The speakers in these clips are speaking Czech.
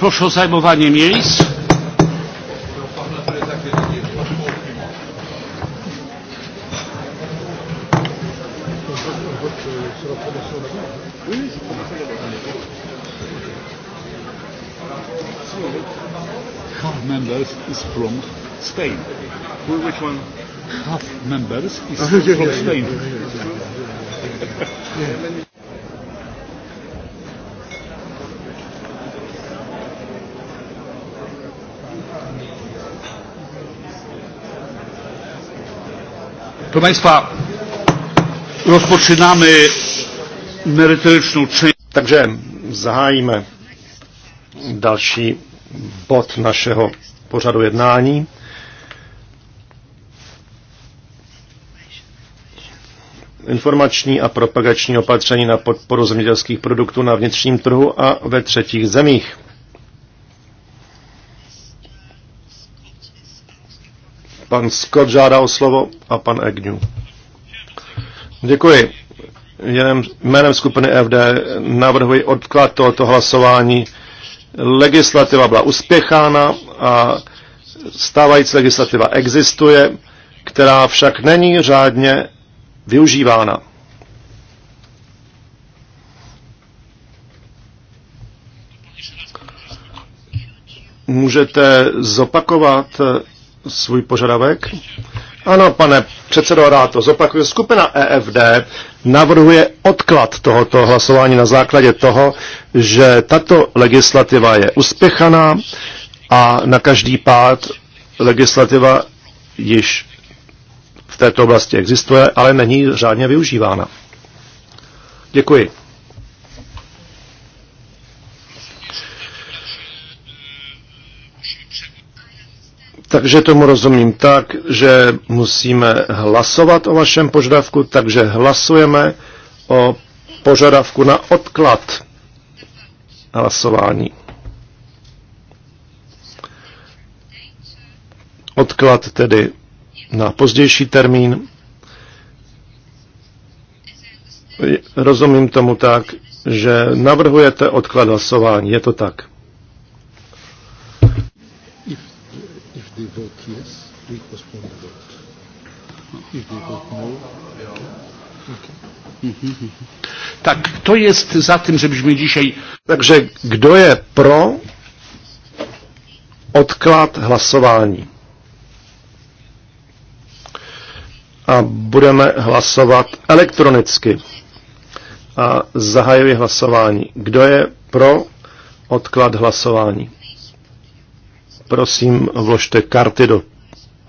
Proszę o zajmowanie miejsc. Half members is from Spain. Which one? Half members is from Spain. Proszę Państwa, rozpoczynamy merytoryczną część. Także zahajmy další bod našeho pożaru jednání. Informační a propagační opatření na podporu zemědělských produktů na vnitřním trhu a ve třetích zemích. Pan Scott žádá o slovo a pan Agnew. Děkuji. Jenem jménem skupiny FD navrhuji odklad tohoto hlasování. Legislativa byla uspěchána a stávající legislativa existuje, která však není řádně využívána. Můžete zopakovat svůj požadavek? Ano, pane předsedo, rád to zopakuju. Skupina EFD navrhuje odklad tohoto hlasování na základě toho, že tato legislativa je uspěchaná a na každý pád legislativa již v této oblasti existuje, ale není řádně využívána. Děkuji. Takže tomu rozumím tak, že musíme hlasovat o vašem požadavku, takže hlasujeme o požadavku na odklad hlasování. Odklad tedy na pozdější termín. Rozumím tomu tak, že navrhujete odklad hlasování. Je to tak? they vote yes, we postpone the vote. No, if they vote no, no. okay. Mm-hmm. Mm-hmm. Tak, to jest za tym, żebyśmy dzisiaj... Także kto jest pro odklad głosowania? A budeme hlasovat elektronicky. A zahajuji hlasování. Kdo je pro odklad hlasování? Prosím, vložte karty do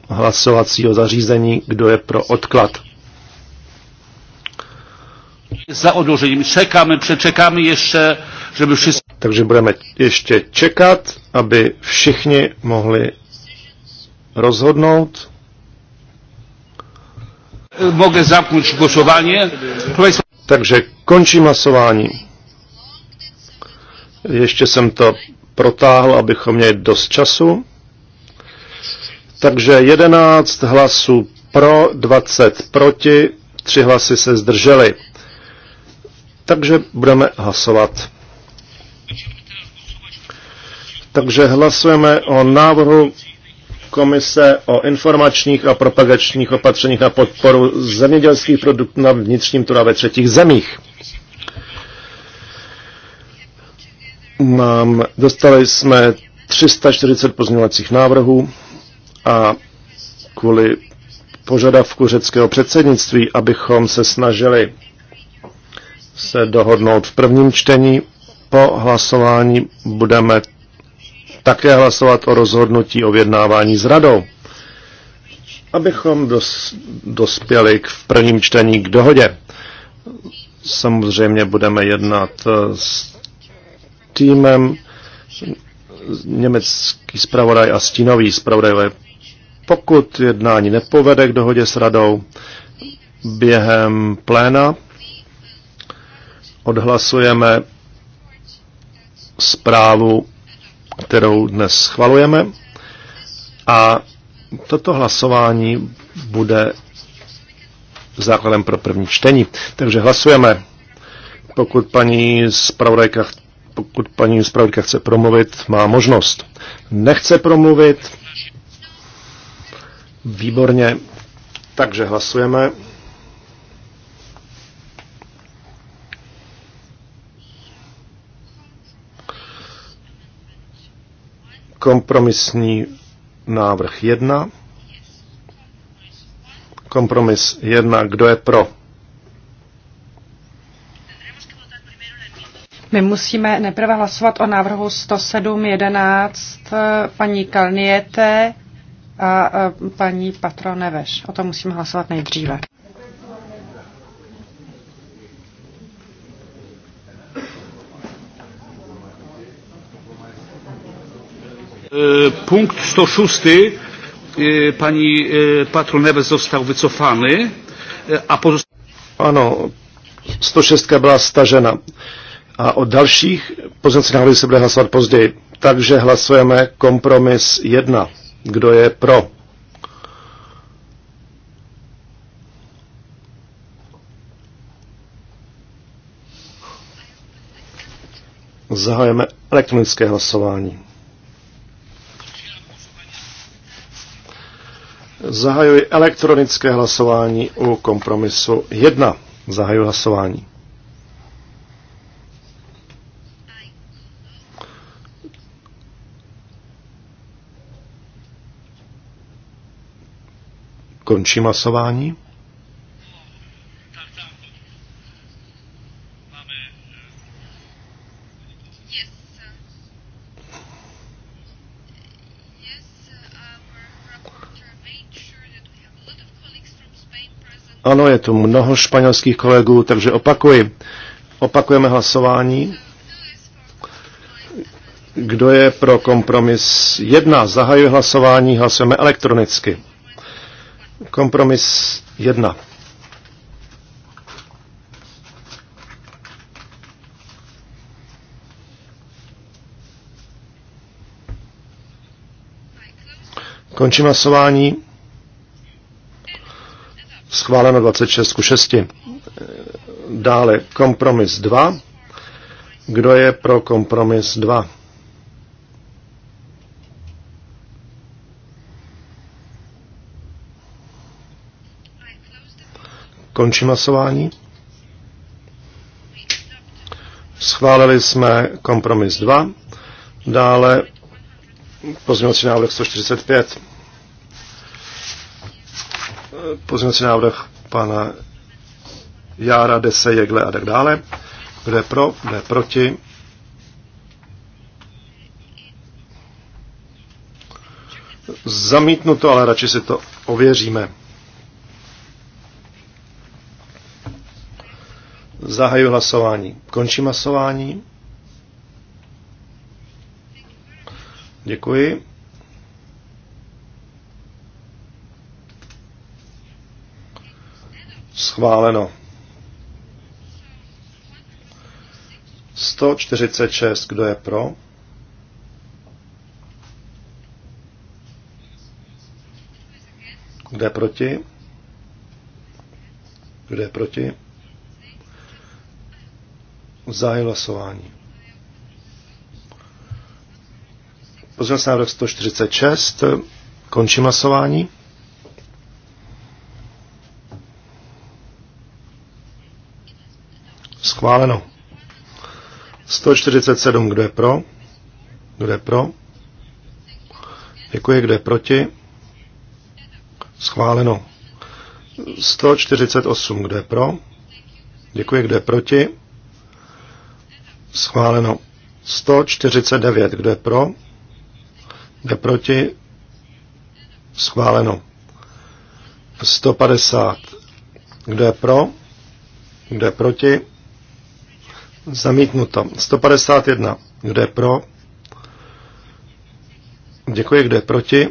hlasovacího zařízení, kdo je pro odklad. Za odložením čekáme, přečekáme ještě, by všichni... Takže budeme ještě čekat, aby všichni mohli rozhodnout. Mogę zapnout głosowanie. Takže končím hlasování. Ještě jsem to protáhl, abychom měli dost času. Takže 11 hlasů pro, 20 proti, 3 hlasy se zdržely. Takže budeme hlasovat. Takže hlasujeme o návrhu Komise o informačních a propagačních opatřeních na podporu zemědělských produktů na vnitřním trhu ve třetích zemích. Mám, dostali jsme 340 pozměňovacích návrhů a kvůli požadavku řeckého předsednictví, abychom se snažili se dohodnout v prvním čtení. Po hlasování budeme také hlasovat o rozhodnutí o vyjednávání s radou, abychom dos, dospěli k, v prvním čtení k dohodě. Samozřejmě budeme jednat s týmem německý zpravodaj a stínový zpravodaj. Pokud jednání nepovede k dohodě s radou během pléna, odhlasujeme zprávu, kterou dnes schvalujeme a toto hlasování bude základem pro první čtení. Takže hlasujeme. Pokud paní zpravodajka pokud paní zpravodajka chce promluvit, má možnost. Nechce promluvit? Výborně. Takže hlasujeme. Kompromisní návrh 1. Kompromis 1. Kdo je pro? My musíme nejprve hlasovat o návrhu 107.11 eh, paní Kalniete a eh, paní Patroneveš. O tom musíme hlasovat nejdříve. Eh, punkt 106 pani Patroneves został wycofany, a pozostał... Ano, 106 byla stažena a o dalších pozemcích návrhů se bude hlasovat později. Takže hlasujeme kompromis 1. Kdo je pro? Zahajeme elektronické hlasování. Zahajuji elektronické hlasování u kompromisu 1. Zahajuji hlasování. Končím hlasování. Ano, je tu mnoho španělských kolegů, takže opakuji. Opakujeme hlasování. Kdo je pro kompromis 1? Zahajuje hlasování, hlasujeme elektronicky. Kompromis 1. Končím hlasování. Schváleno 26 ku 6. Dále kompromis 2. Kdo je pro kompromis 2? Končím hlasování. Schválili jsme kompromis 2. Dále pozměňovací návrh 145. Pozměňovací návrh pana Jára, Dese, Jegle a tak dále. Kdo je pro, kdo je proti. Zamítnuto, ale radši si to ověříme. Zahaju hlasování. Končím hlasování. Děkuji. Schváleno. 146. Kdo je pro? Kde proti? Kdo je proti? Zahájil hlasování. Pozměnil návrh 146. Končím hlasování. Schváleno. 147, kdo je pro? Kdo je pro? Děkuji, kdo je proti? Schváleno. 148, kdo je pro? Děkuji, kdo je proti? Schváleno. 149. Kdo je pro? Kdo je proti? Schváleno. 150. Kdo je pro? Kdo je proti? Zamítnuto. 151. Kdo je pro? Děkuji. Kdo je proti?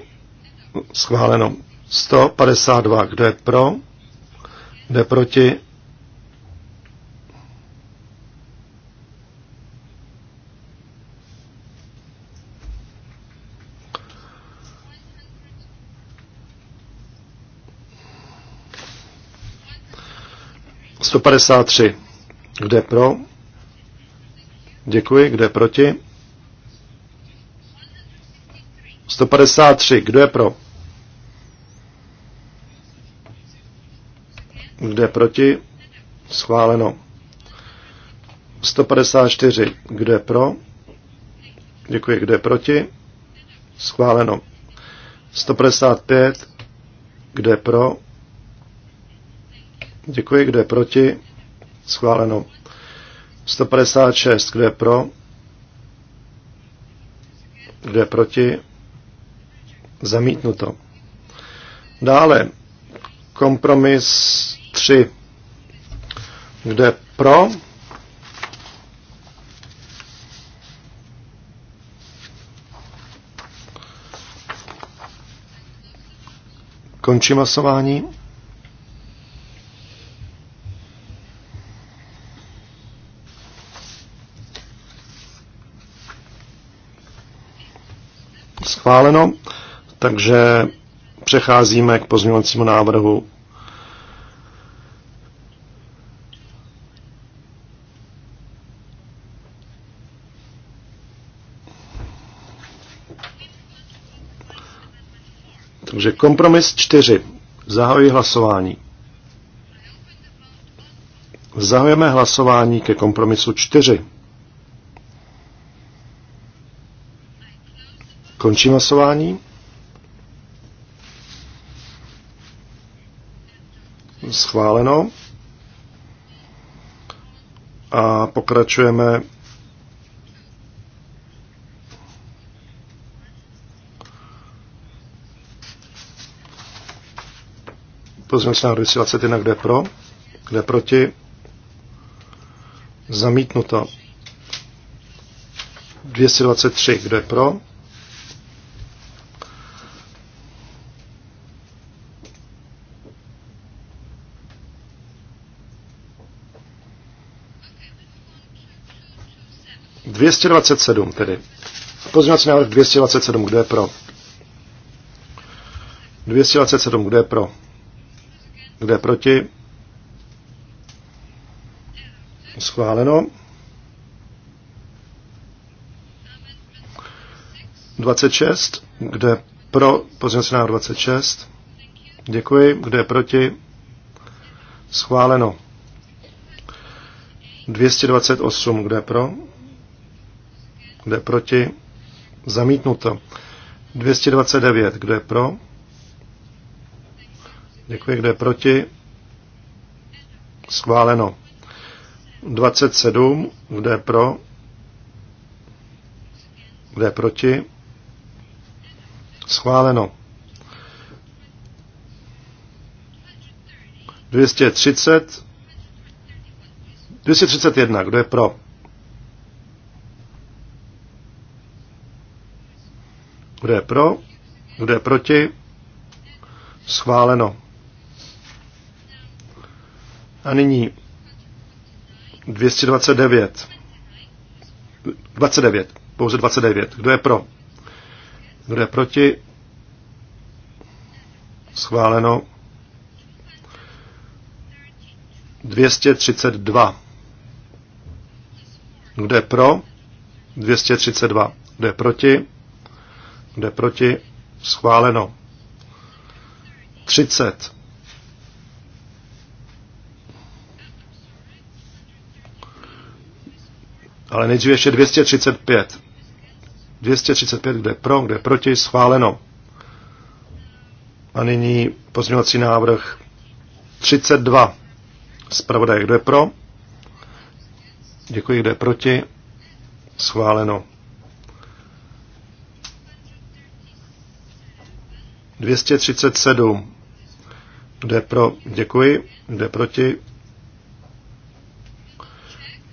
Schváleno. 152. Kdo je pro? Kdo je proti? 153. Kde pro? Děkuji. Kde proti? 153. Kdo je pro? Kde proti? Schváleno. 154. Kdo je pro? Děkuji. Kdo je proti? Schváleno. 155. Kdo je pro? Děkuji, kdo je proti. Schváleno. 156, kdo je pro. Kdo je proti. Zamítnuto. Dále kompromis 3. Kdo je pro? Končím hlasování. schváleno, takže přecházíme k pozměňovacímu návrhu Takže kompromis 4. Zahajuji hlasování. Zahajeme hlasování ke kompromisu 4. Končím hlasování. Schváleno. A pokračujeme pozměnce na 21, kde pro, kde proti, zamítnuto. 223, kde pro, 227 tedy. Pozměňovací návrh 227, kdo je pro? 227, kdo je pro? Kdo je proti? Schváleno. 26, kdo je pro? Pozměňovací návrh 26. Děkuji. Kdo je proti? Schváleno. 228, kdo je pro? Kdo je proti? Zamítnuto. 229. Kdo je pro? Děkuji. Kdo je proti? Schváleno. 27. Kdo je pro? Kdo je proti? Schváleno. 230. 231. Kdo je pro? Kdo je pro? Kdo je proti? Schváleno. A nyní 229. 29. Pouze 29. Kdo je pro? Kdo je proti? Schváleno. 232. Kdo je pro? 232. Kdo je proti? jde proti, schváleno. 30. Ale nejdříve ještě 235. 235, kde pro, kde proti, schváleno. A nyní pozměňovací návrh 32. Zpravodaj, kde je pro? Děkuji, kde je proti? Schváleno. 237. Kde pro? Děkuji. Kde proti?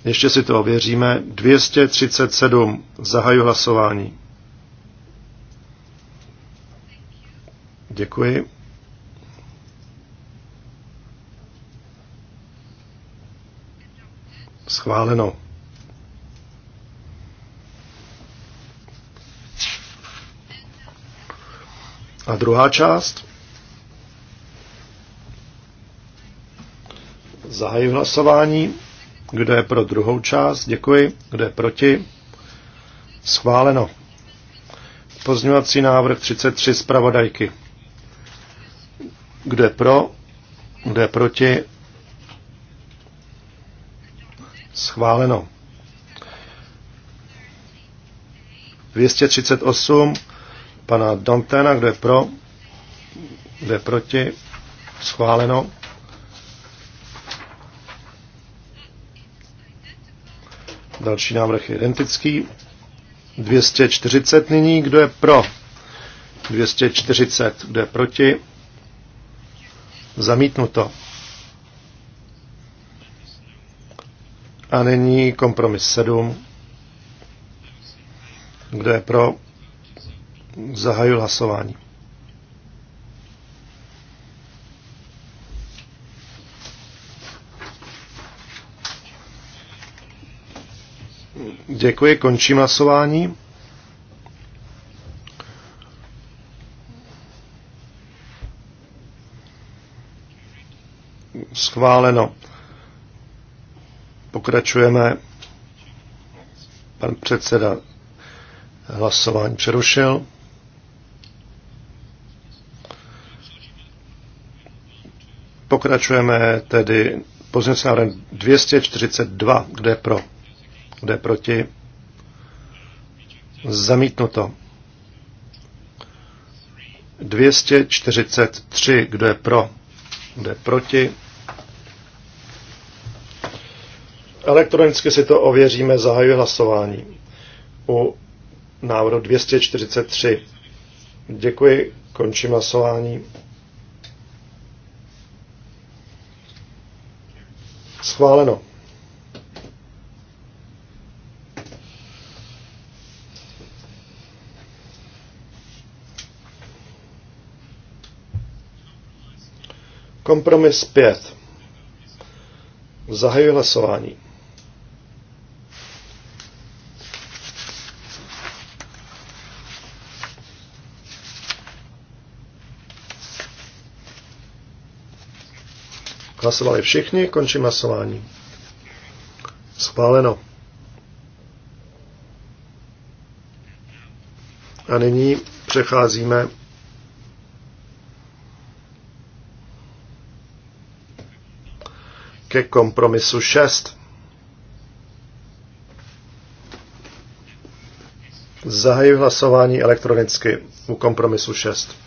Ještě si to ověříme. 237. Zahaju hlasování. Děkuji. Schváleno. A druhá část. Zahajuji hlasování. Kdo je pro druhou část? Děkuji. Kdo je proti? Schváleno. Pozňovací návrh 33 zpravodajky. Kdo je pro? Kdo je proti? Schváleno. 238 pana Dantena, kdo je pro, kdo je proti, schváleno. Další návrh je identický. 240 nyní, kdo je pro? 240, kdo je proti? Zamítnuto. A nyní kompromis 7. Kdo je pro? Zahajuji hlasování. Děkuji, končím hlasování. Schváleno. Pokračujeme. Pan předseda hlasování přerušil. Pokračujeme tedy pozměnce návrhem 242. Kde je pro? Kde je proti? Zamítnuto. 243. Kdo je pro? Kdo je proti? Elektronicky si to ověříme, zahajuje hlasování u návrhu 243. Děkuji, končím hlasování. Schváleno. Kompromis 5. Zahajuji hlasování. Hlasovali všichni, končím hlasování. Schváleno. A nyní přecházíme ke kompromisu 6. Zahajuji hlasování elektronicky u kompromisu 6.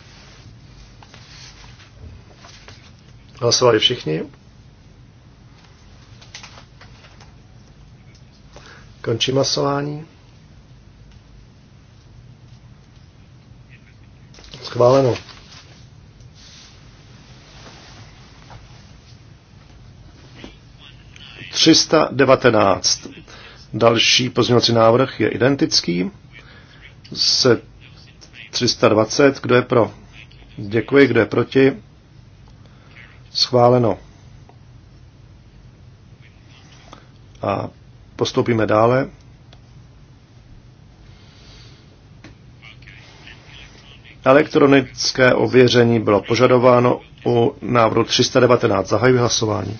Hlasovali všichni. Končím hlasování. Schváleno. Třista devatenáct. Další pozměňovací návrh je identický se 320. Kdo je pro? Děkuji. Kdo je proti? Schváleno. A postoupíme dále. Elektronické ověření bylo požadováno u návrhu 319. Zahajuji hlasování.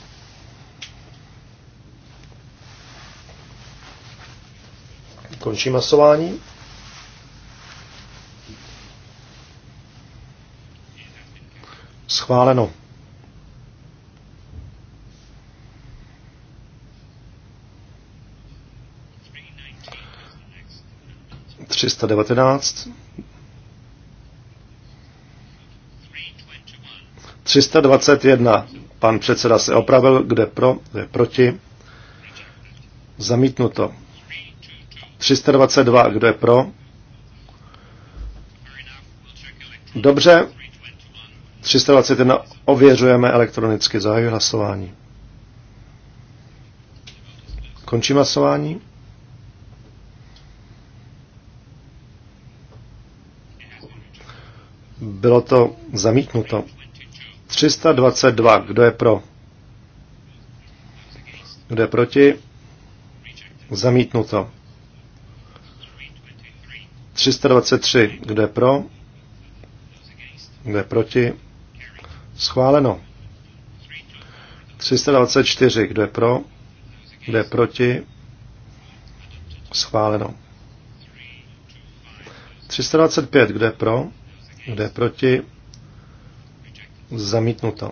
Končím hlasování. Schváleno. 319. 321. Pan předseda se opravil, kde pro, kde proti. Zamítnuto. 322. Kdo je pro? Dobře. 321. Ověřujeme elektronicky. Zahajuji hlasování. Končím hlasování. Bylo to zamítnuto. 322. Kdo je pro? Kdo je proti? Zamítnuto. 323. Kdo je pro? Kdo je proti? Schváleno. 324. Kdo je pro? Kdo je proti? Schváleno. 325. Kdo je pro? Kdo je proti? Zamítnuto.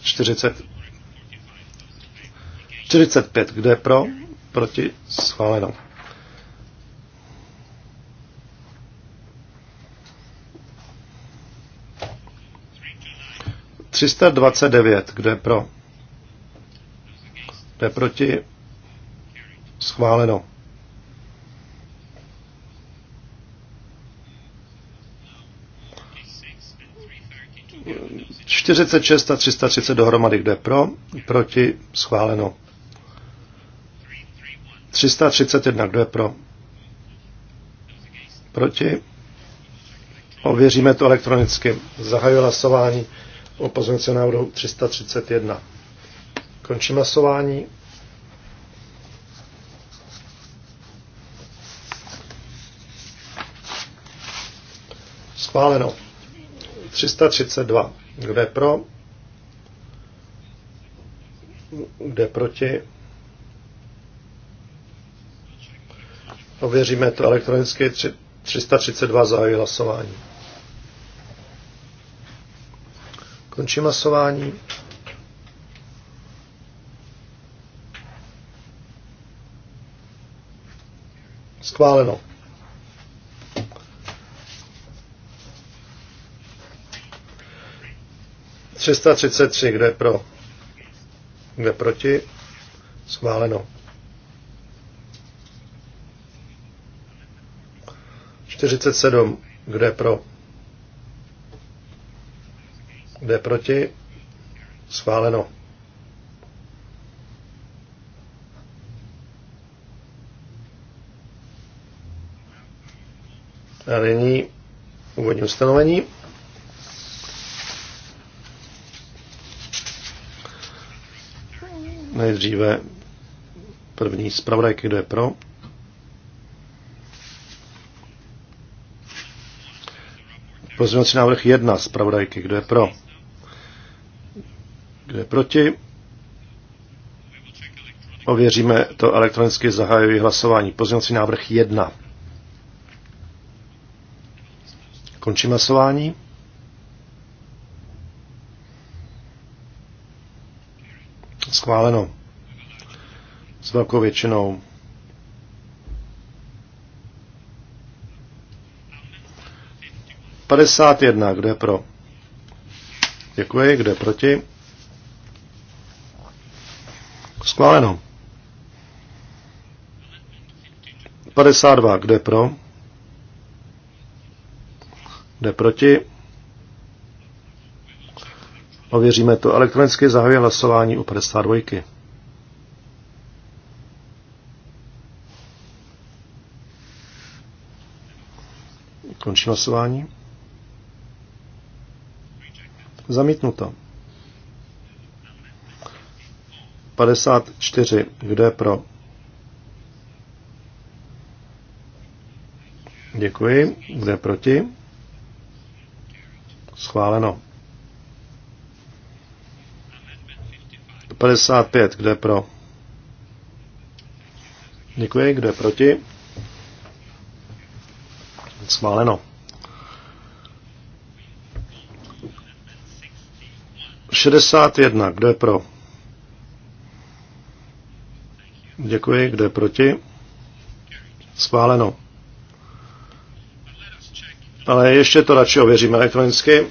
čtyřicet. pět, Kdo je pro? Proti? Schváleno. Třista dvacet devět. Kdo je pro? Kdo je proti? Schváleno. Čtyřicet šest a 330 dohromady, je pro, proti, schváleno. 331, kdo je pro? Proti? Ověříme to elektronicky. Zahajuji hlasování o pozměnce návrhu 331. Končím hlasování. Schváleno. 332. Kdo je pro? Kdo je proti? Ověříme to elektronicky. 332 zahájí hlasování. Končím hlasování. Schváleno. Třista kde pro? Kde proti? Schváleno. 47. kde pro? kde proti? Schváleno. A nyní úvodní ustanovení. Nejdříve první zpravodaj, kdo je pro. Pozměňovací návrh 1 zpravodajky, kdo je pro. Kdo je proti? Ověříme to elektronicky, zahajuji hlasování. Pozměňovací návrh 1. Končím hlasování. Schváleno. S velkou většinou. Padesát jedna. Kdo je pro? Děkuji. Kdo je proti? Schváleno. Padesát dva, Kdo je pro? jde proti. Ověříme to elektronicky, zahajuje hlasování u 52. Končí hlasování. Zamítnuto. 54. Kdo je pro? Děkuji. Kdo je proti? Schváleno. 55, kde pro? Děkuji, kde proti? Schváleno. 61, kdo je pro? Děkuji, kdo je proti? Schváleno ale ještě to radši ověříme elektronicky.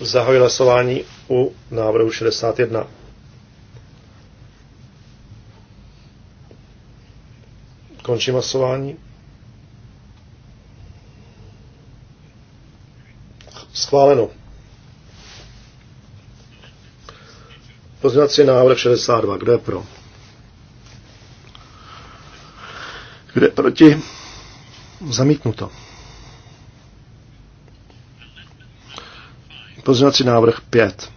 Zahajuji hlasování u návrhu 61. Končím hlasování. Schváleno. Pozměňovací návrh 62. Kdo je pro? Kdo je proti? Zamítnuto. Pozměňovací návrh 5.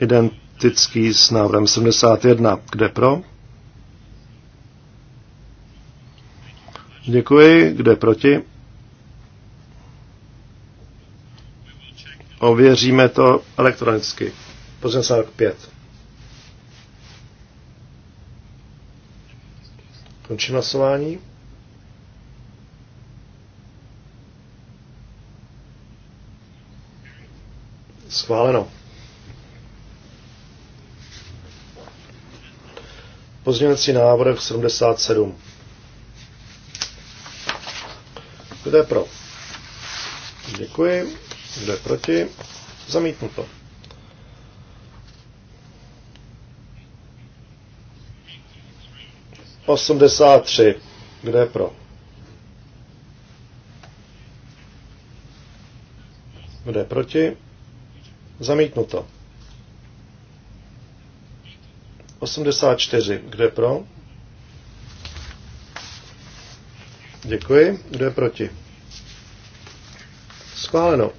Identický s návrhem 71. Kde pro? Děkuji. Kde proti? Ověříme to elektronicky. Pozměňovací návrh 5. Končím hlasování. Schváleno. Pozměňovací návrh 77. Kdo je pro? Děkuji. Kdo je proti? Zamítnuto. Osmdesát tři. Kde je pro? Kde je proti? Zamítnuto. 84. Kdo je pro? Děkuji. Kdo je proti? Schváleno.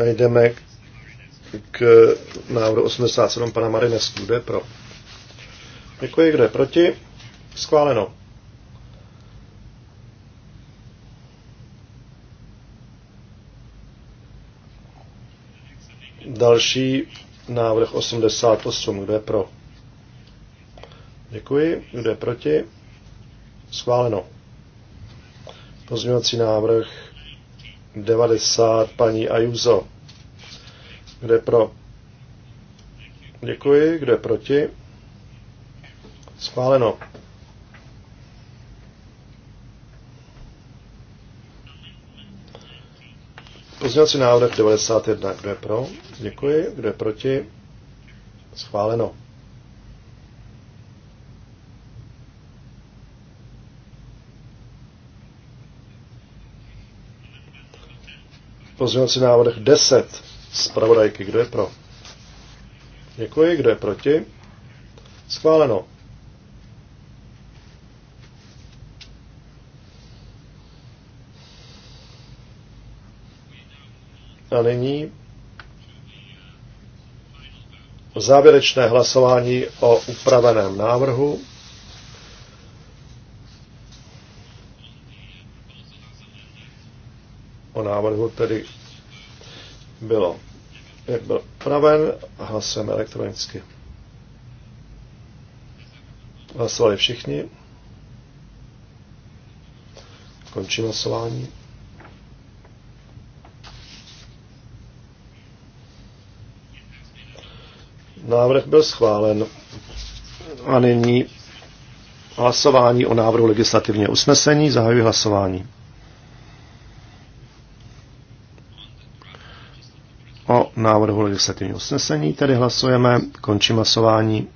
A jdeme k, k návrhu 87 pana Marinesku. Kdo je pro? Děkuji. Kdo je proti? Schváleno. Další návrh 88. Kdo je pro? Děkuji. Kdo je proti? Schváleno. Pozměňovací návrh 90 paní Ajuzo. Kdo je pro? Děkuji. Kdo je proti? Schváleno. Pozměňovací návrh 91. Kdo je pro? Děkuji. Kdo je proti? Schváleno. Pozměňovací návrh 10. Zpravodajky. Kdo je pro? Děkuji. Kdo je proti? Schváleno. A nyní závěrečné hlasování o upraveném návrhu. O návrhu tedy bylo, jak byl upraven, hlasujeme elektronicky. Hlasovali všichni. Končím hlasování. Návrh byl schválen. A nyní hlasování o návrhu legislativního usnesení. Zahajuji hlasování. O návrhu legislativního usnesení tedy hlasujeme. Končím hlasování.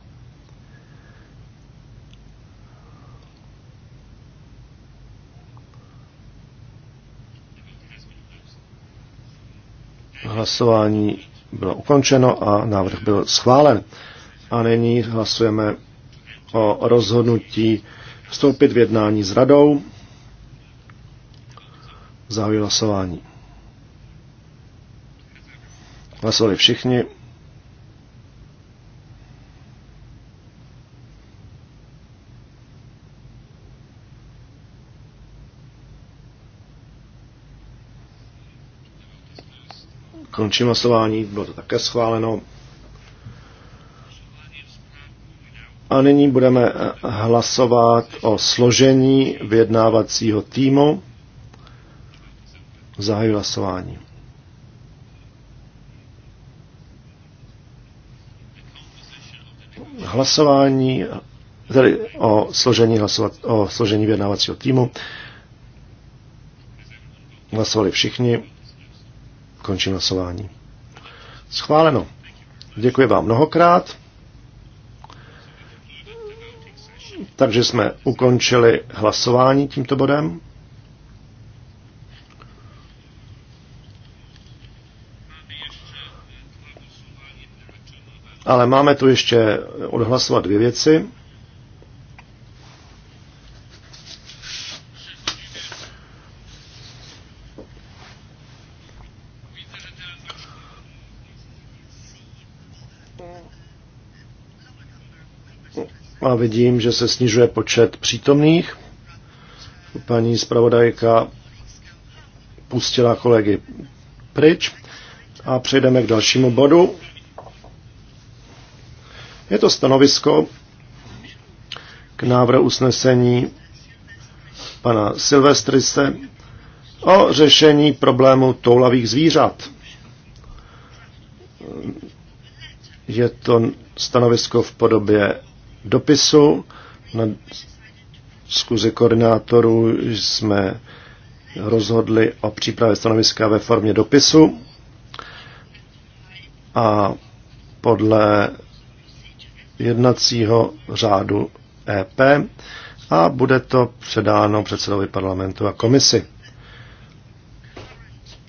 Hlasování bylo ukončeno a návrh byl schválen. A nyní hlasujeme o rozhodnutí vstoupit v jednání s radou. Zahajuji hlasování. Hlasovali všichni. Končím hlasování, bylo to také schváleno. A nyní budeme eh, hlasovat o složení vyjednávacího týmu. Zahajuji hlasování. Hlasování, tedy o složení, hlasovat, o složení vyjednávacího týmu. Hlasovali všichni. Končím hlasování. Schváleno. Děkuji vám mnohokrát. Takže jsme ukončili hlasování tímto bodem. Ale máme tu ještě odhlasovat dvě věci. vidím, že se snižuje počet přítomných. Paní zpravodajka pustila kolegy pryč a přejdeme k dalšímu bodu. Je to stanovisko k návrhu usnesení pana Silvestrise o řešení problému toulavých zvířat. Je to stanovisko v podobě dopisu. Na zkuze koordinátorů jsme rozhodli o přípravě stanoviska ve formě dopisu a podle jednacího řádu EP a bude to předáno předsedovi parlamentu a komisi.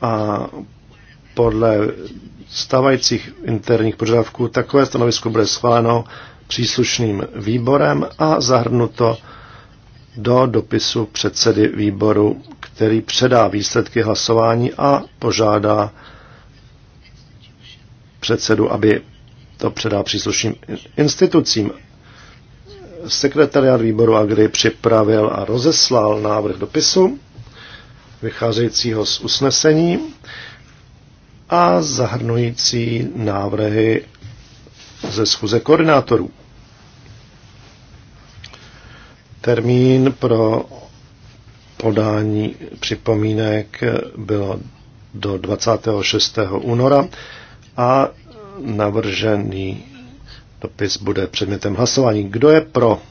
A podle stávajících interních požadavků takové stanovisko bude schváleno příslušným výborem a zahrnuto do dopisu předsedy výboru, který předá výsledky hlasování a požádá předsedu, aby to předá příslušným institucím. Sekretariat výboru Agri připravil a rozeslal návrh dopisu vycházejícího z usnesení a zahrnující návrhy ze schůze koordinátorů. Termín pro podání připomínek bylo do 26. února a navržený dopis bude předmětem hlasování. Kdo je pro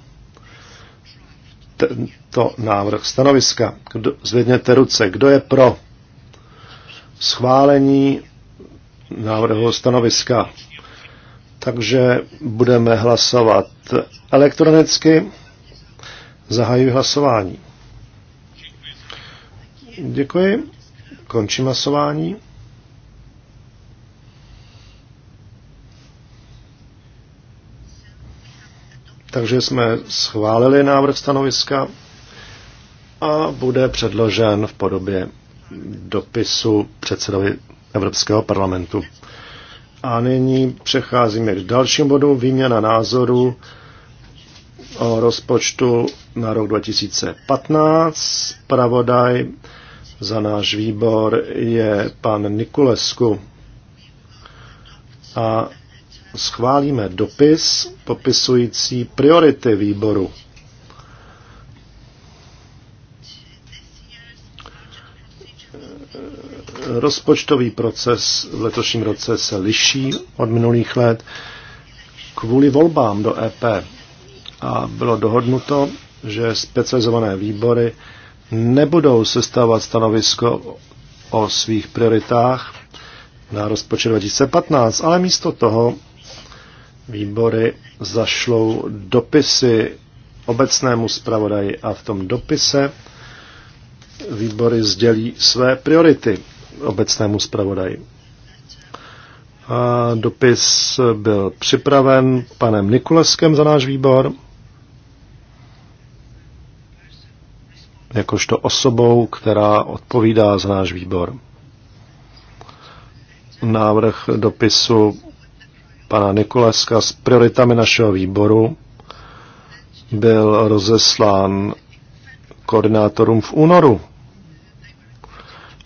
tento návrh stanoviska? Kdo, zvedněte ruce. Kdo je pro schválení návrhu stanoviska? Takže budeme hlasovat elektronicky. Zahajuji hlasování. Děkuji. Končím hlasování. Takže jsme schválili návrh stanoviska a bude předložen v podobě dopisu předsedovi Evropského parlamentu. A nyní přecházíme k dalším bodům výměna názorů o rozpočtu na rok 2015. Pravodaj za náš výbor je pan Nikulesku. A schválíme dopis popisující priority výboru. Rozpočtový proces v letošním roce se liší od minulých let kvůli volbám do EP a bylo dohodnuto, že specializované výbory nebudou sestavovat stanovisko o svých prioritách na rozpočet 2015, ale místo toho výbory zašlou dopisy obecnému zpravodaji a v tom dopise výbory sdělí své priority obecnému zpravodaji. A dopis byl připraven panem Nikuleskem za náš výbor jakožto osobou, která odpovídá za náš výbor. Návrh dopisu pana Nikoleska s prioritami našeho výboru byl rozeslán koordinátorům v únoru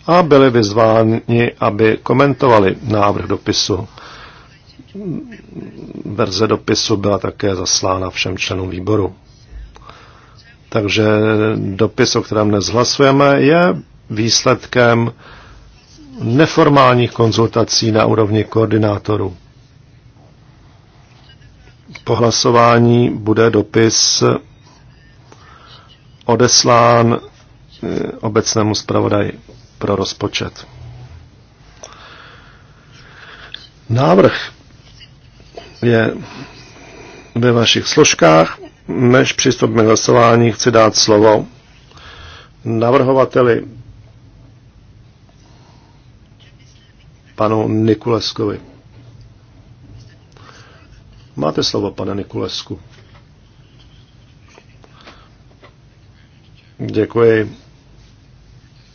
a byli vyzváni, aby komentovali návrh dopisu. Verze dopisu byla také zaslána všem členům výboru. Takže dopis, o kterém dnes hlasujeme, je výsledkem neformálních konzultací na úrovni koordinátorů. Po hlasování bude dopis odeslán eh, obecnému zpravodaji pro rozpočet. Návrh je ve vašich složkách než přistoupíme k hlasování, chci dát slovo navrhovateli panu Nikuleskovi. Máte slovo, pane Nikulesku. Děkuji.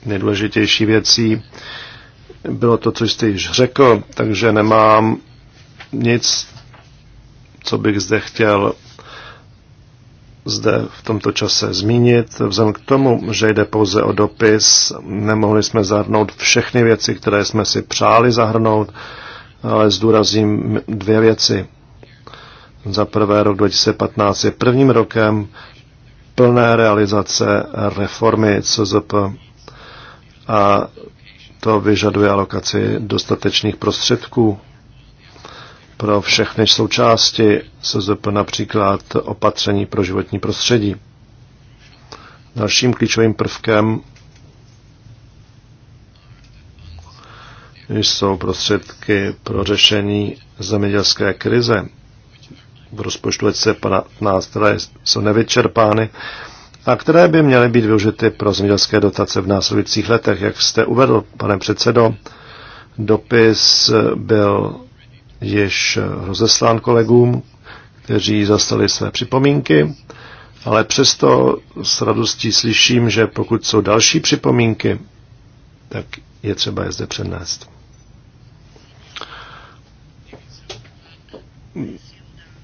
Nejdůležitější věcí bylo to, co jste již řekl, takže nemám nic, co bych zde chtěl zde v tomto čase zmínit. Vzhledem k tomu, že jde pouze o dopis, nemohli jsme zahrnout všechny věci, které jsme si přáli zahrnout, ale zdůrazím dvě věci. Za prvé rok 2015 je prvním rokem plné realizace reformy CZP a to vyžaduje alokaci dostatečných prostředků pro všechny součásti SZP, například opatření pro životní prostředí. Dalším klíčovým prvkem jsou prostředky pro řešení zemědělské krize. V rozpočtu 2015, které jsou nevyčerpány a které by měly být využity pro zemědělské dotace v následujících letech. Jak jste uvedl, pane předsedo, dopis byl již rozeslán kolegům, kteří zastali své připomínky, ale přesto s radostí slyším, že pokud jsou další připomínky, tak je třeba je zde přednést.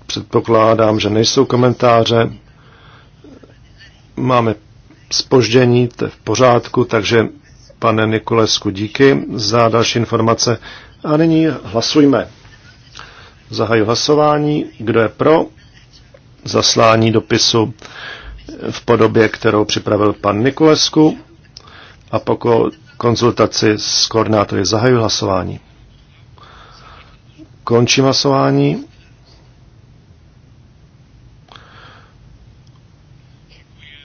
Předpokládám, že nejsou komentáře. Máme spoždění, to je v pořádku, takže pane Nikolesku, díky za další informace. A nyní hlasujme. Zahaju hlasování. Kdo je pro? Zaslání dopisu v podobě, kterou připravil pan Nikolesku. A po konzultaci s koordinátory zahaju hlasování. Končím hlasování.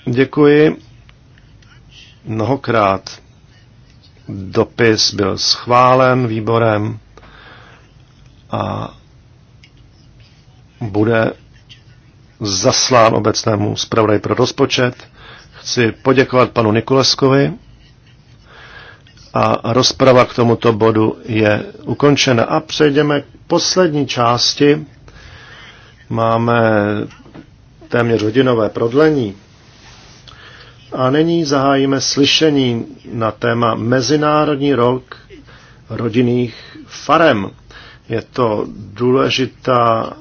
Děkuji mnohokrát. Dopis byl schválen výborem a bude zaslán obecnému zpravodaj pro rozpočet. Chci poděkovat panu Nikoleskovi a rozprava k tomuto bodu je ukončena. A přejdeme k poslední části. Máme téměř hodinové prodlení. A nyní zahájíme slyšení na téma Mezinárodní rok rodinných farem. Je to důležitá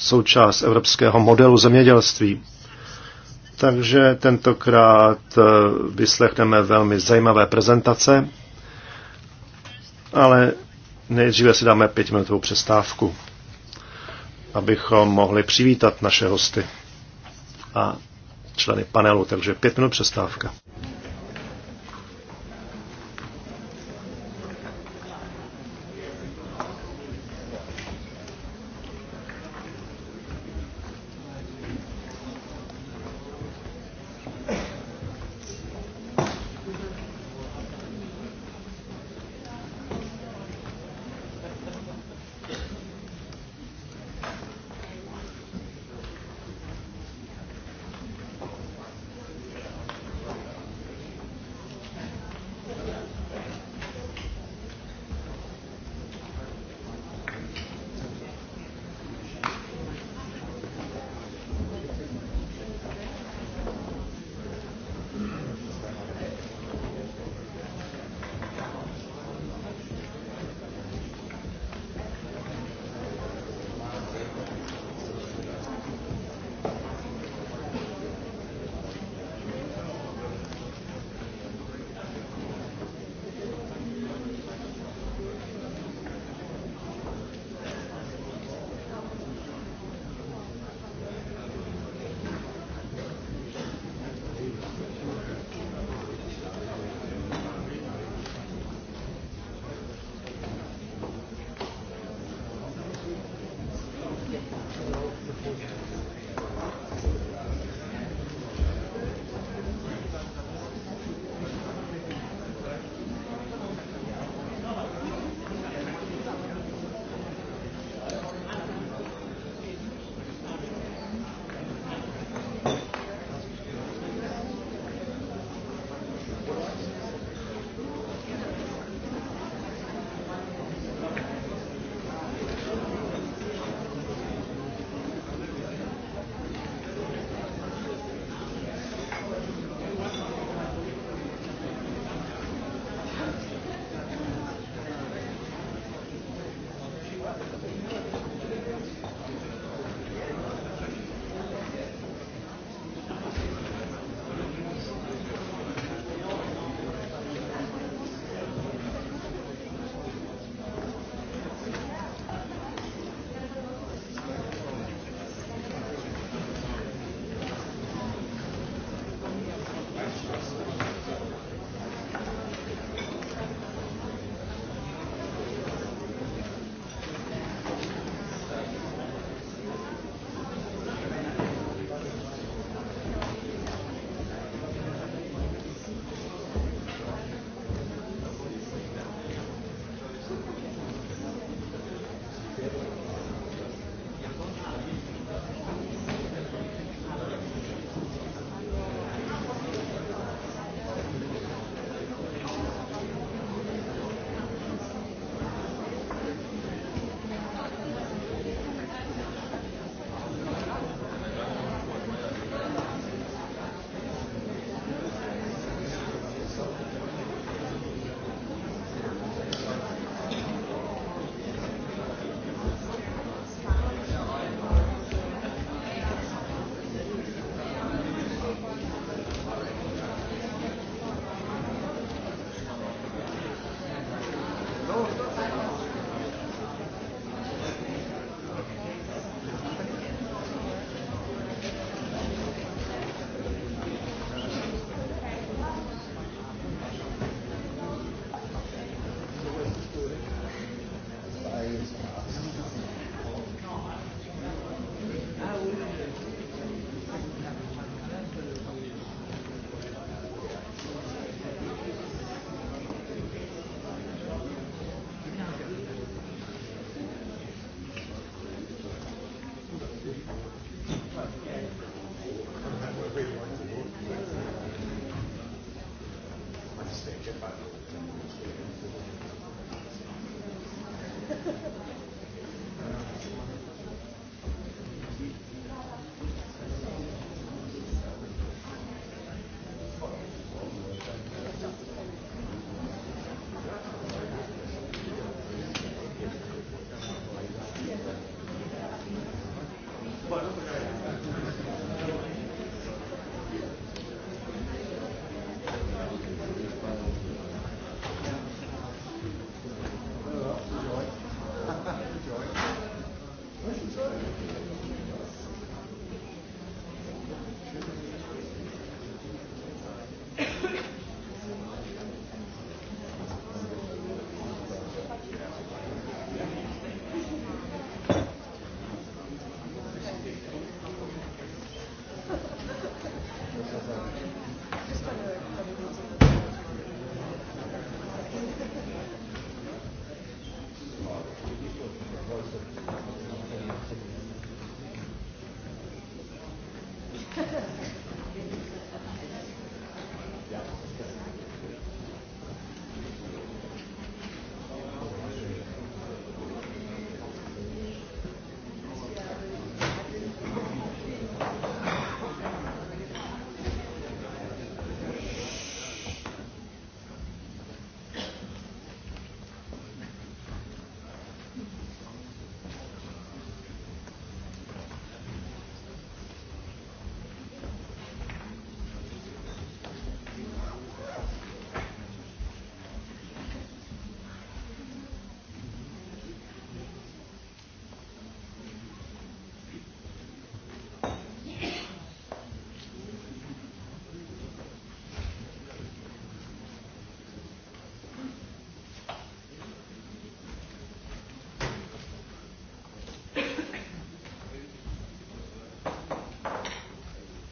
součást evropského modelu zemědělství. Takže tentokrát eh, vyslechneme velmi zajímavé prezentace, ale nejdříve si dáme pětiminutovou přestávku, abychom mohli přivítat naše hosty a členy panelu. Takže pět minut přestávka.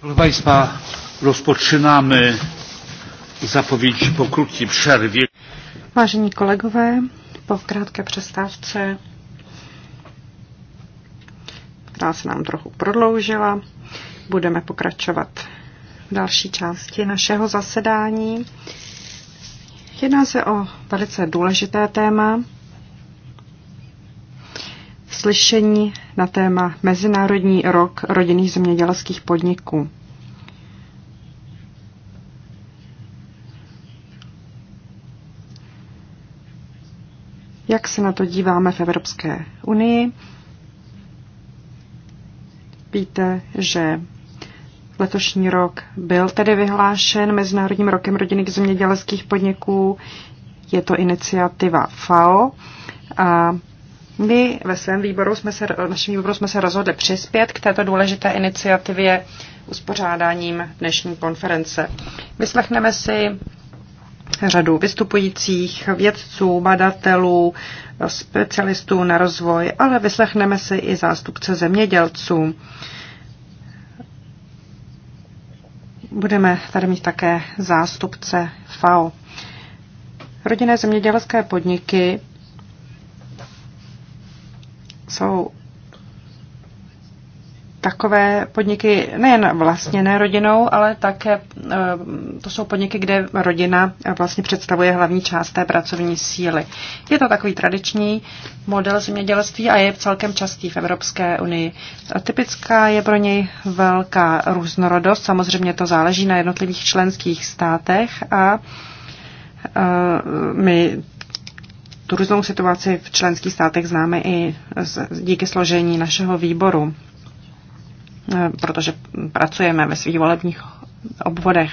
Proszę Państwa, rozpoczynamy zapowiedź po krótkiej przerwie. Vážení kolegové, po krátké přestávce, která se nám trochu prodloužila, budeme pokračovat v další části našeho zasedání. Jedná se o velice důležité téma, slyšení na téma Mezinárodní rok rodinných zemědělských podniků. se na to díváme v Evropské unii. Víte, že letošní rok byl tedy vyhlášen Mezinárodním rokem rodinných zemědělských podniků. Je to iniciativa FAO. A my ve svém výboru jsme se, našem výboru jsme se rozhodli přispět k této důležité iniciativě uspořádáním dnešní konference. Vyslechneme si řadu vystupujících vědců, badatelů, specialistů na rozvoj, ale vyslechneme si i zástupce zemědělců. Budeme tady mít také zástupce FAO. Rodinné zemědělské podniky jsou takové podniky nejen vlastněné rodinou, ale také eh, to jsou podniky, kde rodina vlastně představuje hlavní část té pracovní síly. Je to takový tradiční model zemědělství a je celkem častý v Evropské unii. A typická je pro něj velká různorodost, samozřejmě to záleží na jednotlivých členských státech a eh, my tu různou situaci v členských státech známe i díky složení našeho výboru protože pracujeme ve svých volebních obvodech.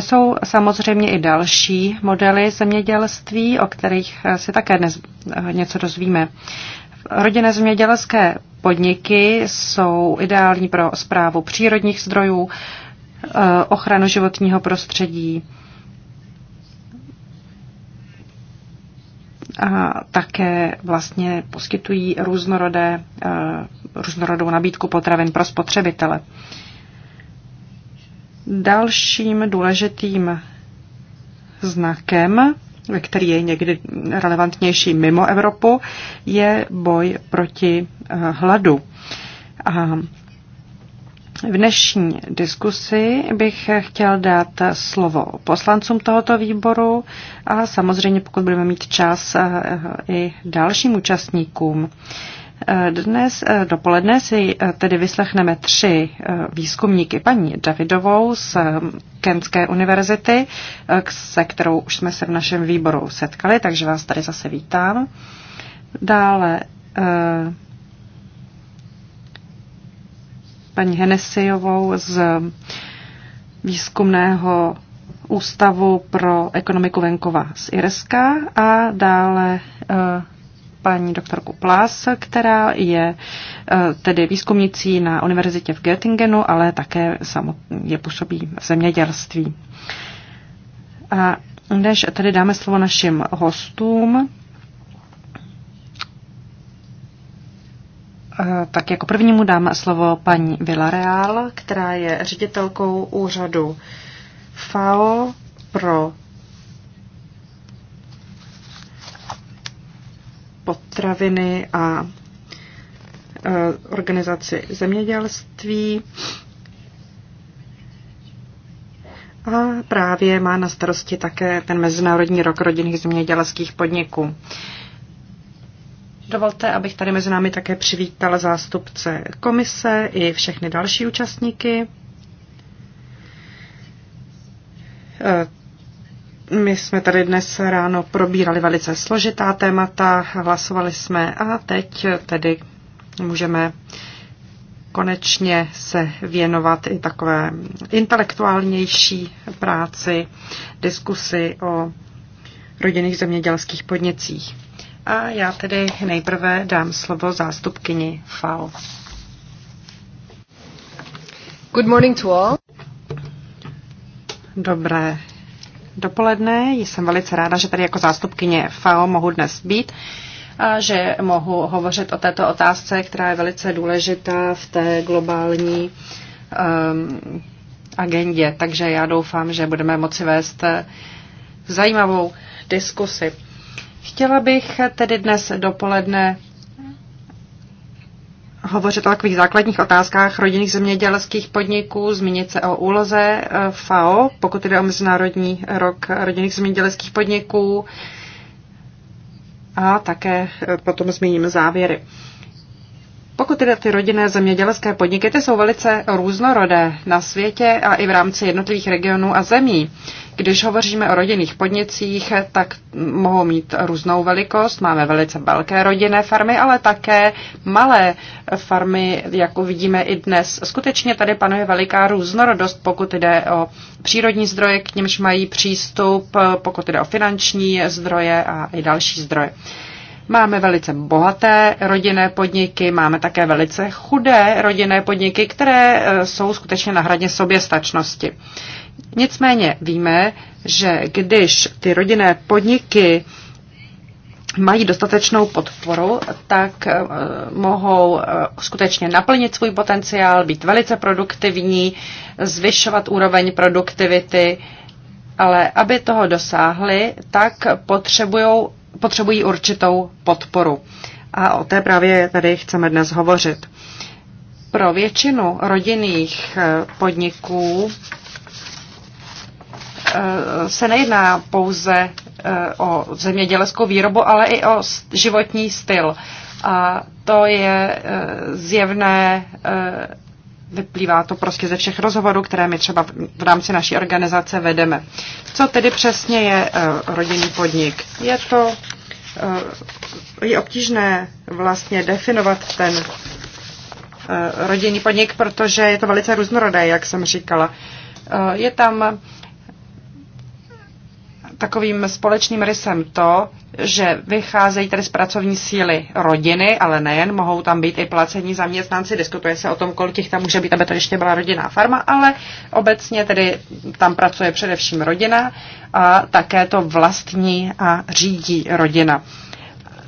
Jsou samozřejmě i další modely zemědělství, o kterých si také dnes něco dozvíme. Rodinné zemědělské podniky jsou ideální pro zprávu přírodních zdrojů, eh, ochranu životního prostředí, a také vlastně poskytují různorodé, eh, různorodou nabídku potravin pro spotřebitele. Dalším důležitým znakem, který je někdy relevantnější mimo Evropu, je boj proti eh, hladu. A v dnešní diskusi bych chtěl dát slovo poslancům tohoto výboru a samozřejmě, pokud budeme mít čas, i dalším účastníkům. Dnes dopoledne si tedy vyslechneme tři výzkumníky. Paní Davidovou z Kentské univerzity, se kterou už jsme se v našem výboru setkali, takže vás tady zase vítám. Dále eh, paní Henesejovou z výzkumného ústavu pro ekonomiku venkova z Irska a dále eh, paní doktorku Plas, která je eh, tedy výzkumnicí na univerzitě v Göttingenu, ale také je působí v zemědělství. A než tedy dáme slovo našim hostům, Eh, tak jako prvnímu dám slovo paní Villareal, která je ředitelkou úřadu FAO pro potraviny a eh, organizaci zemědělství. A právě má na starosti také ten Mezinárodní rok rodinných zemědělských podniků. Dovolte, abych tady mezi námi také přivítal zástupce komise i všechny další účastníky. Eh, my jsme tady dnes ráno probírali velice složitá témata, hlasovali jsme a teď tedy můžeme konečně se věnovat i takové intelektuálnější práci, diskusi o rodinných zemědělských podnicích. A já tedy nejprve dám slovo zástupkyni FAO. Good morning to all. Dobré dopoledne. Jsem velice ráda, že tady jako zástupkyně FAO mohu dnes být a že mohu hovořit o této otázce, která je velice důležitá v té globální um, agendě. Takže já doufám, že budeme moci vést zajímavou diskusi. Chtěla bych tedy dnes dopoledne hovořit o takových základních otázkách rodinných zemědělských podniků, zmínit se o úloze eh, FAO, pokud jde o Mezinárodní rok rodinných zemědělských podniků a také eh, potom zmíním závěry. Pokud tedy ty rodinné zemědělské podniky, ty jsou velice různorodé na světě a i v rámci jednotlivých regionů a zemí. Když hovoříme o rodinných podnicích, tak mohou mít různou velikost. Máme velice velké rodinné farmy, ale také malé farmy, jak uvidíme i dnes. Skutečně tady panuje veliká různorodost, pokud jde o přírodní zdroje, k němž mají přístup, pokud jde o finanční zdroje a i další zdroje. Máme velice bohaté rodinné podniky, máme také velice chudé rodinné podniky, které e, jsou skutečně na hraně soběstačnosti. Nicméně víme, že když ty rodinné podniky mají dostatečnou podporu, tak e, mohou e, skutečně naplnit svůj potenciál, být velice produktivní, zvyšovat úroveň produktivity, ale aby toho dosáhli, tak potřebují potřebují určitou podporu. A o té právě tady chceme dnes hovořit. Pro většinu rodinných eh, podniků eh, se nejedná pouze eh, o zemědělskou výrobu, ale i o životní styl. A to je zjevné Vyplývá to prostě ze všech rozhovorů, které my třeba v rámci naší organizace vedeme. Co tedy přesně je eh, rodinný podnik? Je to eh, je obtížné vlastně definovat ten eh, rodinný podnik, protože je to velice různorodé, jak jsem říkala. Je tam takovým společným rysem to, že vycházejí tedy z pracovní síly rodiny, ale nejen, mohou tam být i placení zaměstnanci, diskutuje se o tom, kolik jich tam může být, aby to ještě byla rodinná farma, ale obecně tedy tam pracuje především rodina a také to vlastní a řídí rodina.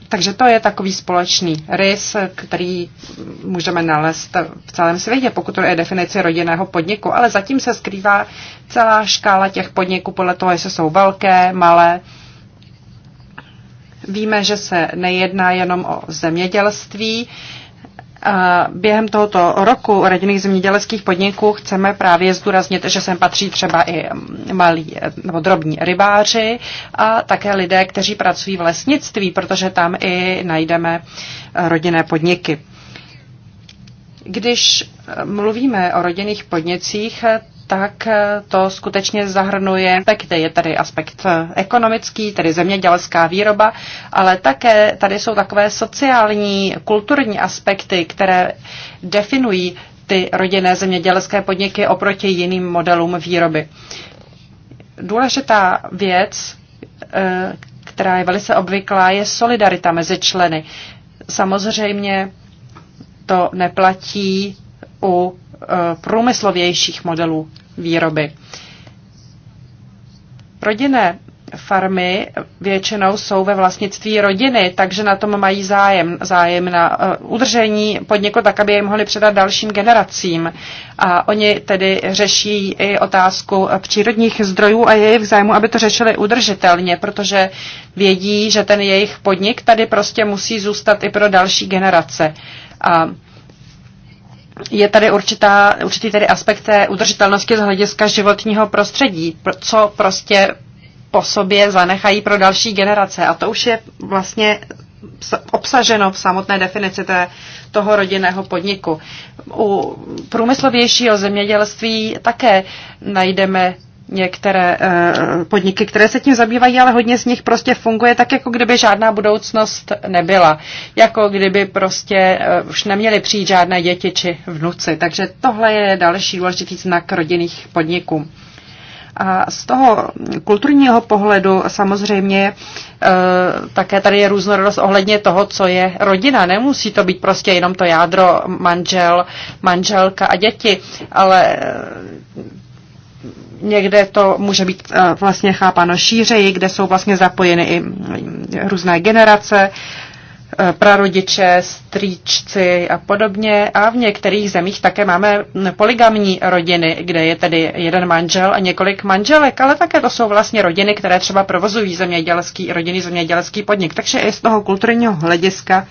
Takže to je takový společný rys, který můžeme nalézt v celém světě, pokud to je definice rodinného podniku, ale zatím se skrývá celá škála těch podniků podle toho, jestli jsou velké, malé. Víme, že se nejedná jenom o zemědělství, během tohoto roku rodinných zemědělských podniků chceme právě zdůraznit, že sem patří třeba i malí eh, nebo drobní rybáři a také lidé, kteří pracují v lesnictví, protože tam i najdeme eh, rodinné podniky. Když eh, mluvíme o rodinných podnicích, tak eh, to skutečně zahrnuje aspekty. Je tady aspekt eh, ekonomický, tedy zemědělská výroba, ale také tady jsou takové sociální, kulturní aspekty, které definují ty rodinné zemědělské podniky oproti jiným modelům výroby. Důležitá věc, eh, která je velice obvyklá, je solidarita mezi členy. Samozřejmě to neplatí u Eh, průmyslovějších modelů výroby. Rodinné farmy většinou jsou ve vlastnictví rodiny, takže na tom mají zájem, zájem na eh, udržení podniku, tak aby je mohli předat dalším generacím. A oni tedy řeší i otázku přírodních zdrojů a jejich zájmu, aby to řešili udržitelně, protože vědí, že ten jejich podnik tady prostě musí zůstat i pro další generace. A je tady určitá, určitý tady aspekt té udržitelnosti z hlediska životního prostředí, co prostě po sobě zanechají pro další generace. A to už je vlastně obsaženo v samotné definici té, toho rodinného podniku. U průmyslovějšího zemědělství také najdeme některé eh, podniky, které se tím zabývají, ale hodně z nich prostě funguje tak, jako kdyby žádná budoucnost nebyla. Jako kdyby prostě eh, už neměly přijít žádné děti či vnuci. Takže tohle je další důležitý znak rodinných podniků. A z toho kulturního pohledu samozřejmě eh, také tady je různorodost ohledně toho, co je rodina. Nemusí to být prostě jenom to jádro manžel, manželka a děti, ale Někde to může být eh, vlastně chápáno šířeji, kde jsou vlastně zapojeny i eh, různé generace, eh, prarodiče, strýčci a podobně. A v některých zemích také máme poligamní rodiny, kde je tedy jeden manžel a několik manželek, ale také to jsou vlastně rodiny, které třeba provozují zemědělský, rodiny, zemědělský podnik. Takže i z toho kulturního hlediska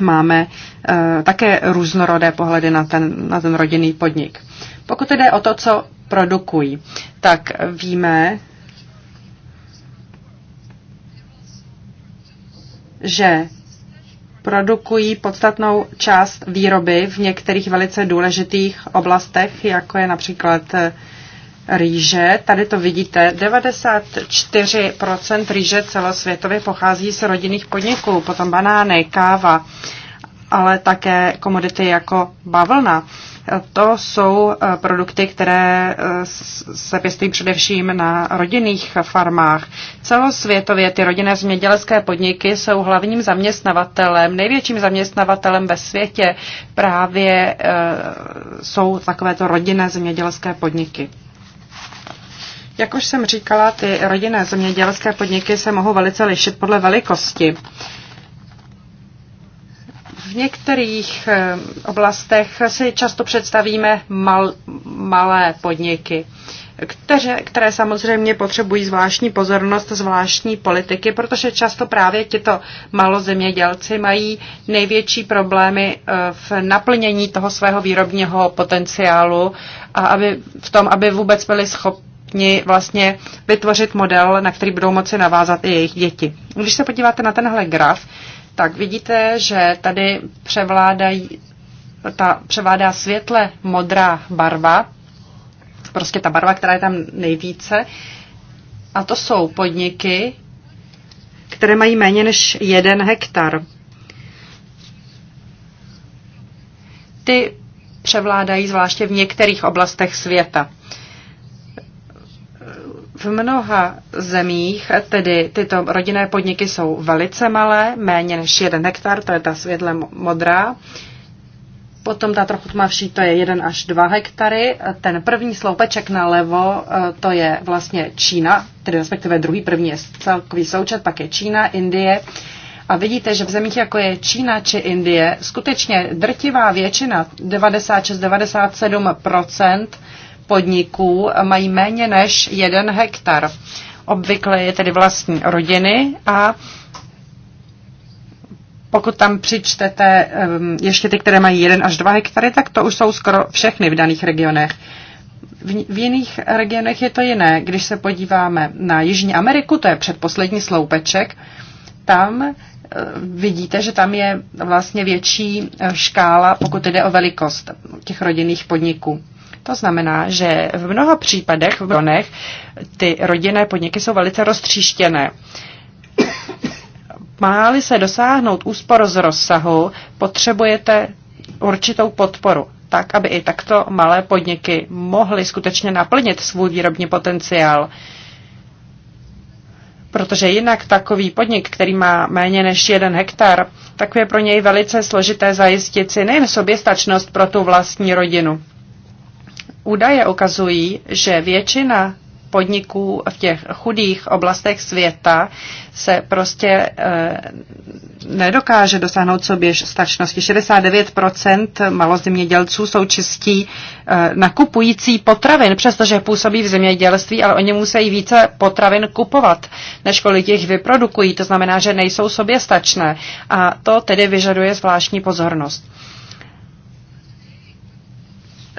máme uh, také různorodé pohledy na ten, na ten rodinný podnik. Pokud jde o to, co produkují. Tak víme, že produkují podstatnou část výroby v některých velice důležitých oblastech, jako je například eh, rýže. Tady to vidíte, 94% rýže celosvětově pochází z rodinných podniků, potom banány, káva, ale také komodity jako bavlna. To jsou eh, produkty, které eh, se pěstují především na rodinných farmách. Celosvětově ty rodinné zemědělské podniky jsou hlavním zaměstnavatelem, největším zaměstnavatelem ve světě právě eh, jsou takovéto rodinné zemědělské podniky. Jak už jsem říkala, ty rodinné zemědělské podniky se mohou velice lišit podle velikosti. V některých eh, oblastech si často představíme mal, malé podniky, které, které samozřejmě potřebují zvláštní pozornost, zvláštní politiky, protože často právě tito malozemědělci mají největší problémy eh, v naplnění toho svého výrobního potenciálu a aby, v tom, aby vůbec byli schopni schopni vlastně vytvořit model, na který budou moci navázat i jejich děti. Když se podíváte na tenhle graf, tak vidíte, že tady převládají, ta převládá světle modrá barva, prostě ta barva, která je tam nejvíce. A to jsou podniky, které mají méně než jeden hektar. Ty převládají zvláště v některých oblastech světa. V mnoha zemích tedy tyto rodinné podniky jsou velice malé, méně než jeden hektar, to je ta světle modrá. Potom ta trochu tmavší, to je 1 až 2 hektary. Ten první sloupeček nalevo, eh, to je vlastně Čína, tedy respektive druhý, první je celkový součet, pak je Čína, Indie. A vidíte, že v zemích jako je Čína či Indie, skutečně drtivá většina, 96-97%, podniků mají méně než jeden hektar. Obvykle je tedy vlastní rodiny a pokud tam přičtete um, ještě ty, které mají jeden až dva hektary, tak to už jsou skoro všechny v daných regionech. V, v jiných regionech je to jiné. Když se podíváme na Jižní Ameriku, to je předposlední sloupeček, tam uh, vidíte, že tam je vlastně větší eh, škála, pokud jde o velikost těch rodinných podniků. To znamená, že v mnoha případech v bonech ty rodinné podniky jsou velice roztříštěné. Máli se dosáhnout úspor z rozsahu, potřebujete určitou podporu, tak aby i takto malé podniky mohly skutečně naplnit svůj výrobní potenciál protože jinak takový podnik, který má méně než jeden hektar, tak je pro něj velice složité zajistit si nejen soběstačnost pro tu vlastní rodinu. Údaje ukazují, že většina podniků v těch chudých oblastech světa se prostě e, nedokáže dosáhnout soběž stačnosti. 69% malozemědělců jsou čistí e, nakupující potravin, přestože působí v zemědělství, ale oni musí více potravin kupovat, než kolik jich vyprodukují. To znamená, že nejsou soběstačné a to tedy vyžaduje zvláštní pozornost.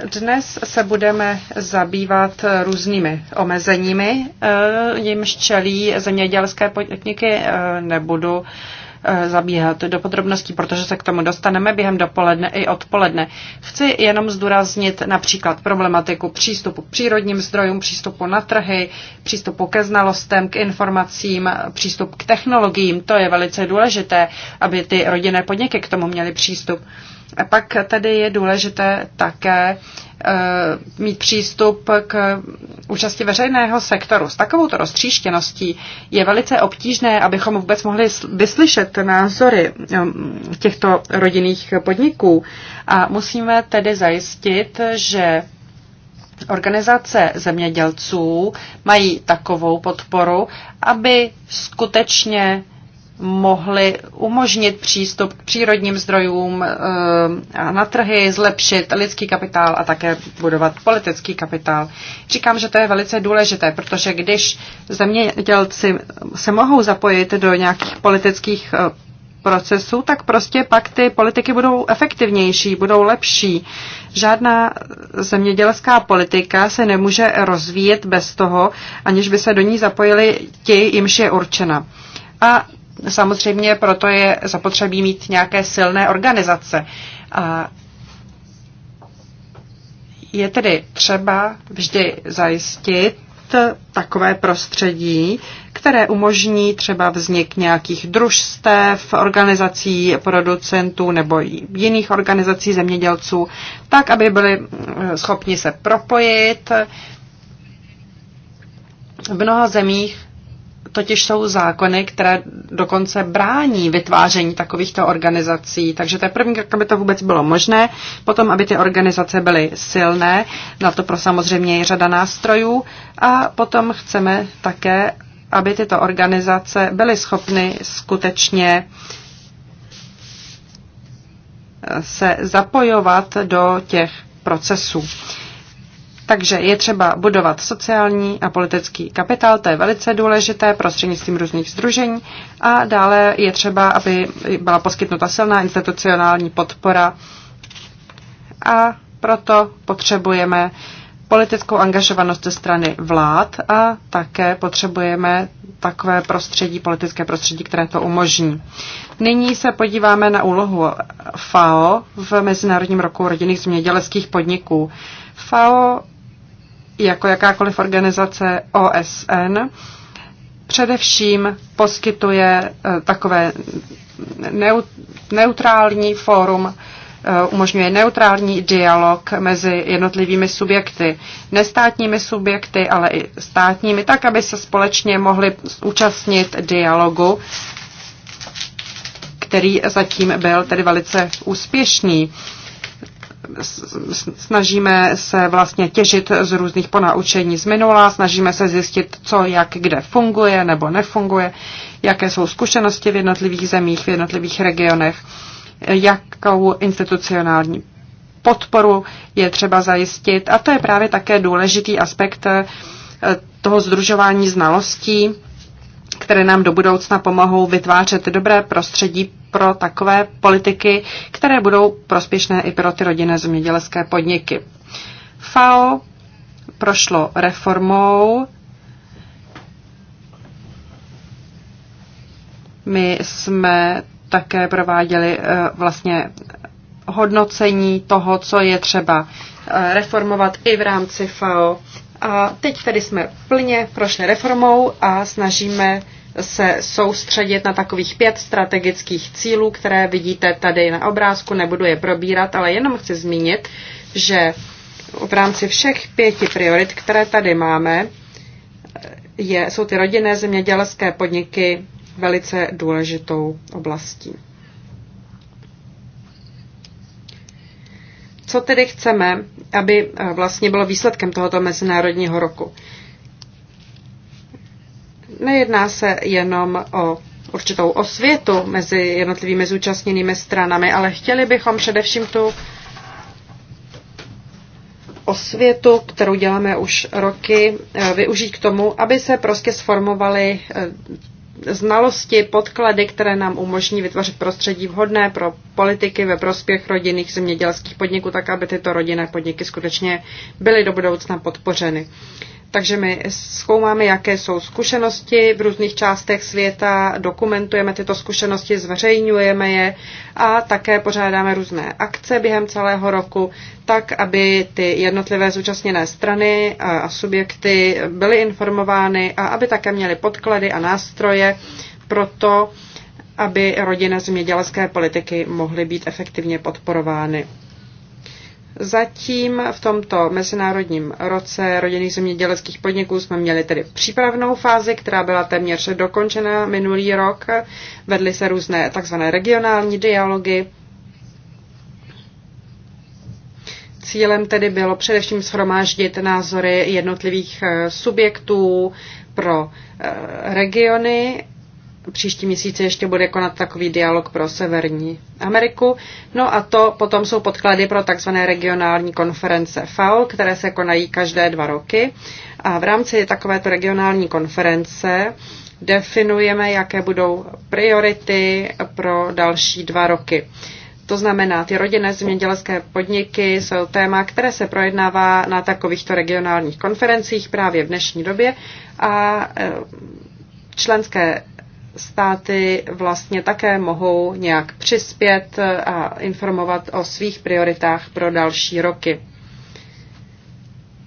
Dnes se budeme zabývat různými omezeními, eh, jimž čelí zemědělské podniky. Eh, nebudu eh, zabíhat do podrobností, protože se k tomu dostaneme během dopoledne i odpoledne. Chci jenom zdůraznit například problematiku přístupu k přírodním zdrojům, přístupu na trhy, přístupu ke znalostem, k informacím, přístup k technologiím. To je velice důležité, aby ty rodinné podniky k tomu měly přístup. A pak tady je důležité také eh, mít přístup k účasti veřejného sektoru. S takovou roztříštěností je velice obtížné, abychom vůbec mohli vyslyšet názory ehm, těchto rodinných podniků. A musíme tedy zajistit, že organizace zemědělců mají takovou podporu, aby skutečně mohli umožnit přístup k přírodním zdrojům eh, a na trhy, zlepšit lidský kapitál a také budovat politický kapitál. Říkám, že to je velice důležité, protože když zemědělci se mohou zapojit do nějakých politických eh, procesů, tak prostě pak ty politiky budou efektivnější, budou lepší. Žádná zemědělská politika se nemůže rozvíjet bez toho, aniž by se do ní zapojili ti, jimž je určena. A samozřejmě proto je zapotřebí mít nějaké silné organizace. A je tedy třeba vždy zajistit takové prostředí, které umožní třeba vznik nějakých družstev, organizací producentů nebo jiných organizací zemědělců, tak, aby byli mm, schopni se propojit. V mnoha zemích totiž jsou zákony, které dokonce brání vytváření takovýchto organizací. Takže to je první jak aby to vůbec bylo možné. Potom, aby ty organizace byly silné, na to pro samozřejmě je řada nástrojů. A potom chceme také, aby tyto organizace byly schopny skutečně se zapojovat do těch procesů. Takže je třeba budovat sociální a politický kapitál, to je velice důležité prostřednictvím různých združení a dále je třeba, aby byla poskytnuta silná institucionální podpora a proto potřebujeme politickou angažovanost ze strany vlád a také potřebujeme takové prostředí, politické prostředí, které to umožní. Nyní se podíváme na úlohu FAO v Mezinárodním roku rodinných zemědělských podniků. FAO jako jakákoliv organizace OSN, především poskytuje eh, takové neutrální fórum, eh, umožňuje neutrální dialog mezi jednotlivými subjekty, nestátními subjekty, ale i státními, tak, aby se společně mohli účastnit dialogu, který zatím byl tedy velice úspěšný snažíme se vlastně těžit z různých ponaučení z minula, snažíme se zjistit, co jak kde funguje nebo nefunguje, jaké jsou zkušenosti v jednotlivých zemích, v jednotlivých regionech, jakou institucionální podporu je třeba zajistit. A to je právě také důležitý aspekt eh, toho združování znalostí, které nám do budoucna pomohou vytvářet dobré prostředí pro takové politiky, které budou prospěšné i pro ty rodinné zemědělské podniky. FAO prošlo reformou. My jsme také prováděli eh, vlastně hodnocení toho, co je třeba eh, reformovat i v rámci FAO. A teď tady jsme plně prošli reformou a snažíme se soustředit na takových pět strategických cílů, které vidíte tady na obrázku, nebudu je probírat, ale jenom chci zmínit, že v rámci všech pěti priorit, které tady máme, je, jsou ty rodinné zemědělské podniky velice důležitou oblastí. Co tedy chceme, aby eh, vlastně bylo výsledkem tohoto mezinárodního roku? Nejedná se jenom o určitou osvětu mezi jednotlivými zúčastněnými stranami, ale chtěli bychom především tu osvětu, kterou děláme už roky, eh, využít k tomu, aby se prostě sformovaly eh, znalosti, podklady, které nám umožní vytvořit prostředí vhodné pro politiky ve prospěch rodinných zemědělských podniků, tak aby tyto rodinné podniky skutečně byly do budoucna podpořeny. Takže my zkoumáme, jaké jsou zkušenosti v různých částech světa, dokumentujeme tyto zkušenosti, zveřejňujeme je a také pořádáme různé akce během celého roku, tak, aby ty jednotlivé zúčastněné strany a subjekty byly informovány a aby také měly podklady a nástroje pro to, aby rodiny zemědělské politiky mohly být efektivně podporovány. Zatím v tomto mezinárodním roce rodinných zemědělských podniků jsme měli tedy přípravnou fázi, která byla téměř dokončena minulý rok. Vedly se různé takzvané regionální dialogy. Cílem tedy bylo především shromáždit názory jednotlivých eh, subjektů pro eh, regiony příští měsíce ještě bude konat takový dialog pro Severní Ameriku. No a to potom jsou podklady pro tzv. regionální konference FAO, které se konají každé dva roky. A v rámci takovéto regionální konference definujeme, jaké budou priority pro další dva roky. To znamená, ty rodinné zemědělské podniky jsou téma, které se projednává na takovýchto regionálních konferencích právě v dnešní době a e, členské státy vlastně také mohou nějak přispět a informovat o svých prioritách pro další roky.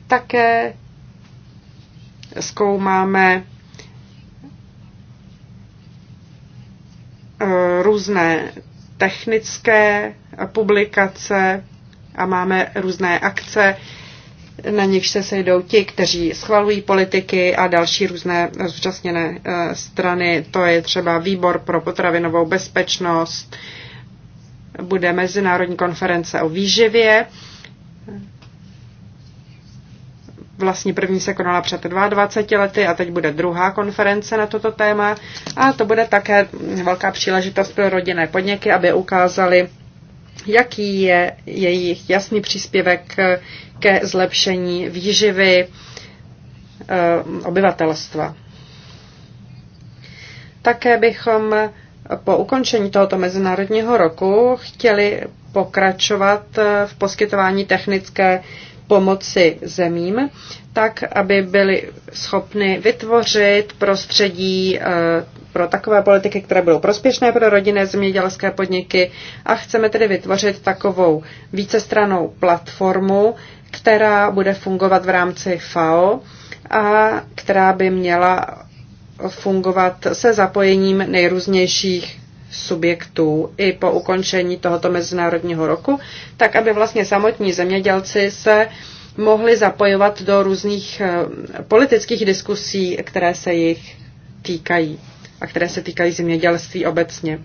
Také zkoumáme eh, různé technické publikace a máme různé akce, na nichž se sejdou ti, kteří schvalují politiky a další různé zúčastněné eh, strany. To je třeba výbor pro potravinovou bezpečnost, bude mezinárodní konference o výživě. Vlastně první se konala před 22 lety a teď bude druhá konference na toto téma. A to bude také velká příležitost pro rodinné podniky, aby ukázali, jaký je jejich jasný příspěvek ke zlepšení výživy eh, obyvatelstva. Také bychom po ukončení tohoto mezinárodního roku chtěli pokračovat eh, v poskytování technické pomoci zemím, tak, aby byly schopny vytvořit prostředí eh, pro takové politiky, které budou prospěšné pro rodinné zemědělské podniky a chceme tedy vytvořit takovou vícestranou platformu, která bude fungovat v rámci FAO a která by měla fungovat se zapojením nejrůznějších subjektů i po ukončení tohoto mezinárodního roku, tak aby vlastně samotní zemědělci se mohli zapojovat do různých eh, politických diskusí, které se jich týkají a které se týkají zemědělství obecně.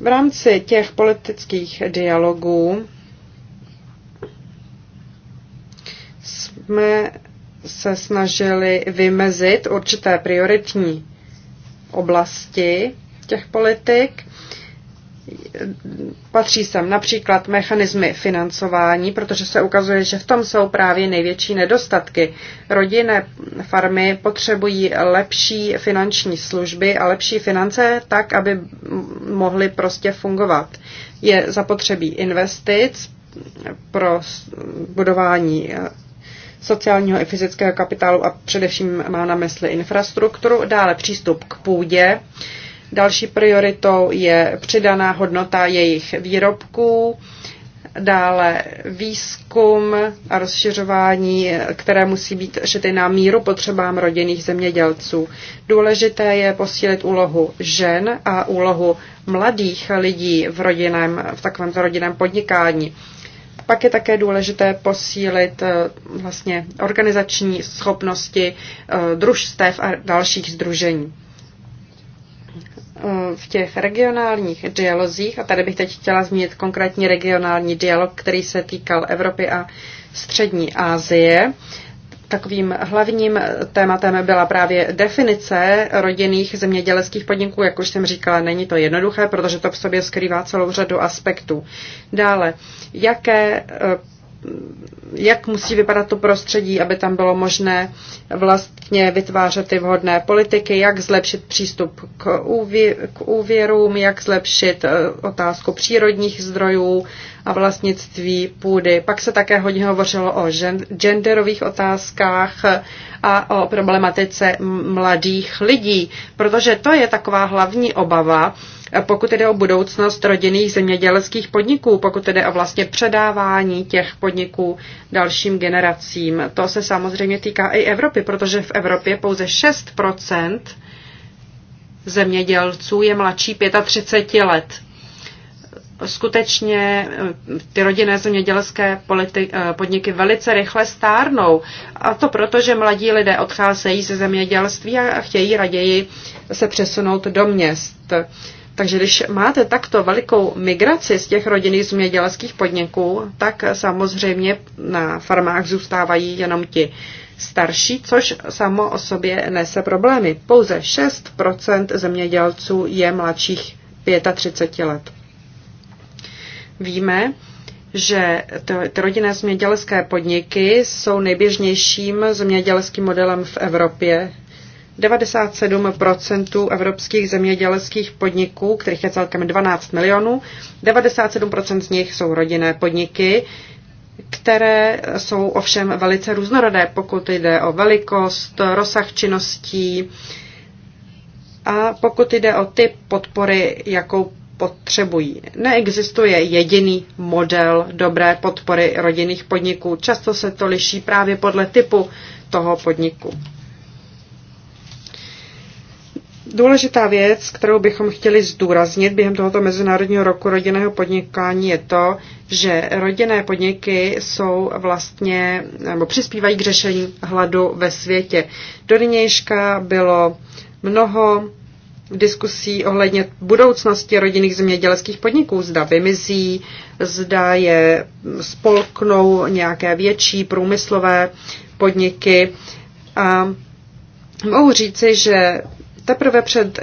V rámci těch politických dialogů jsme se snažili vymezit určité prioritní oblasti těch politik. Patří sem například mechanismy financování, protože se ukazuje, že v tom jsou právě největší nedostatky. Rodinné farmy potřebují lepší finanční služby a lepší finance tak, aby mohly prostě fungovat. Je zapotřebí investic pro budování sociálního i fyzického kapitálu a především má na mysli infrastrukturu, dále přístup k půdě. Další prioritou je přidaná hodnota jejich výrobků, dále výzkum a rozšiřování, které musí být šity na míru potřebám rodinných zemědělců. Důležité je posílit úlohu žen a úlohu mladých lidí v, rodinném, v takovém rodinném podnikání. Pak je také důležité posílit eh, vlastně organizační schopnosti eh, družstev a dalších združení eh, v těch regionálních dialozích, a tady bych teď chtěla zmínit konkrétní regionální dialog, který se týkal Evropy a Střední Asie. Takovým hlavním tématem byla právě definice rodinných zemědělských podniků. Jak už jsem říkala, není to jednoduché, protože to v sobě skrývá celou řadu aspektů. Dále, jaké eh, jak musí vypadat to prostředí, aby tam bylo možné vlastně vytvářet ty vhodné politiky, jak zlepšit přístup k, úvě, k úvěrům, jak zlepšit eh, otázku přírodních zdrojů a vlastnictví půdy. Pak se také hodně hovořilo o genderových otázkách a o problematice mladých lidí, protože to je taková hlavní obava, pokud jde o budoucnost rodinných zemědělských podniků, pokud jde o vlastně předávání těch podniků dalším generacím. To se samozřejmě týká i Evropy, protože v Evropě pouze 6 zemědělců je mladší 35 let. Skutečně eh, ty rodinné zemědělské eh, podniky velice rychle stárnou. A to proto, že mladí lidé odcházejí ze zemědělství a chtějí raději se přesunout do měst. Takže když máte takto velikou migraci z těch rodinných zemědělských podniků, tak samozřejmě na farmách zůstávají jenom ti starší, což samo o sobě nese problémy. Pouze 6% zemědělců je mladších 35 let. Víme, že ty rodinné zemědělské podniky jsou nejběžnějším zemědělským modelem v Evropě 97% evropských zemědělských podniků, kterých je celkem 12 milionů, 97% z nich jsou rodinné podniky, které jsou ovšem velice různorodé, pokud jde o velikost, rozsah činností a pokud jde o typ podpory, jakou potřebují. Neexistuje jediný model dobré podpory rodinných podniků. Často se to liší právě podle typu toho podniku. Důležitá věc, kterou bychom chtěli zdůraznit během tohoto Mezinárodního roku rodinného podnikání, je to, že rodinné podniky jsou vlastně, nebo přispívají k řešení hladu ve světě. Do nynějška bylo mnoho diskusí ohledně budoucnosti rodinných zemědělských podniků. Zda vymizí, zda je spolknou nějaké větší průmyslové podniky. A mohu říci, že teprve před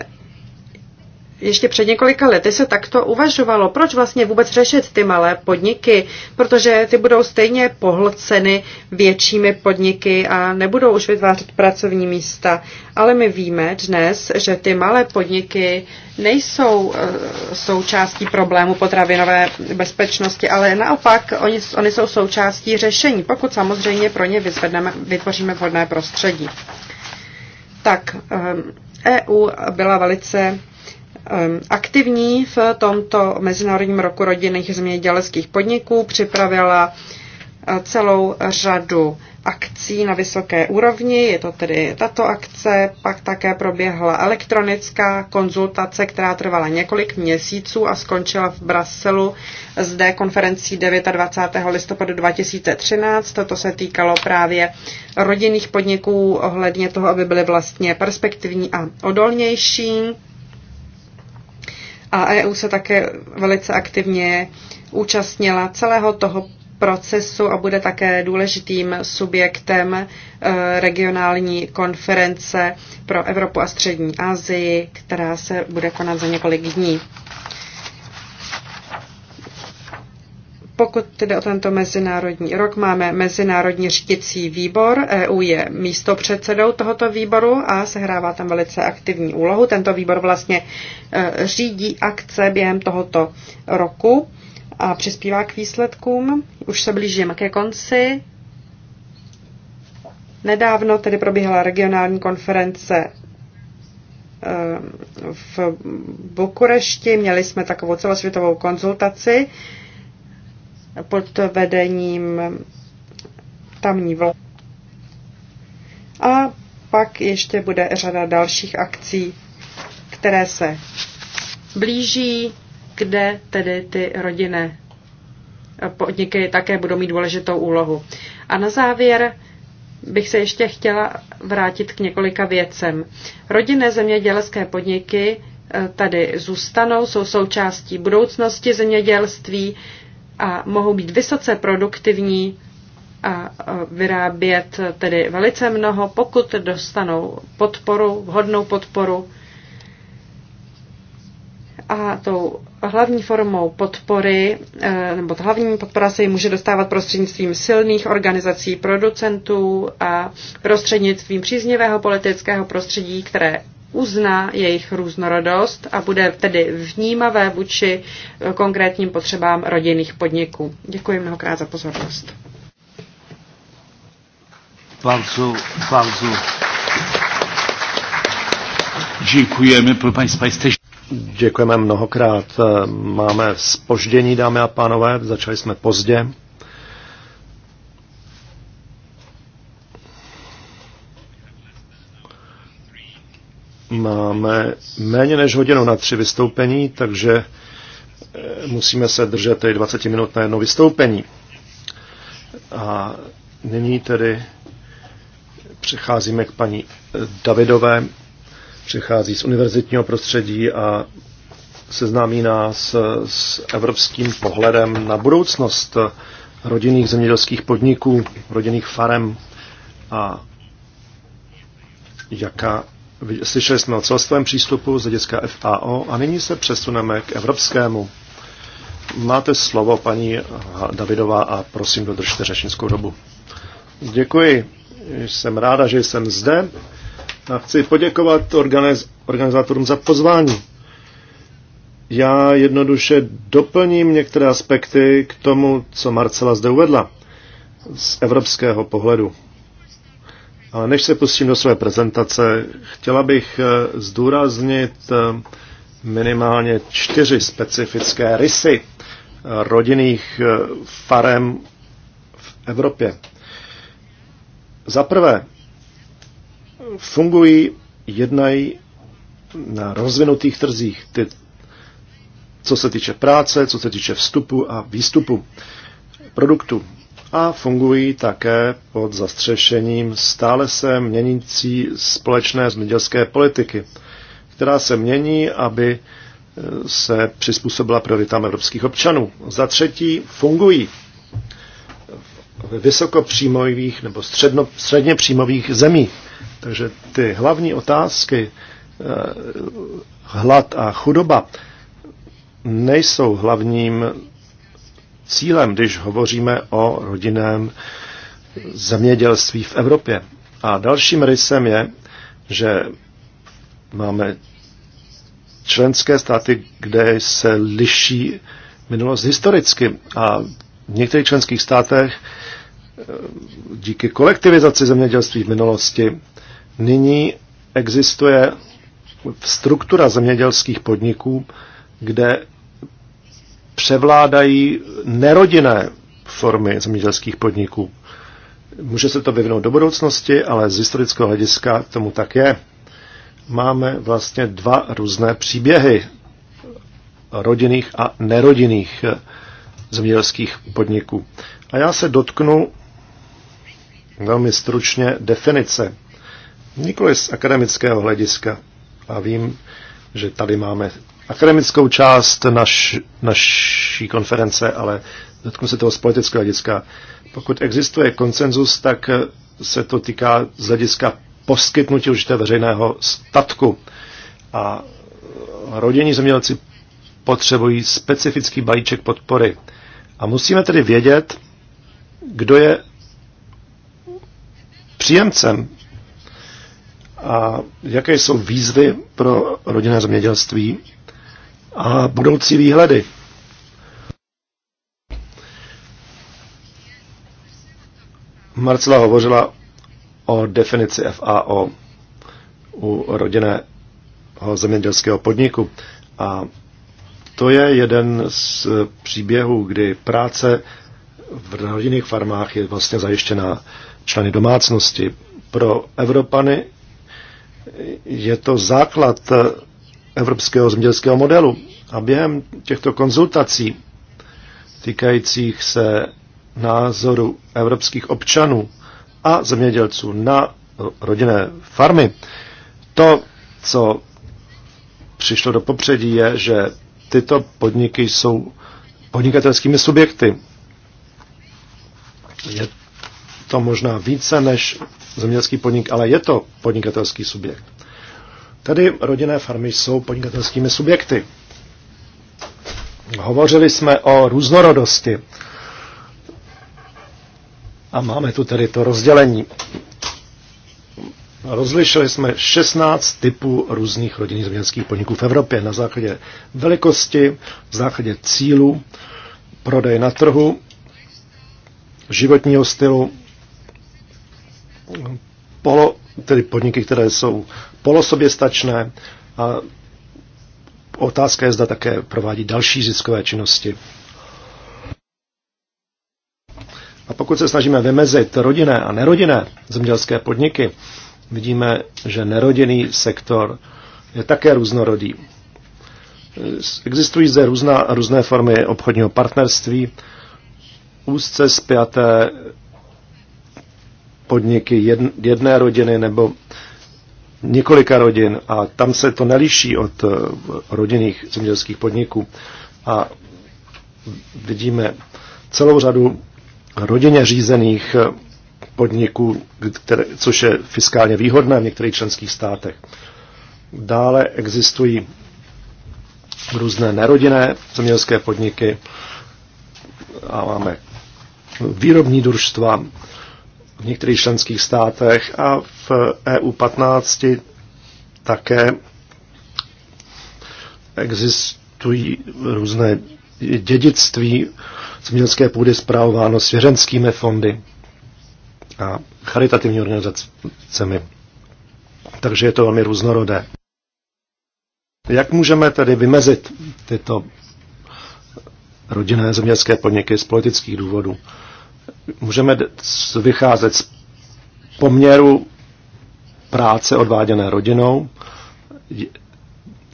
ještě před několika lety se takto uvažovalo, proč vlastně vůbec řešit ty malé podniky, protože ty budou stejně pohlceny většími podniky a nebudou už vytvářet pracovní místa. Ale my víme dnes, že ty malé podniky nejsou eh, součástí problému potravinové bezpečnosti, ale naopak oni, oni jsou součástí řešení, pokud samozřejmě pro ně vytvoříme vhodné prostředí. Tak, um, EU byla velice aktivní v tomto Mezinárodním roku rodinných zemědělských podniků, připravila celou řadu akcí na vysoké úrovni. Je to tedy tato akce, pak také proběhla elektronická konzultace, která trvala několik měsíců a skončila v Bruselu zde konferencí 29. listopadu 2013. Toto se týkalo právě rodinných podniků ohledně toho, aby byly vlastně perspektivní a odolnější. A EU se také velice aktivně účastnila celého toho procesu a bude také důležitým subjektem eh, regionální konference pro Evropu a Střední Asii, která se bude konat za několik dní. Pokud jde o tento mezinárodní rok, máme Mezinárodní řídící výbor. EU je místo předsedou tohoto výboru a sehrává tam velice aktivní úlohu. Tento výbor vlastně eh, řídí akce během tohoto roku a přispívá k výsledkům. Už se blížím ke konci. Nedávno tedy probíhala regionální konference ehm, v Bukurešti. Měli jsme takovou celosvětovou konzultaci pod vedením tamní vlády. A pak ještě bude řada dalších akcí, které se blíží kde tedy ty rodinné podniky také budou mít důležitou úlohu. A na závěr bych se ještě chtěla vrátit k několika věcem. Rodinné zemědělské podniky eh, tady zůstanou, jsou součástí budoucnosti zemědělství a mohou být vysoce produktivní a eh, vyrábět tedy velice mnoho, pokud dostanou podporu, vhodnou podporu a tou hlavní formou podpory, eh, nebo hlavní podpora se jim může dostávat prostřednictvím silných organizací producentů a prostřednictvím příznivého politického prostředí, které uzná jejich různorodost a bude tedy vnímavé vůči eh, konkrétním potřebám rodinných podniků. Děkuji mnohokrát za pozornost. Bardzo, bardzo. Dziękujemy. Proszę Państwa, jesteśmy. Děkujeme mnohokrát. Máme spoždění, dámy a pánové, začali jsme pozdě. Máme méně než hodinu na tři vystoupení, takže eh, musíme se držet tady 20 minut na jedno vystoupení. A nyní tedy přecházíme k paní Davidové, přichází z univerzitního prostředí a seznámí nás s evropským pohledem na budoucnost rodinných zemědělských podniků, rodinných farem a jaká Slyšeli jsme o celostvém přístupu z hlediska FAO a nyní se přesuneme k evropskému. Máte slovo, paní Davidová, a prosím, dodržte řečnickou dobu. Děkuji. Jsem ráda, že jsem zde a chci poděkovat organiz, organizátorům za pozvání. Já jednoduše doplním některé aspekty k tomu, co Marcela zde uvedla z evropského pohledu. Ale než se pustím do své prezentace, chtěla bych eh, zdůraznit eh, minimálně čtyři specifické rysy eh, rodinných farem v Evropě. Za prvé, fungují, jednají na rozvinutých trzích, ty, co se týče práce, co se týče vstupu a výstupu produktu. A fungují také pod zastřešením stále se měnící společné zemědělské politiky, která se mění, aby eh, se přizpůsobila prioritám evropských občanů. Za třetí fungují ve vysokopříjmových nebo středno, středně příjmových zemích takže ty hlavní otázky, eh, hlad a chudoba, nejsou hlavním cílem, když hovoříme o rodinném zemědělství v Evropě. A dalším rysem je, že máme členské státy, kde se liší minulost historicky a v některých členských státech eh, díky kolektivizaci zemědělství v minulosti Nyní existuje struktura zemědělských podniků, kde převládají nerodinné formy zemědělských podniků. Může se to vyvinout do budoucnosti, ale z historického hlediska tomu tak je. Máme vlastně dva různé příběhy rodinných a nerodinných zemědělských podniků. A já se dotknu velmi stručně definice nikoli z akademického hlediska. A vím, že tady máme akademickou část naš, naší konference, ale dotknu se toho z politického hlediska. Pokud existuje konsenzus, tak se to týká z hlediska poskytnutí určitého veřejného statku. A rodinní zemědělci potřebují specifický balíček podpory. A musíme tedy vědět, kdo je příjemcem a jaké jsou výzvy pro rodinné zemědělství a budoucí výhledy. Marcela hovořila o definici FAO u rodinného zemědělského podniku. A to je jeden z příběhů, kdy práce v rodinných farmách je vlastně zajištěna členy domácnosti. Pro Evropany je to základ evropského zemědělského modelu. A během těchto konzultací týkajících se názoru evropských občanů a zemědělců na rodinné farmy, to, co přišlo do popředí, je, že tyto podniky jsou podnikatelskými subjekty. Je to možná více než zemědělský podnik, ale je to podnikatelský subjekt. Tedy rodinné farmy jsou podnikatelskými subjekty. Hovořili jsme o různorodosti. A máme tu tedy to rozdělení. Rozlišili jsme 16 typů různých rodinných zemědělských podniků v Evropě na základě velikosti, v základě cílu, prodej na trhu, životního stylu, polo, tedy podniky, které jsou polosoběstačné a otázka je, zda také provádí další ziskové činnosti. A pokud se snažíme vymezit rodinné a nerodinné zemědělské podniky, vidíme, že nerodinný sektor je také různorodý. Existují zde různá, různé formy obchodního partnerství, úzce spjaté podniky jedné rodiny nebo několika rodin a tam se to neliší od eh, rodinných zemědělských podniků. A vidíme celou řadu rodině řízených eh, podniků, které, což je fiskálně výhodné v některých členských státech. Dále existují různé nerodinné zemědělské podniky a máme výrobní družstva, v některých členských státech a v EU 15 také existují různé dědictví zemědělské půdy zpravováno svěřenskými fondy a charitativní organizacemi. Takže je to velmi různorodé. Jak můžeme tedy vymezit tyto rodinné zemědělské podniky z politických důvodů? Můžeme vycházet z poměru práce odváděné rodinou,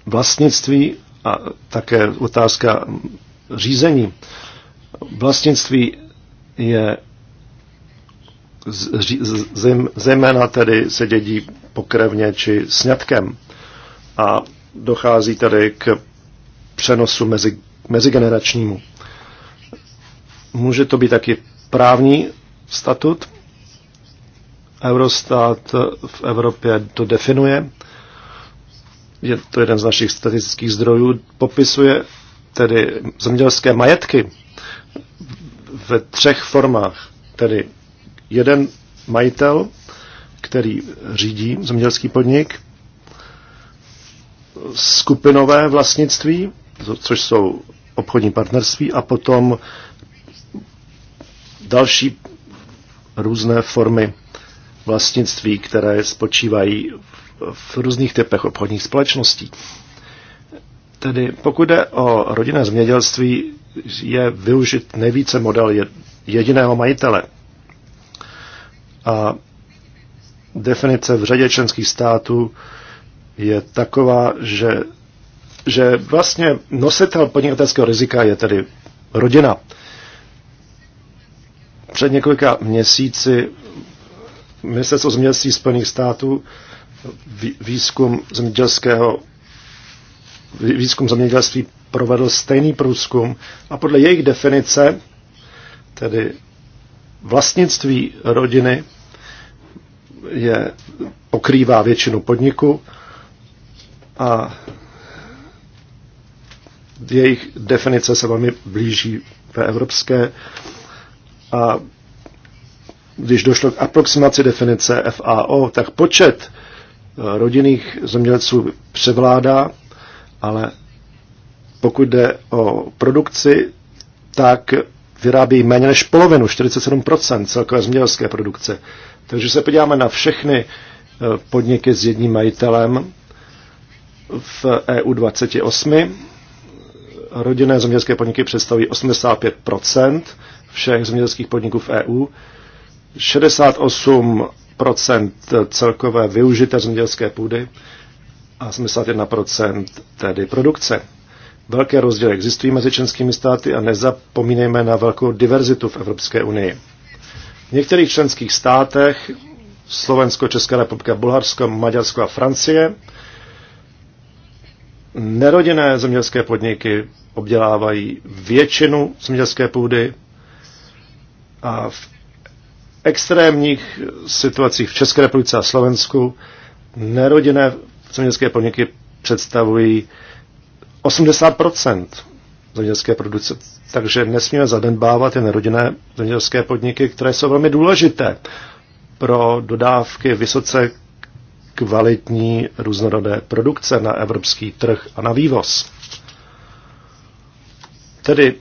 vlastnictví a také otázka řízení. Vlastnictví je zejména tedy se dědí pokrevně či sňatkem. A dochází tedy k přenosu mezi, mezigeneračnímu. Může to být taky právní statut. Eurostat v Evropě to definuje. Je to jeden z našich statistických zdrojů. Popisuje tedy zemědělské majetky ve třech formách. Tedy jeden majitel, který řídí zemědělský podnik, skupinové vlastnictví, což jsou obchodní partnerství, a potom další různé formy vlastnictví, které spočívají v různých typech obchodních společností. Tedy pokud jde o rodinné zemědělství, je využit nejvíce model jediného majitele. A definice v řadě členských států je taková, že, že vlastně nositel podnikatelského rizika je tedy rodina. Před několika měsíci Ministerstvo zemědělství Spojených států výzkum zemědělského výzkum zemědělství provedl stejný průzkum a podle jejich definice, tedy vlastnictví rodiny, je, pokrývá většinu podniku a jejich definice se velmi blíží ve evropské a když došlo k aproximaci definice FAO, tak počet eh, rodinných zemědělců převládá, ale pokud jde o produkci, tak vyrábí méně než polovinu, 47% celkové zemědělské produkce. Takže se podíváme na všechny eh, podniky s jedním majitelem v EU 28. Eh, rodinné zemědělské podniky představují 85 všech zemědělských podniků v EU. 68 celkové využité zemědělské půdy a 71 tedy produkce. Velké rozdíly existují mezi členskými státy a nezapomínejme na velkou diverzitu v Evropské unii. V některých členských státech Slovensko, Česká republika, Bulharsko, Maďarsko a Francie nerodinné zemědělské podniky obdělávají většinu zemědělské půdy a v extrémních situacích v České republice a Slovensku nerodinné zemědělské podniky představují 80% zemědělské produkce. Takže nesmíme zanedbávat ty nerodinné zemědělské podniky, které jsou velmi důležité pro dodávky vysoce kvalitní různorodé produkce na evropský trh a na vývoz. Tedy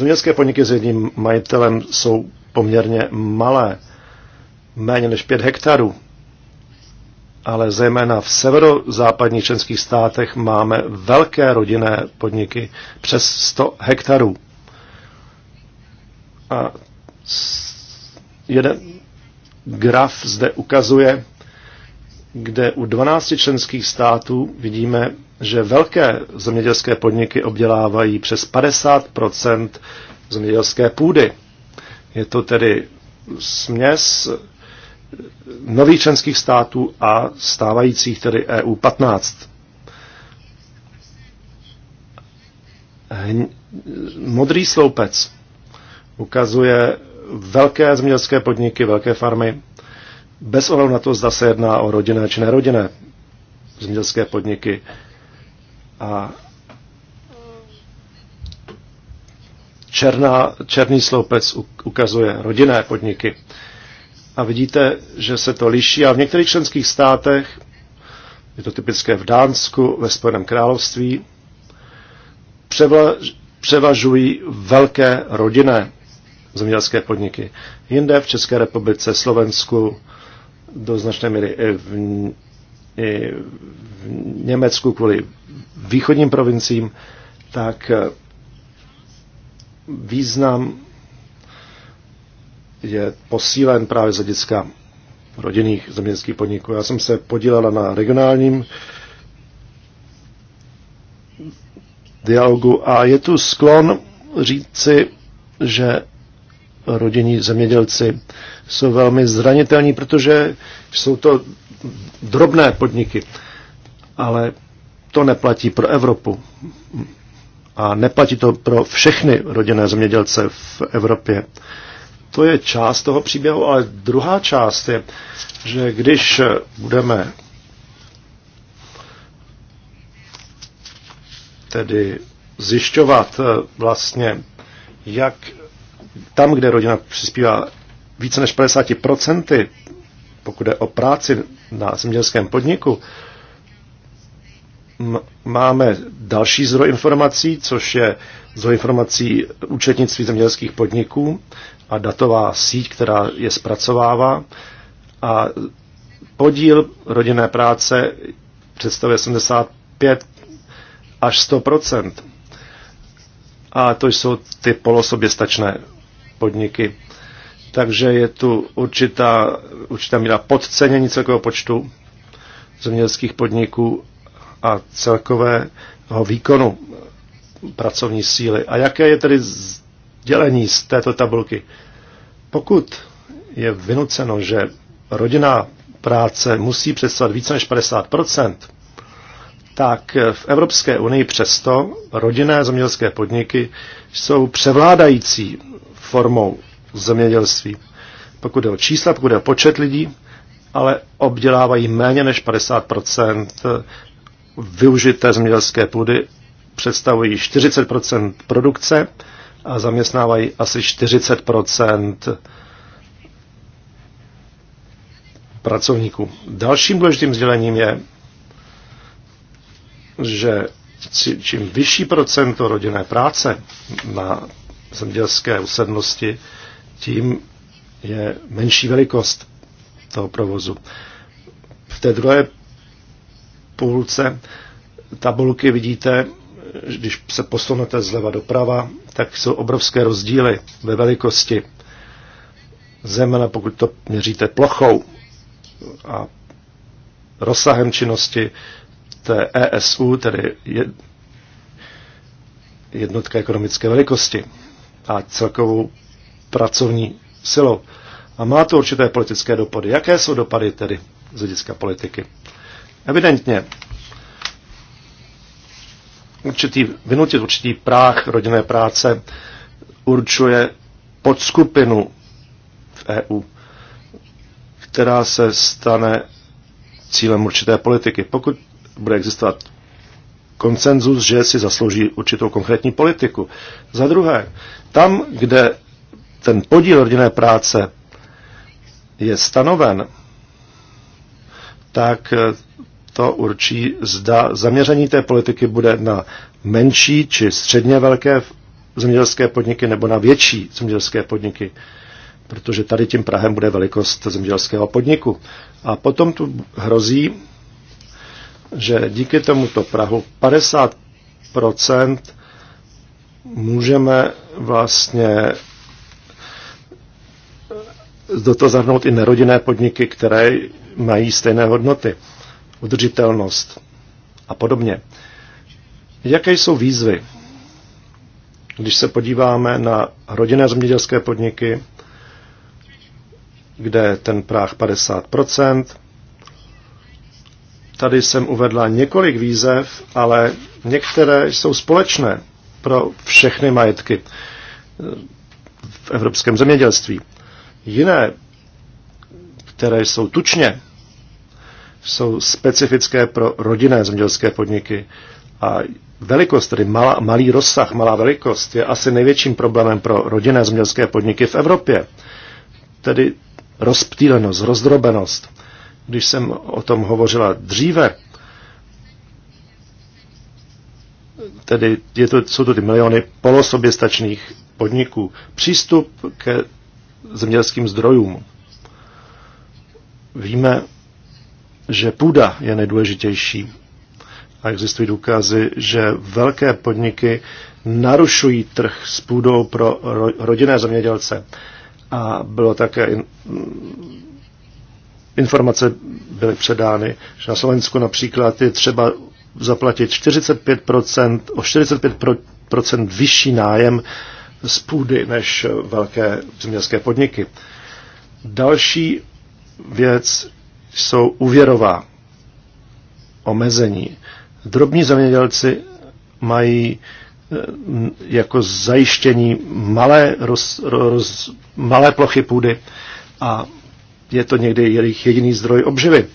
Zemědělské podniky s jedním majitelem jsou poměrně malé, méně než 5 hektarů, ale zejména v severozápadních členských státech máme velké rodinné podniky přes 100 hektarů. A jeden graf zde ukazuje kde u 12 členských států vidíme, že velké zemědělské podniky obdělávají přes 50 zemědělské půdy. Je to tedy směs nových členských států a stávajících, tedy EU 15. Hň, modrý sloupec ukazuje velké zemědělské podniky, velké farmy, bez ohledu na to, zda se jedná o rodinné či nerodinné zemědělské podniky. A černá, černý sloupec ukazuje rodinné podniky. A vidíte, že se to liší. A v některých členských státech, je to typické v Dánsku, ve Spojeném království, převla, převažují velké rodinné zemědělské podniky. Jinde v České republice, Slovensku, do značné míry v, v Německu kvůli východním provinciím, tak eh, význam je posílen právě z hlediska rodinných zeměnských podniků. Já jsem se podílela na regionálním dialogu a je tu sklon říci, že rodinní zemědělci jsou velmi zranitelní, protože jsou to drobné podniky. Ale to neplatí pro Evropu. A neplatí to pro všechny rodinné zemědělce v Evropě. To je část toho příběhu, ale druhá část je, že když budeme tedy zjišťovat eh, vlastně, jak tam, kde rodina přispívá více než 50%, pokud je o práci na zemědělském podniku, máme další zdroj informací, což je zdroj informací účetnictví zemědělských podniků a datová síť, která je zpracovává. A podíl rodinné práce představuje 75 až 100 A to jsou ty polosoběstačné podniky. Takže je tu určitá, určitá míra podcenění celkového počtu zemědělských podniků a celkového výkonu pracovní síly. A jaké je tedy dělení z této tabulky? Pokud je vynuceno, že rodina práce musí představit více než 50%, tak v Evropské unii přesto rodinné zemědělské podniky jsou převládající formou zemědělství. Pokud jde o čísla, pokud jde o počet lidí, ale obdělávají méně než 50 využité zemědělské půdy, představují 40 produkce a zaměstnávají asi 40 pracovníků. Dalším důležitým sdělením je, že čím vyšší procento rodinné práce na zemědělské usednosti, tím je menší velikost toho provozu. V té druhé půlce tabulky vidíte, když se posunete zleva doprava, tak jsou obrovské rozdíly ve velikosti. Zemna, pokud to měříte plochou a rozsahem činnosti té ESU, tedy jednotka ekonomické velikosti a celkovou pracovní silou. A má to určité politické dopady. Jaké jsou dopady tedy z hlediska politiky? Evidentně určitý, vynutit určitý práh rodinné práce určuje podskupinu v EU, která se stane cílem určité politiky. Pokud bude existovat konsenzus, že si zaslouží určitou konkrétní politiku. Za druhé, tam, kde ten podíl rodinné práce je stanoven, tak eh, to určí, zda zaměření té politiky bude na menší či středně velké zemědělské podniky nebo na větší zemědělské podniky, protože tady tím Prahem bude velikost zemědělského podniku. A potom tu hrozí, že díky tomuto Prahu 50 můžeme vlastně do toho zahrnout i nerodinné podniky, které mají stejné hodnoty, udržitelnost a podobně. Jaké jsou výzvy, když se podíváme na rodinné zemědělské podniky, kde ten práh 50 Tady jsem uvedla několik výzev, ale některé jsou společné pro všechny majetky v evropském zemědělství. Jiné, které jsou tučně, jsou specifické pro rodinné zemědělské podniky. A velikost, tedy malá, malý rozsah, malá velikost, je asi největším problémem pro rodinné zemědělské podniky v Evropě. Tedy rozptýlenost, rozdrobenost. Když jsem o tom hovořila dříve, tedy je to, jsou to ty miliony polosoběstačných podniků, přístup ke zemědělským zdrojům. Víme, že půda je nejdůležitější a existují důkazy, že velké podniky narušují trh s půdou pro rodinné zemědělce. A bylo také informace byly předány, že na Slovensku například je třeba zaplatit 45%, o 45% vyšší nájem z půdy než velké zemědělské podniky. Další věc jsou úvěrová omezení. Drobní zemědělci mají eh, jako zajištění malé, roz, roz, malé plochy půdy a je to někdy jejich jediný zdroj obživy.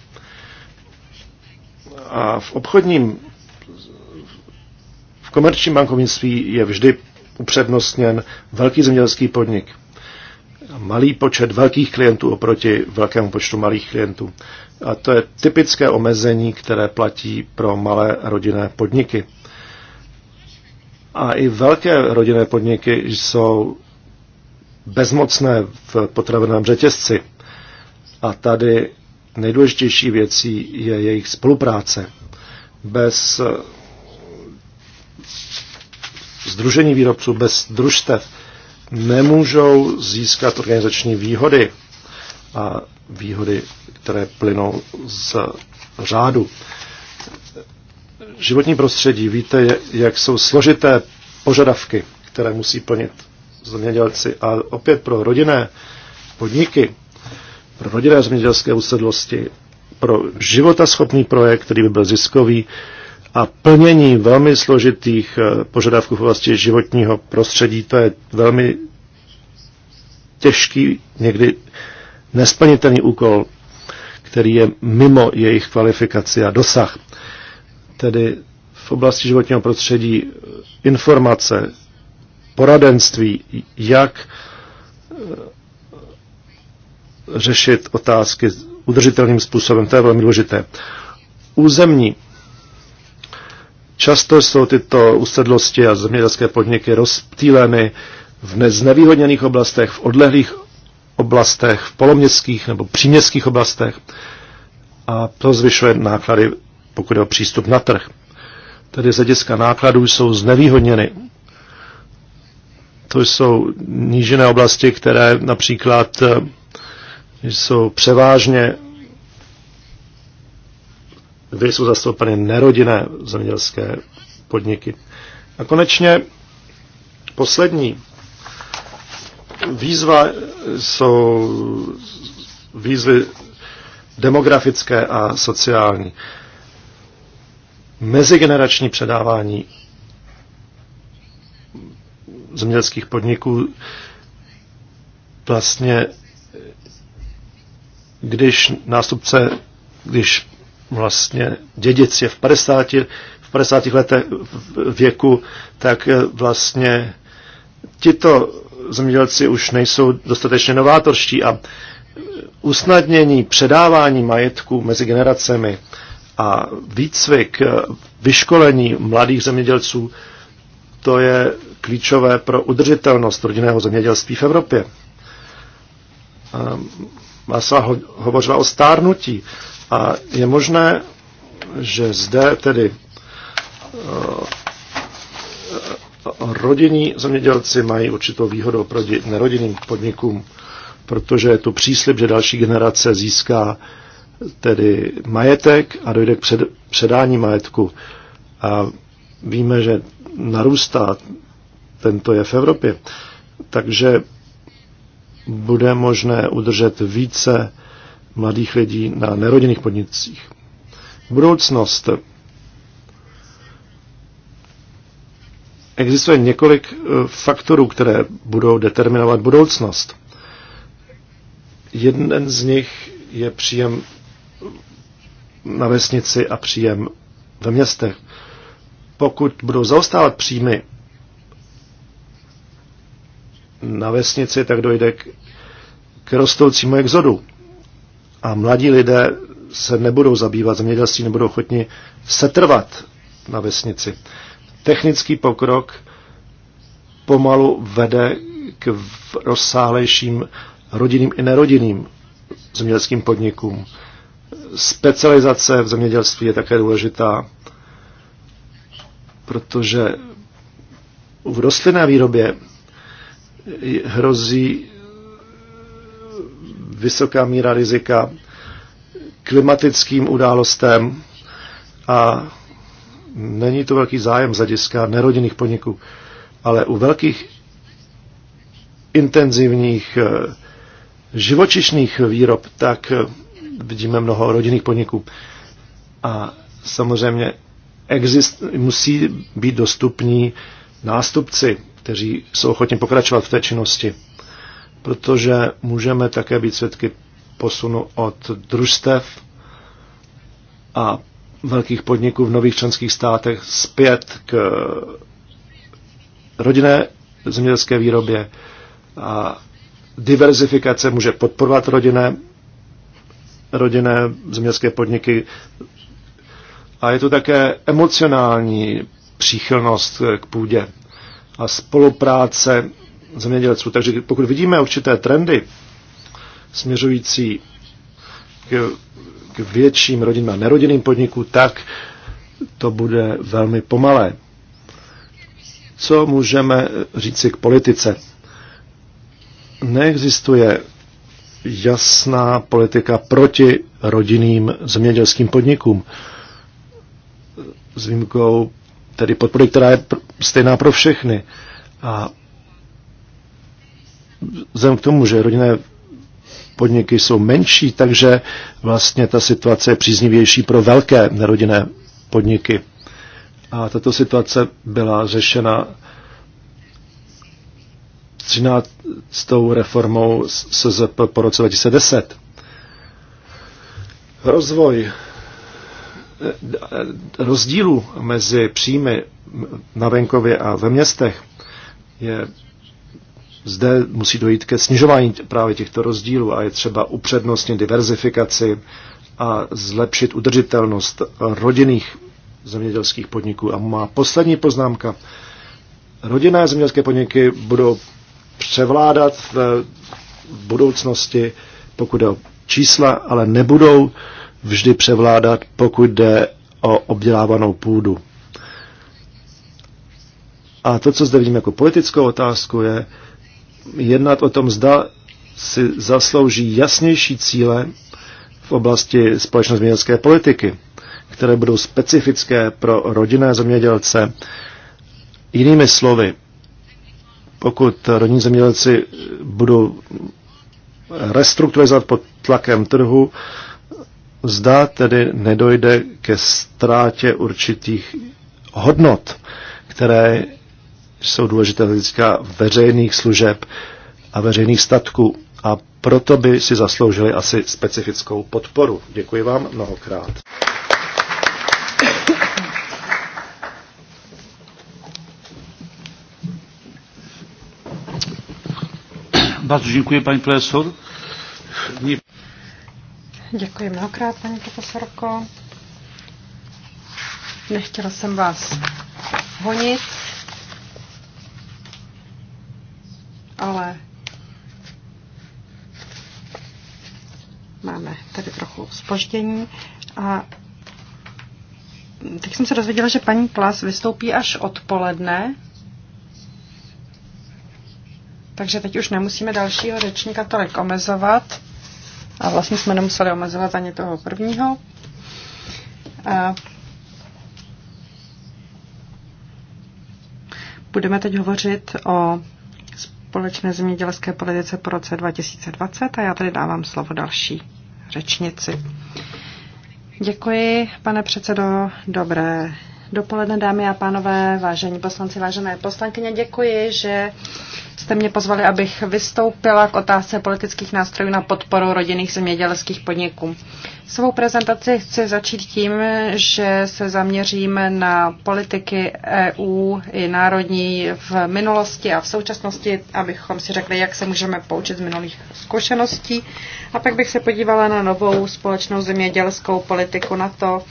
A v obchodním, v komerčním bankovnictví je vždy upřednostněn velký zemědělský podnik. Malý počet velkých klientů oproti velkému počtu malých klientů. A to je typické omezení, které platí pro malé rodinné podniky. A i velké rodinné podniky jsou bezmocné v potravinovém řetězci. A tady nejdůležitější věcí je jejich spolupráce. Bez združení eh, výrobců, bez družstev nemůžou získat organizační výhody a výhody, které plynou z řádu. Životní prostředí, víte, jak jsou složité požadavky, které musí plnit zemědělci. A opět pro rodinné podniky pro rodinné zemědělské usedlosti, pro životaschopný projekt, který by byl ziskový a plnění velmi složitých eh, požadavků v oblasti životního prostředí. To je velmi těžký, někdy nesplnitelný úkol, který je mimo jejich kvalifikaci a dosah. Tedy v oblasti životního prostředí eh, informace, poradenství, jak eh, řešit otázky udržitelným způsobem. To je velmi důležité. Územní. Často jsou tyto usedlosti a zemědělské podniky rozptýleny v znevýhodněných oblastech, v odlehlých oblastech, v poloměstských nebo příměstských oblastech a to zvyšuje náklady, pokud je o přístup na trh. Tedy z hlediska nákladů jsou znevýhodněny. To jsou nížené oblasti, které například jsou převážně kde jsou zastoupeny nerodinné zemědělské podniky. A konečně poslední výzva jsou výzvy demografické a sociální. Mezigenerační předávání zemědělských podniků vlastně když nástupce, když vlastně dědic je v 50, v 50 letech věku, tak eh, vlastně tito zemědělci už nejsou dostatečně novátorští a eh, usnadnění předávání majetku mezi generacemi a výcvik, eh, vyškolení mladých zemědělců, to je klíčové pro udržitelnost rodinného zemědělství v Evropě. Masa ho, hovořila o stárnutí a je možné, že zde tedy eh, rodinní zemědělci mají určitou výhodu oproti nerodinným podnikům, protože je tu příslip, že další generace získá tedy majetek a dojde k před, předání majetku. A víme, že narůstá tento je v Evropě. Takže bude možné udržet více mladých lidí na nerodinných podnicích. Budoucnost. Existuje několik eh, faktorů, které budou determinovat budoucnost. Jeden z nich je příjem na vesnici a příjem ve městech. Pokud budou zaostávat příjmy na vesnici, tak dojde k, k rostoucímu exodu. A mladí lidé se nebudou zabývat zemědělství, nebudou ochotni setrvat na vesnici. Technický pokrok pomalu vede k rozsáhlejším rodinným i nerodinným zemědělským podnikům. Specializace v zemědělství je také důležitá, protože v rostlinné výrobě hrozí vysoká míra rizika klimatickým událostem a není to velký zájem z hlediska nerodinných podniků, ale u velkých intenzivních eh, živočišných výrob, tak eh, vidíme mnoho rodinných podniků. A samozřejmě exist, musí být dostupní nástupci kteří jsou ochotni pokračovat v té činnosti, protože můžeme také být svědky posunu od družstev a velkých podniků v nových členských státech zpět k rodinné zemědělské výrobě. A diverzifikace může podporovat rodinné, rodinné zemědělské podniky. A je to také emocionální příchylnost k půdě a spolupráce zemědělců. Takže pokud vidíme určité trendy směřující k, k větším rodinným a nerodinným podnikům, tak to bude velmi pomalé. Co můžeme říci k politice? Neexistuje jasná politika proti rodinným zemědělským podnikům. S výjimkou tedy podpory, která je stejná pro všechny. A vzhledem k tomu, že rodinné podniky jsou menší, takže vlastně ta situace je příznivější pro velké nerodinné podniky. A tato situace byla řešena 13. reformou SZP po roce 2010. Rozvoj Eh, rozdílů mezi příjmy na venkově a ve městech je zde musí dojít ke snižování právě těchto rozdílů a je třeba upřednostnit diverzifikaci a zlepšit udržitelnost rodinných zemědělských podniků. A má poslední poznámka. Rodinné zemědělské podniky budou převládat v budoucnosti, pokud je o čísla, ale nebudou vždy převládat, pokud jde o obdělávanou půdu. A to, co zde vidím jako politickou otázku, je jednat o tom, zda si zaslouží jasnější cíle v oblasti společné zemědělské politiky, které budou specifické pro rodinné zemědělce. Jinými slovy, pokud rodinní zemědělci budou restrukturalizovat pod tlakem trhu, zda tedy nedojde ke ztrátě určitých hodnot, které jsou důležité z hlediska veřejných služeb a veřejných statků a proto by si zasloužili asi specifickou podporu. Děkuji vám mnohokrát. Bardzo dziękuję pani profesor. Děkuji mnohokrát, paní profesorko. Nechtěla jsem vás honit, ale máme tady trochu spoždění a teď jsem se dozvěděla, že paní Plas vystoupí až odpoledne, takže teď už nemusíme dalšího řečníka tolik omezovat. A vlastně jsme nemuseli omezovat ani toho prvního. A budeme teď hovořit o společné zemědělské politice po roce 2020 a já tady dávám slovo další řečnici. Děkuji, pane předsedo. Dobré dopoledne, dámy a pánové, vážení poslanci, vážené poslankyně. Děkuji, že jste mě pozvali, abych vystoupila k otázce politických nástrojů na podporu rodinných zemědělských podniků. Svou prezentaci chci začít tím, že se zaměříme na politiky EU i národní v minulosti a v současnosti, abychom si řekli, jak se můžeme poučit z minulých zkušeností. A pak bych se podívala na novou společnou zemědělskou politiku, na to,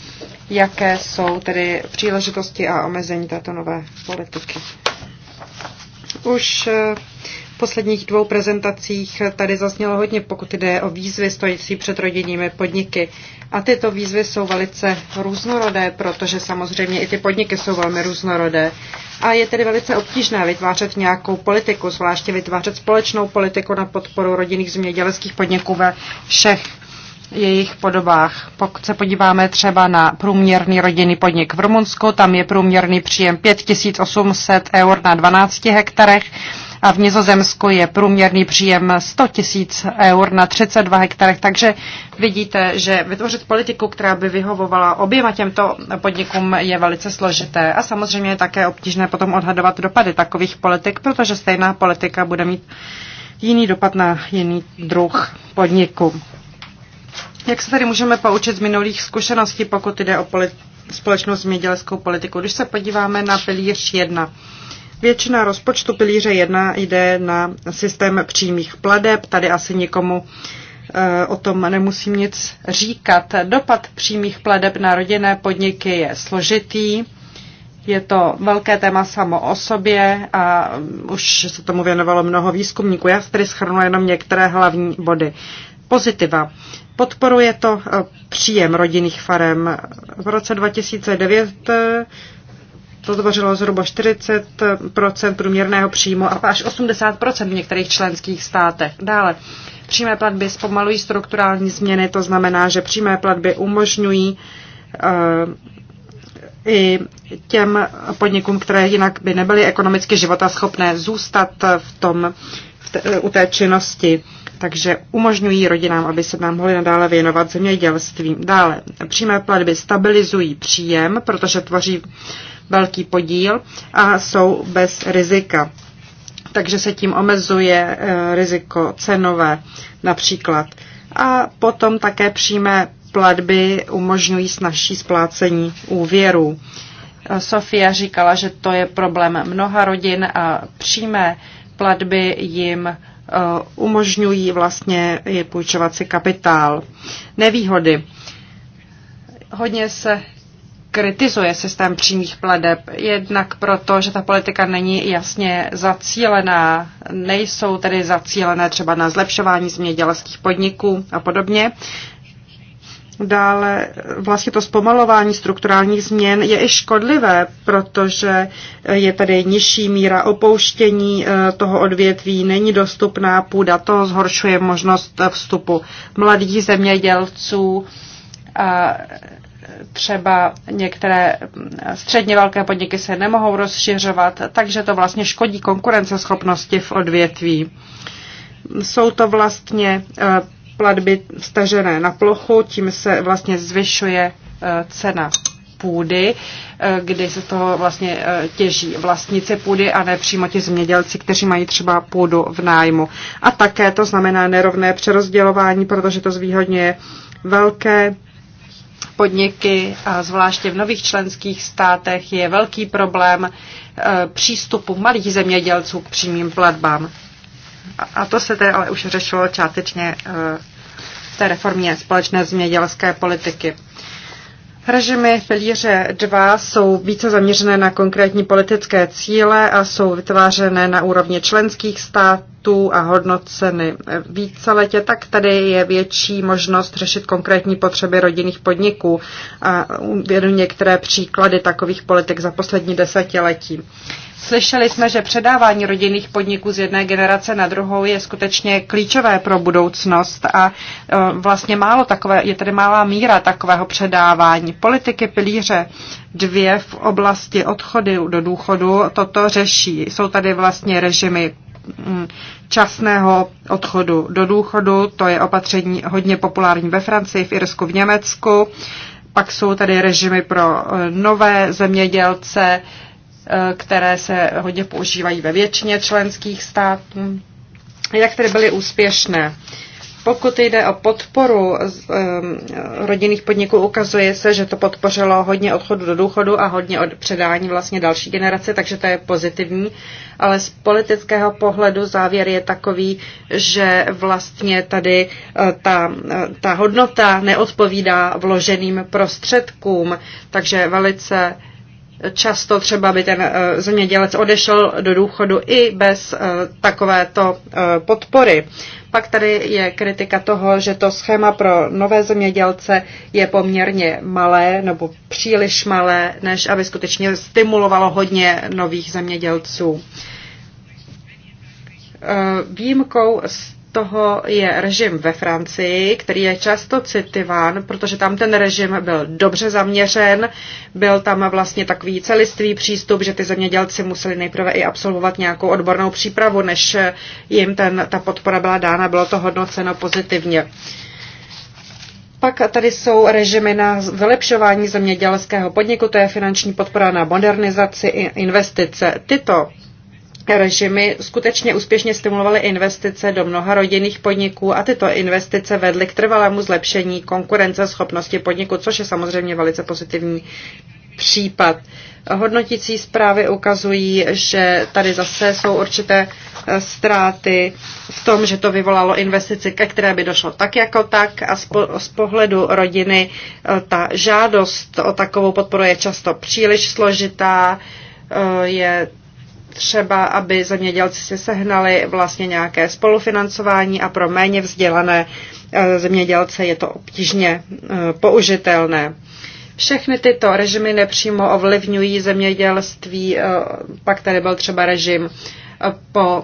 jaké jsou tedy příležitosti a omezení této nové politiky. Už eh, v posledních dvou prezentacích tady zaznělo hodně, pokud jde o výzvy stojící před rodinnými podniky. A tyto výzvy jsou velice různorodé, protože samozřejmě i ty podniky jsou velmi různorodé. A je tedy velice obtížné vytvářet nějakou politiku, zvláště vytvářet společnou politiku na podporu rodinných zemědělských podniků ve všech jejich podobách. Pokud se podíváme třeba na průměrný rodinný podnik v Rumunsku, tam je průměrný příjem 5800 eur na 12 hektarech a v Nizozemsku je průměrný příjem 100 000 eur na 32 hektarech. Takže vidíte, že vytvořit politiku, která by vyhovovala oběma těmto podnikům, je velice složité. A samozřejmě je také obtížné potom odhadovat dopady takových politik, protože stejná politika bude mít jiný dopad na jiný druh podniku. Jak se tady můžeme poučit z minulých zkušeností, pokud jde o společnou zemědělskou politiku? Když se podíváme na pilíř 1, většina rozpočtu pilíře 1 jde na systém přímých pladeb. Tady asi nikomu eh, o tom nemusím nic říkat. Dopad přímých pladeb na rodinné podniky je složitý. Je to velké téma samo o sobě a mm, už se tomu věnovalo mnoho výzkumníků. Já tady schrnu jenom některé hlavní body. Pozitiva. Podporuje to eh, příjem rodinných farem. V roce 2009 eh, to tvořilo zhruba 40 průměrného příjmu a až 80 v některých členských státech. Dále, přímé platby zpomalují strukturální změny, to znamená, že přímé platby umožňují eh, i těm podnikům, které jinak by nebyly ekonomicky životaschopné, zůstat v tom, v te, u té činnosti takže umožňují rodinám, aby se nám mohli nadále věnovat zemědělstvím. Dále, přímé platby stabilizují příjem, protože tvoří velký podíl a jsou bez rizika. Takže se tím omezuje eh, riziko cenové například. A potom také přímé platby umožňují snažší splácení úvěrů. Eh, Sofia říkala, že to je problém mnoha rodin a přímé platby jim Uh, umožňují vlastně půjčovat si kapitál. Nevýhody. Hodně se kritizuje systém přímých pladeb, jednak proto, že ta politika není jasně zacílená, nejsou tedy zacílené třeba na zlepšování zemědělských podniků a podobně. Dále vlastně to zpomalování strukturálních změn je i škodlivé, protože je tady nižší míra opouštění eh, toho odvětví, není dostupná půda, to zhoršuje možnost vstupu mladých zemědělců a třeba některé mm, středně velké podniky se nemohou rozšiřovat, takže to vlastně škodí konkurenceschopnosti v odvětví. Jsou to vlastně eh, platby stažené na plochu, tím se vlastně zvyšuje e, cena půdy, e, kdy se toho vlastně e, těží vlastníci půdy a ne přímo ti zemědělci, kteří mají třeba půdu v nájmu. A také to znamená nerovné přerozdělování, protože to zvýhodňuje velké podniky, a zvláště v nových členských státech, je velký problém přístupu malých zemědělců k přímým platbám a to se tedy ale už řešilo částečně eh, v té reformě společné zemědělské politiky. Režimy pilíře 2 jsou více zaměřené na konkrétní politické cíle a jsou vytvářené na úrovni členských států a hodnoceny letě, tak tady je větší možnost řešit konkrétní potřeby rodinných podniků. A uvedu některé příklady takových politik za poslední desetiletí. Slyšeli jsme, že předávání rodinných podniků z jedné generace na druhou je skutečně klíčové pro budoucnost a e, vlastně málo takové, je tady malá míra takového předávání. Politiky pilíře dvě v oblasti odchody do důchodu toto řeší. Jsou tady vlastně režimy mm, časného odchodu do důchodu, to je opatření hodně populární ve Francii, v Irsku, v Německu. Pak jsou tady režimy pro e, nové zemědělce, Eh, které se hodně používají ve většině členských států, jak tedy byly úspěšné. Pokud jde o podporu eh, rodinných podniků, ukazuje se, že to podpořilo hodně odchodu do důchodu a hodně od předání vlastně další generace, takže to je pozitivní. Ale z politického pohledu závěr je takový, že vlastně tady eh, ta, ta hodnota neodpovídá vloženým prostředkům, takže velice Často třeba by ten eh, zemědělec odešel do důchodu i bez eh, takovéto eh, podpory. Pak tady je kritika toho, že to schéma pro nové zemědělce je poměrně malé nebo příliš malé, než aby skutečně stimulovalo hodně nových zemědělců. Výjimkou z toho je režim ve Francii, který je často citován, protože tam ten režim byl dobře zaměřen, byl tam vlastně takový celistvý přístup, že ty zemědělci museli nejprve i absolvovat nějakou odbornou přípravu, než jim ten, ta podpora byla dána, bylo to hodnoceno pozitivně. Pak tady jsou režimy na vylepšování zemědělského podniku, to je finanční podpora na modernizaci investice. Tyto režimy skutečně úspěšně stimulovaly investice do mnoha rodinných podniků a tyto investice vedly k trvalému zlepšení konkurenceschopnosti podniku, což je samozřejmě velice pozitivní případ. Hodnotící zprávy ukazují, že tady zase jsou určité eh, ztráty v tom, že to vyvolalo investici, ke které by došlo tak jako tak a z pohledu rodiny eh, ta žádost o takovou podporu je často příliš složitá, eh, je třeba, aby zemědělci si sehnali vlastně nějaké spolufinancování a pro méně vzdělané eh, zemědělce je to obtížně eh, použitelné. Všechny tyto režimy nepřímo ovlivňují zemědělství, eh, pak tady byl třeba režim po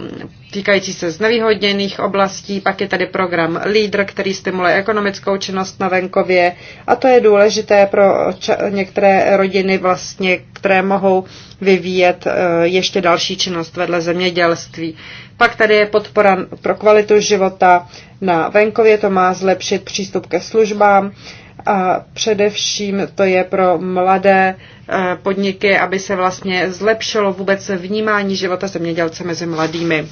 týkající se znevýhodněných oblastí. Pak je tady program LEADER, který stimuluje ekonomickou činnost na venkově a to je důležité pro některé rodiny, vlastně, které mohou vyvíjet eh, ještě další činnost vedle zemědělství. Pak tady je podpora pro kvalitu života na venkově, to má zlepšit přístup ke službám a především to je pro mladé eh, podniky, aby se vlastně zlepšilo vůbec vnímání života zemědělce mezi mladými.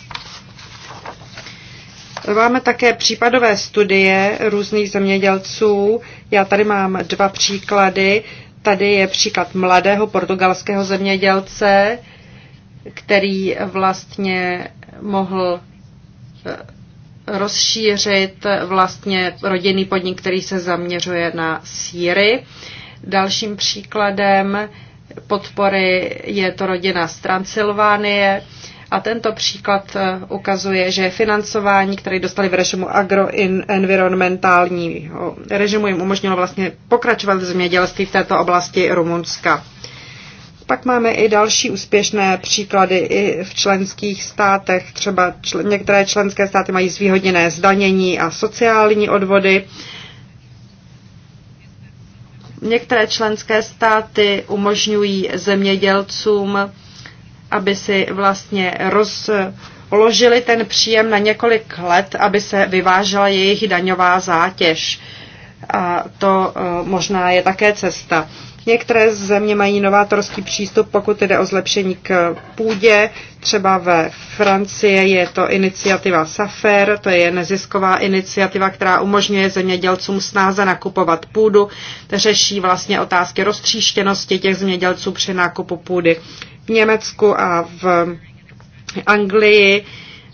Máme také případové studie různých zemědělců. Já tady mám dva příklady. Tady je příklad mladého portugalského zemědělce, který vlastně mohl eh, rozšířit vlastně rodinný podnik, který se zaměřuje na síry. Dalším příkladem podpory je to rodina z Transylvánie. A tento příklad eh, ukazuje, že financování, které dostali v režimu agroenvironmentálního režimu, jim umožnilo vlastně pokračovat v zemědělství v této oblasti Rumunska. Pak máme i další úspěšné příklady i v členských státech. Třeba čl- některé členské státy mají zvýhodněné zdanění a sociální odvody. Některé členské státy umožňují zemědělcům, aby si vlastně rozložili ten příjem na několik let, aby se vyvážela jejich daňová zátěž. A to eh, možná je také cesta. Některé země mají novátorský přístup, pokud jde o zlepšení k půdě. Třeba ve Francii je to iniciativa SAFER, to je nezisková iniciativa, která umožňuje zemědělcům snáze nakupovat půdu, řeší vlastně otázky roztříštěnosti těch zemědělců při nákupu půdy. V Německu a v Anglii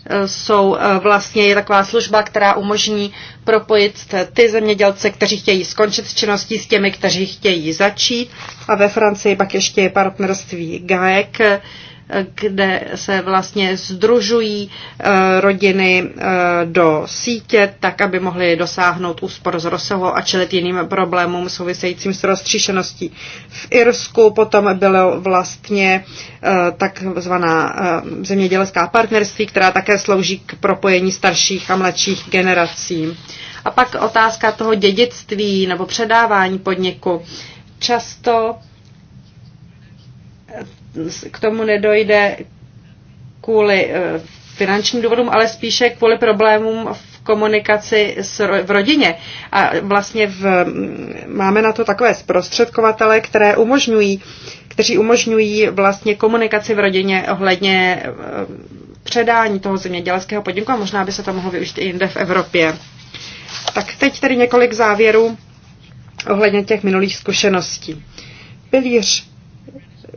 Eh, jsou eh, vlastně je taková služba, která umožní propojit ty zemědělce, kteří chtějí skončit s činností, s těmi, kteří chtějí začít. A ve Francii pak ještě je partnerství Gaec kde se vlastně združují eh, rodiny eh, do sítě, tak aby mohly dosáhnout úspor z rozsahu a čelit jiným problémům souvisejícím s roztříšeností. V Irsku potom bylo vlastně eh, takzvaná zemědělská partnerství, která také slouží k propojení starších a mladších generací. A pak otázka toho dědictví nebo předávání podniku. Často k tomu nedojde kvůli eh, finančním důvodům, ale spíše kvůli problémům v komunikaci s, v rodině. A vlastně v, mm, máme na to takové zprostředkovatele, které umožňují, kteří umožňují vlastně komunikaci v rodině ohledně eh, předání toho zemědělského podniku a možná by se to mohlo využít i jinde v Evropě. Tak teď tedy několik závěrů ohledně těch minulých zkušeností. Pilíř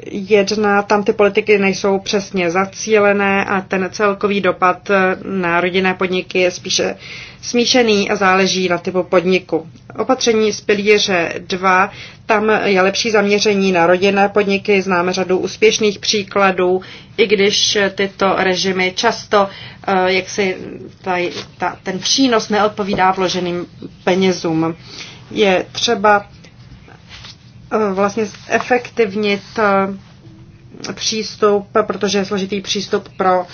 jedna, tam ty politiky nejsou přesně zacílené a ten celkový dopad eh, na rodinné podniky je spíše smíšený a záleží na typu podniku. Opatření z pilíře 2, tam je lepší zaměření na rodinné podniky, známe řadu úspěšných příkladů, i když tyto režimy často, eh, jak si taj, ta, ten přínos neodpovídá vloženým penězům. Je třeba Eh, vlastně efektivnit eh, přístup, protože je složitý přístup pro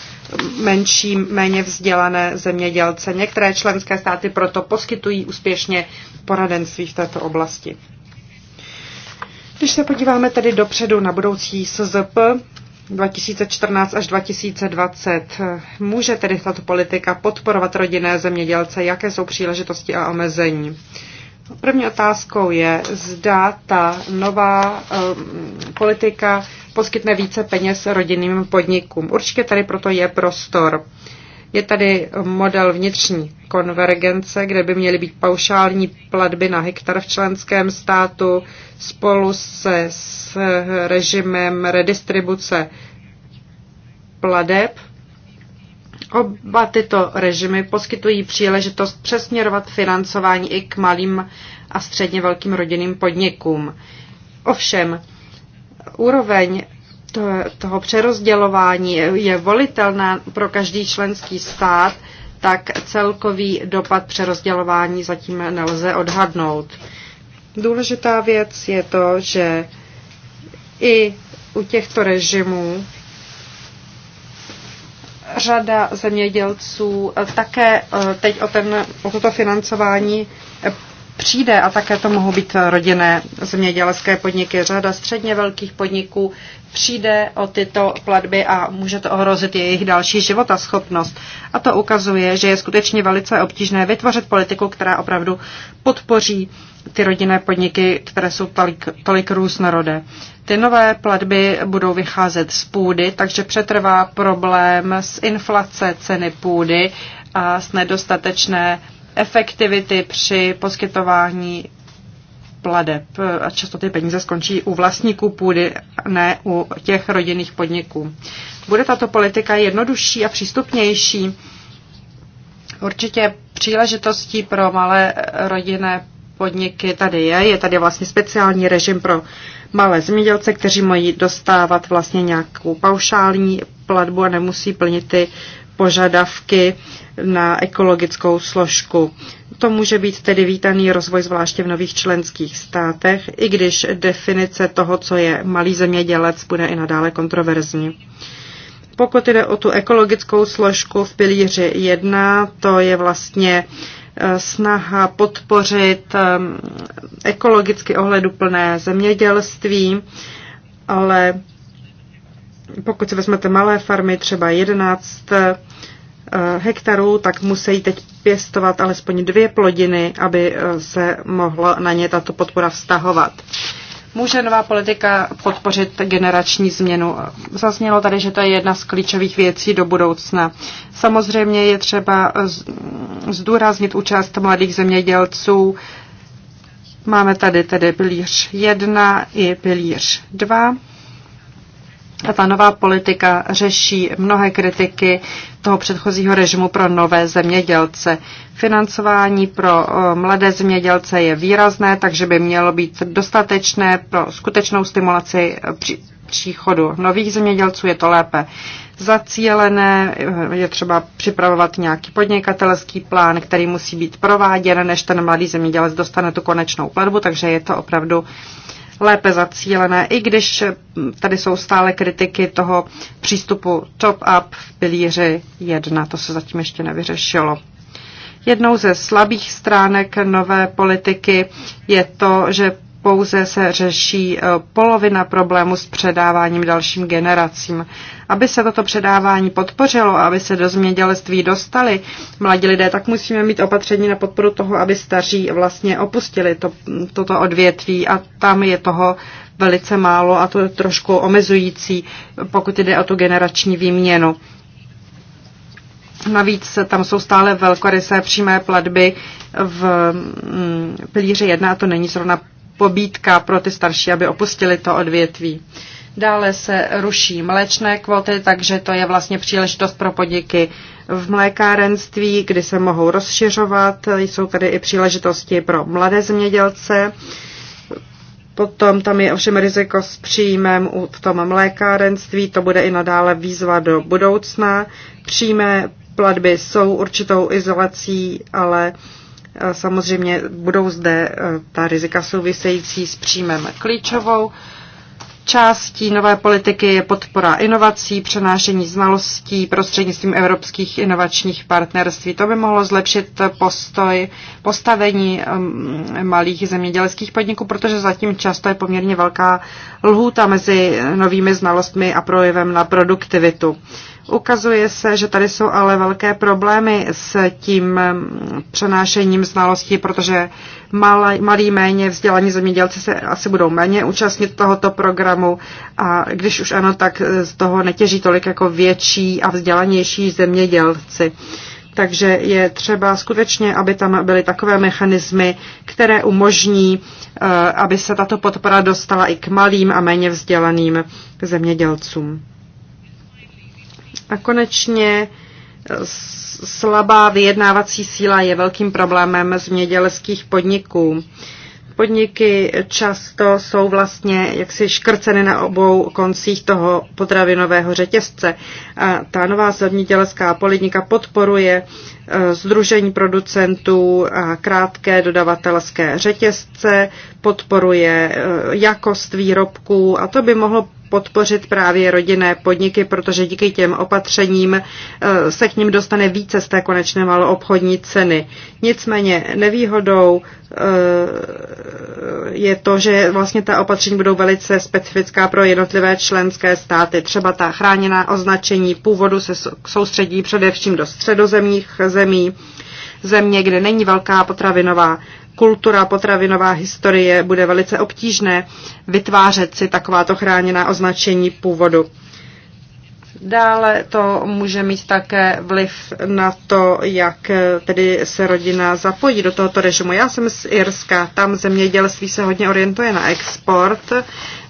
menší, méně vzdělané zemědělce. Některé členské státy proto poskytují úspěšně poradenství v této oblasti. Když se podíváme tedy dopředu na budoucí SZP 2014 až 2020, může tedy tato politika podporovat rodinné zemědělce, jaké jsou příležitosti a omezení? První otázkou je, zda ta nová um, politika poskytne více peněz rodinným podnikům. Určitě tady proto je prostor. Je tady model vnitřní konvergence, kde by měly být paušální platby na hektar v členském státu spolu se s režimem redistribuce pladeb Oba tyto režimy poskytují příležitost přesměrovat financování i k malým a středně velkým rodinným podnikům. Ovšem, úroveň toho přerozdělování je volitelná pro každý členský stát, tak celkový dopad přerozdělování zatím nelze odhadnout. Důležitá věc je to, že i u těchto režimů řada zemědělců e, také e, teď o, ten, o toto financování e, přijde a také to mohou být rodinné zemědělské podniky. Řada středně velkých podniků přijde o tyto platby a může to ohrozit jejich další život a schopnost. A to ukazuje, že je skutečně velice obtížné vytvořit politiku, která opravdu podpoří ty rodinné podniky, které jsou tolik, tolik různorodé. Ty nové platby budou vycházet z půdy, takže přetrvá problém s inflace ceny půdy a s nedostatečné efektivity při poskytování pladeb a často ty peníze skončí u vlastníků půdy, ne u těch rodinných podniků. Bude tato politika jednodušší a přístupnější? Určitě příležitostí pro malé rodinné podniky tady je. Je tady vlastně speciální režim pro malé zemědělce, kteří mají dostávat vlastně nějakou paušální platbu a nemusí plnit ty požadavky na ekologickou složku. To může být tedy vítaný rozvoj zvláště v nových členských státech, i když definice toho, co je malý zemědělec, bude i nadále kontroverzní. Pokud jde o tu ekologickou složku v pilíři 1, to je vlastně snaha podpořit um, ekologicky ohleduplné zemědělství, ale pokud si vezmete malé farmy, třeba 11 eh, hektarů, tak musí teď pěstovat alespoň dvě plodiny, aby eh, se mohla na ně tato podpora vztahovat. Může nová politika podpořit generační změnu? Zaznělo tady, že to je jedna z klíčových věcí do budoucna. Samozřejmě je třeba zdůraznit účast mladých zemědělců. Máme tady tedy pilíř 1 i pilíř 2 a ta nová politika řeší mnohé kritiky toho předchozího režimu pro nové zemědělce. Financování pro mladé zemědělce je výrazné, takže by mělo být dostatečné pro skutečnou stimulaci e, příchodu nových zemědělců. Je to lépe zacílené, e, je třeba připravovat nějaký podnikatelský plán, který musí být prováděn, než ten mladý zemědělec dostane tu konečnou platbu, takže je to opravdu uh, lépe zacílené, i když tady jsou stále kritiky toho přístupu top-up v pilíři 1. To se zatím ještě nevyřešilo. Jednou ze slabých stránek nové politiky je to, že pouze se řeší eh, polovina problému s předáváním dalším generacím. Aby se toto předávání podpořilo a aby se do zemědělství dostali mladí lidé, tak musíme mít opatření na podporu toho, aby staří vlastně opustili to, toto odvětví a tam je toho velice málo a to je trošku omezující, pokud jde o tu generační výměnu. Navíc tam jsou stále velkorysé přímé platby v mm, pilíři 1 a to není zrovna pobídka pro ty starší, aby opustili to odvětví. Dále se ruší mléčné kvoty, takže to je vlastně příležitost pro podniky v mlékárenství, kdy se mohou rozšiřovat. Jsou tady i příležitosti pro mladé zemědělce. Potom tam je ovšem riziko s příjmem v tom mlékárenství, to bude i nadále výzva do budoucna. Přímé platby jsou určitou izolací, ale uh, Samozřejmě budou zde e, ta rizika související s příjmem klíčovou. Částí nové politiky je podpora inovací, přenášení znalostí prostřednictvím evropských inovačních partnerství. To by mohlo zlepšit postoj, postavení malých zemědělských podniků, protože zatím často je poměrně velká lhůta mezi novými znalostmi a projevem na produktivitu. Ukazuje se, že tady jsou ale velké problémy s tím přenášením znalostí, protože malý, malí méně vzdělaní zemědělci se asi budou méně účastnit tohoto programu a když už ano, tak z toho netěží tolik jako větší a vzdělanější zemědělci. Takže je třeba skutečně, aby tam byly takové mechanismy, které umožní, eh, aby se tato podpora dostala i k malým a méně vzdělaným zemědělcům. A konečně eh, slabá vyjednávací síla je velkým problémem zemědělských podniků. Podniky často jsou vlastně jaksi škrceny na obou koncích toho potravinového řetězce. A ta nová zemědělská politika podporuje Združení eh, producentů a krátké dodavatelské řetězce, podporuje eh, jakost výrobků a to by mohlo podpořit právě rodinné podniky, protože díky těm opatřením eh, se k ním dostane více z té konečné maloobchodní ceny. Nicméně nevýhodou eh, je to, že vlastně ta opatření budou velice specifická pro jednotlivé členské státy. Třeba ta chráněná označení původu se soustředí především do středozemních zemí, země, kde není velká potravinová kultura, potravinová historie, bude velice obtížné vytvářet si takováto chráněná označení původu. Dále to může mít také vliv na to, jak eh, tedy se rodina zapojí do tohoto režimu. Já jsem z Irska, tam zemědělství se hodně orientuje na export,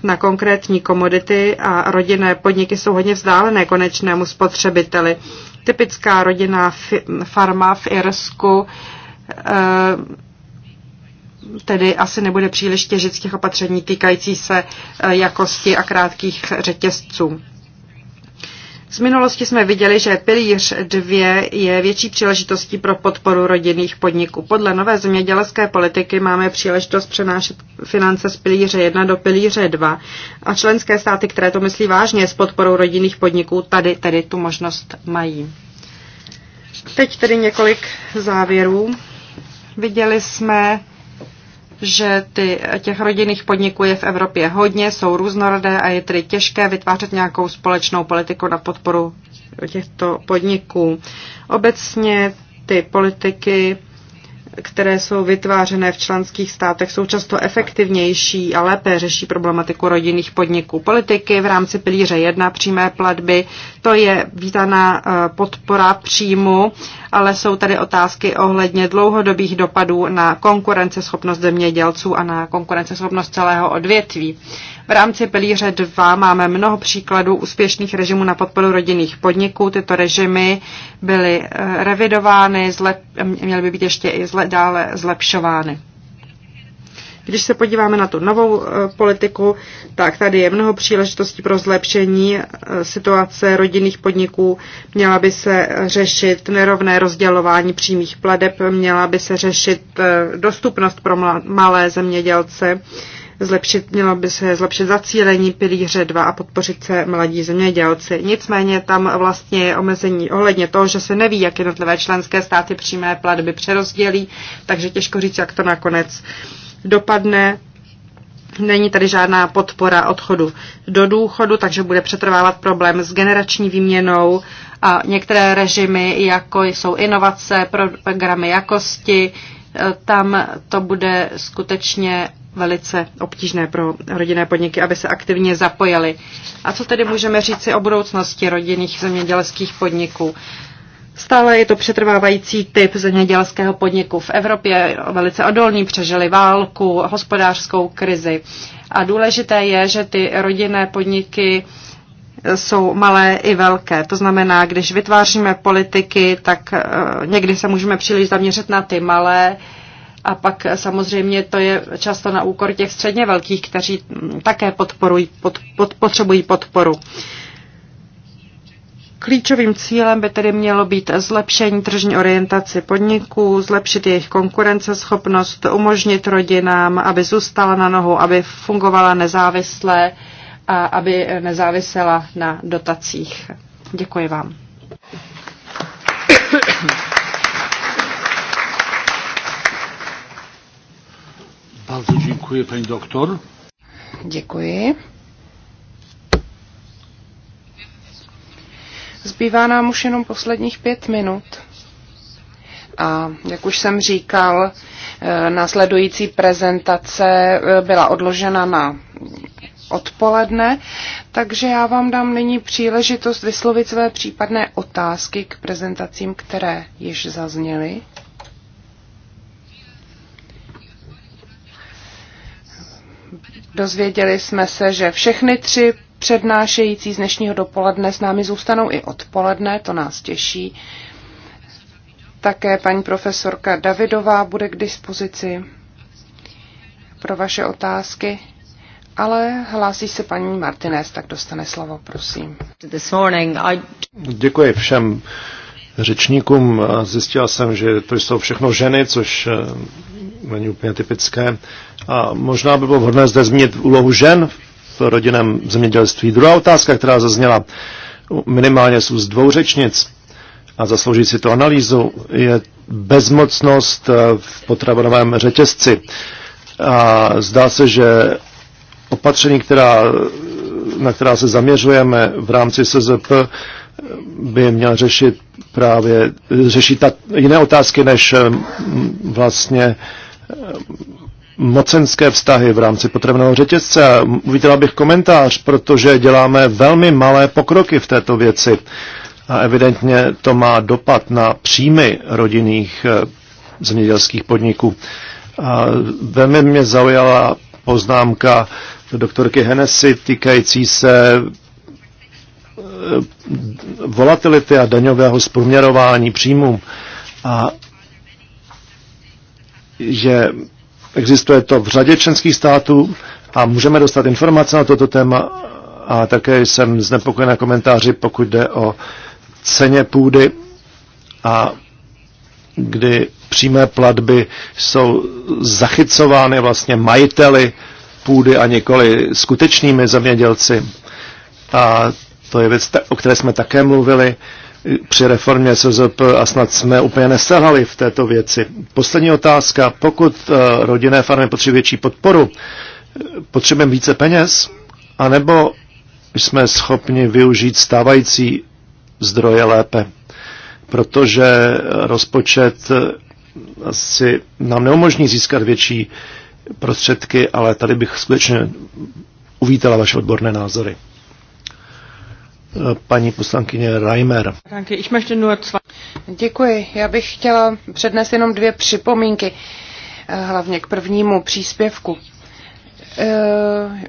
na konkrétní komodity a rodinné podniky jsou hodně vzdálené konečnému spotřebiteli. Typická rodinná farma v Irsku eh, tedy asi nebude příliš těžit z těch opatření týkající se eh, jakosti a krátkých řetězců. Z minulosti jsme viděli, že pilíř 2 je větší příležitostí pro podporu rodinných podniků. Podle nové zemědělské politiky máme příležitost přenášet finance z pilíře 1 do pilíře 2 a členské státy, které to myslí vážně s podporou rodinných podniků, tady tedy tu možnost mají. Teď tedy několik závěrů. Viděli jsme, že ty, těch rodinných podniků je v Evropě hodně, jsou různorodé a je tedy těžké vytvářet nějakou společnou politiku na podporu těchto podniků. Obecně ty politiky které jsou vytvářené v členských státech, jsou často efektivnější a lépe řeší problematiku rodinných podniků. Politiky v rámci pilíře 1 přímé platby, to je vítaná eh, podpora příjmu, ale jsou tady otázky ohledně dlouhodobých dopadů na konkurenceschopnost zemědělců a na konkurenceschopnost celého odvětví. V rámci pilíře 2 máme mnoho příkladů úspěšných režimů na podporu rodinných podniků. Tyto režimy byly eh, revidovány, zlep, měly by být ještě i zle, dále zlepšovány. Když se podíváme na tu novou eh, politiku, tak tady je mnoho příležitostí pro zlepšení eh, situace rodinných podniků. Měla by se řešit nerovné rozdělování přímých pladeb, měla by se řešit dostupnost pro malé zemědělce zlepšit, mělo by se zlepšit zacílení pilíře 2 a podpořit se mladí zemědělci. Nicméně tam vlastně je omezení ohledně toho, že se neví, jak jednotlivé členské státy přímé platby přerozdělí, takže těžko říct, jak to nakonec dopadne. Není tady žádná podpora odchodu do důchodu, takže bude přetrvávat problém s generační výměnou a některé režimy, jako jsou inovace, programy jakosti, tam to bude skutečně velice obtížné pro rodinné podniky, aby se aktivně zapojily. A co tedy můžeme říci o budoucnosti rodinných zemědělských podniků? Stále je to přetrvávající typ zemědělského podniku v Evropě, velice odolní, přežili válku, hospodářskou krizi. A důležité je, že ty rodinné podniky jsou malé i velké. To znamená, když vytváříme politiky, tak eh, někdy se můžeme příliš zaměřit na ty malé, a pak samozřejmě to je často na úkor těch středně velkých, kteří také podporují, pod, pod, potřebují podporu. Klíčovým cílem by tedy mělo být zlepšení tržní orientaci podniků, zlepšit jejich konkurenceschopnost, umožnit rodinám, aby zůstala na nohu, aby fungovala nezávisle a aby nezávisela na dotacích. Děkuji vám. Bardzo dziękuję, doktor. Děkuji. Zbývá nám už jenom posledních pět minut. A jak už jsem říkal, eh, následující prezentace eh, byla odložena na odpoledne, takže já vám dám nyní příležitost vyslovit své případné otázky k prezentacím, které již zazněly. Dozvěděli jsme se, že všechny tři přednášející z dnešního dopoledne s námi zůstanou i odpoledne, to nás těší. Také paní profesorka Davidová bude k dispozici pro vaše otázky, ale hlásí se paní Martinez, tak dostane slovo, prosím. Děkuji všem řečníkům. Zjistila jsem, že to jsou všechno ženy, což eh, není úplně typické. A možná by bylo vhodné zde zmínit úlohu žen v rodinném zemědělství. Druhá otázka, která zazněla minimálně z úst dvou řečnic a zaslouží si to analýzu, je bezmocnost eh, v potravinovém řetězci. A zdá se, že opatření, která, na která se zaměřujeme v rámci SZP, by měl řešit právě řešit ta, jiné otázky, než eh, vlastně mocenské vztahy v rámci potravinového řetězce. A uvítala bych komentář, protože děláme velmi malé pokroky v této věci. A evidentně to má dopad na příjmy rodinných eh, zemědělských podniků. A velmi mě zaujala poznámka doktorky Hennessy týkající se eh, volatility a daňového zprůměrování příjmů a že Existuje to v řadě členských států a můžeme dostat informace na toto téma a také jsem znepokojen na komentáři, pokud jde o ceně půdy a kdy přímé platby jsou zachycovány vlastně majiteli půdy a nikoli skutečnými zemědělci. A to je věc, o které jsme také mluvili při reformě SZP a snad jsme úplně neselhali v této věci. Poslední otázka. Pokud eh, rodinné farmy potřebují větší podporu, potřebujeme více peněz, anebo jsme schopni využít stávající zdroje lépe, protože rozpočet eh, asi nám neumožní získat větší prostředky, ale tady bych skutečně uvítala vaše odborné názory paní poslankyně Reimer. Děkuji. Já bych chtěla přednést jenom dvě připomínky, eh, hlavně k prvnímu příspěvku. Eh,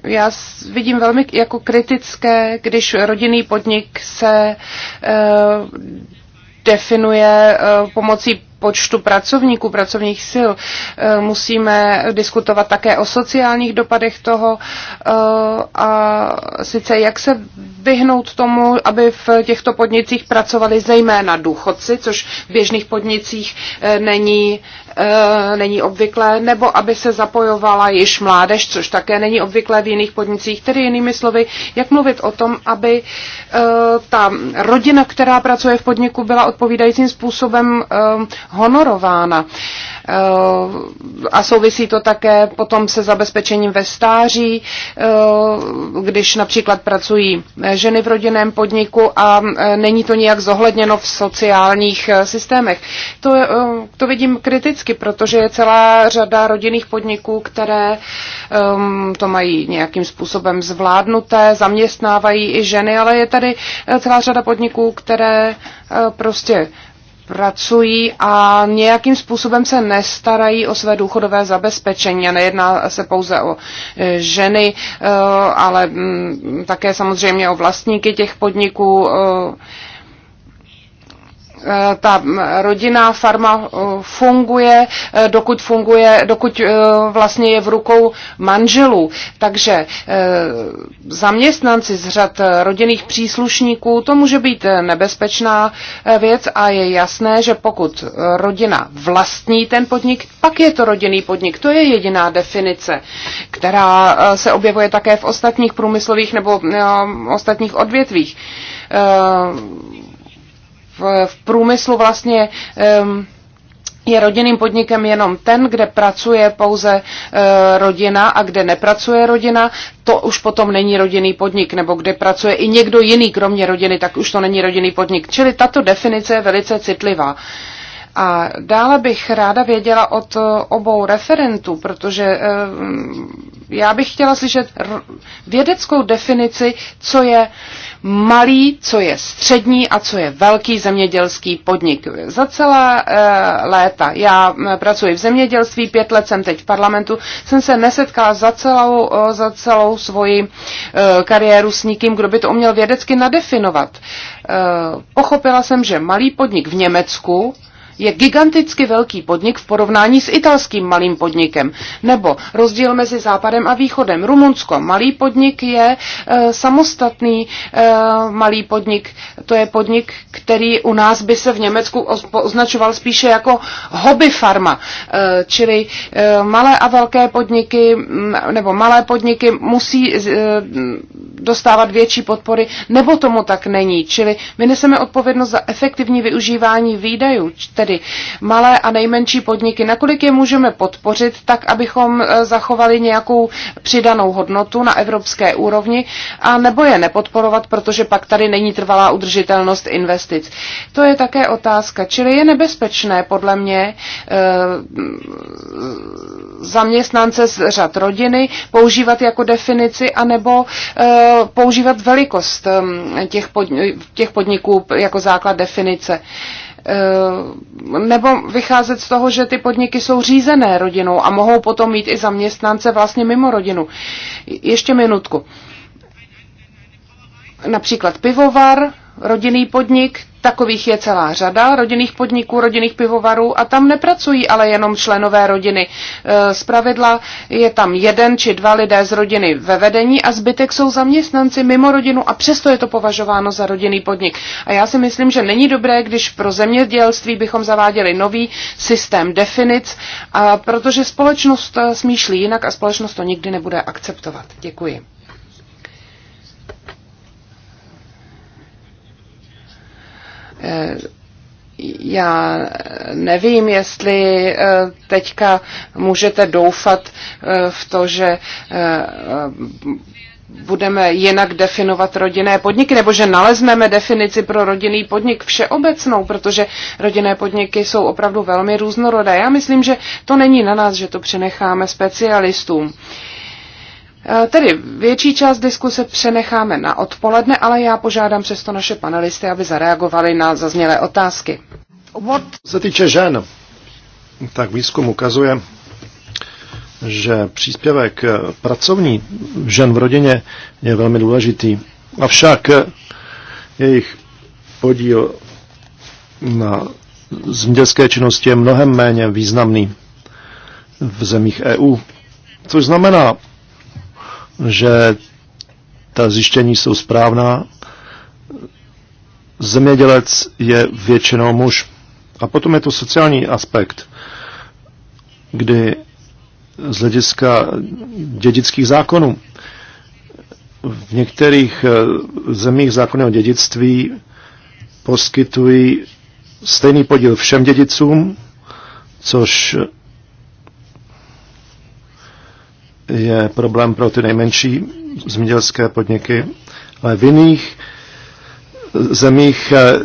já vidím velmi jako kritické, když rodinný podnik se eh, definuje pomocí počtu pracovníků, pracovních sil. E, musíme diskutovat také o sociálních dopadech toho e, a sice jak se vyhnout tomu, aby v těchto podnicích pracovali zejména důchodci, což v běžných podnicích e, není, není obvyklé, nebo aby se zapojovala již mládež, což také není obvyklé v jiných podnicích, tedy jinými slovy, jak mluvit o tom, aby ta rodina, která pracuje v podniku, byla odpovídajícím způsobem honorována. Eh, a souvisí to také potom se zabezpečením ve stáří, eh, když například pracují eh, ženy v rodinném podniku a není to nijak zohledněno v sociálních systémech. To, to vidím kriticky, protože je celá řada rodinných podniků, které ehm, to mají nějakým způsobem zvládnuté, zaměstnávají i ženy, ale je tady celá řada podniků, které prostě pracují a nějakým způsobem se nestarají o své důchodové zabezpečení. A nejedná se pouze o e, ženy, e, ale mm, také samozřejmě o vlastníky těch podniků e, Eh, ta mm, rodinná farma eh, funguje, eh, dokud funguje, dokud vlastně je v rukou manželů. Takže zaměstnanci z řad rodinných příslušníků, to může být nebezpečná věc a je jasné, že pokud rodina vlastní ten podnik, pak je to rodinný podnik. To je jediná definice, která se objevuje také v ostatních průmyslových nebo ostatních odvětvích v, v průmyslu vlastně um, je rodinným podnikem jenom ten, kde pracuje pouze e, rodina a kde nepracuje rodina, to už potom není rodinný podnik, nebo kde pracuje i někdo jiný kromě rodiny, tak už to není rodinný podnik. Čili tato definice je velice citlivá. E, a dále bych ráda věděla od obou referentů, protože eh, já bych chtěla slyšet vědeckou definici, co je malý, co je střední a co je velký zemědělský podnik. Za celá eh, léta, já eh, pracuji v zemědělství, pět let jsem teď v parlamentu, jsem se nesetkala za celou, za celou svoji kariéru s nikým, kdo by to uměl vědecky nadefinovat. pochopila jsem, že malý podnik v Německu je giganticky velký podnik v porovnání s italským malým podnikem. Nebo rozdíl mezi západem a východem. Rumunsko, malý podnik je e, samostatný e, malý podnik. To je podnik, který u nás by se v Německu označoval spíše jako hobby farma. E, čili e, malé a velké podniky mm, nebo malé podniky musí e, dostávat větší podpory, nebo tomu tak není. Čili my neseme odpovědnost za efektivní využívání výdajů, tedy malé a nejmenší podniky, nakolik je můžeme podpořit, tak abychom e, zachovali nějakou přidanou hodnotu na evropské úrovni, a nebo je nepodporovat, protože pak tady není trvalá udržitelnost investic. To je také otázka, čili je nebezpečné podle mě e, zaměstnance z řad rodiny používat jako definici, anebo e, používat velikost um, těch, pod, těch podniků jako základ definice uh, nebo vycházet z toho, že ty podniky jsou řízené rodinou a mohou potom mít i zaměstnance vlastně mimo rodinu. Ještě minutku. Například pivovar, rodinný podnik, Takových je celá řada rodinných podniků, rodinných pivovarů a tam nepracují ale jenom členové rodiny. E, z pravidla je tam jeden či dva lidé z rodiny ve vedení a zbytek jsou zaměstnanci mimo rodinu a přesto je to považováno za rodinný podnik. A já si myslím, že není dobré, když pro zemědělství bychom zaváděli nový systém definic, a protože společnost e, smýšlí jinak a společnost to nikdy nebude akceptovat. Děkuji. Eh, já nevím, jestli eh, teďka můžete doufat eh, v to, že budeme jinak definovat rodinné podniky, nebo že nalezneme definici pro rodinný podnik všeobecnou, protože rodinné podniky jsou opravdu velmi různorodé. Já myslím, že to není na nás, že to přenecháme specialistům. Uh, Eh, tedy větší část diskuse přenecháme na odpoledne, ale já požádám přesto naše panelisty, aby zareagovali na zaznělé otázky. What? se týče žen, tak výzkum ukazuje, že příspěvek eh, pracovní žen v rodině je velmi důležitý. Avšak eh, jejich podíl na zemědělské činnosti je mnohem méně významný v zemích EU. Což znamená, že ta zjištění jsou správná. Zemědělec je většinou muž. A potom je to sociální aspekt, kdy z hlediska dědických zákonů. V některých eh, zemích zákony o dědictví poskytují stejný podíl všem dědicům, což je problém pro ty nejmenší zemědělské podniky, ale v jiných zemích eh,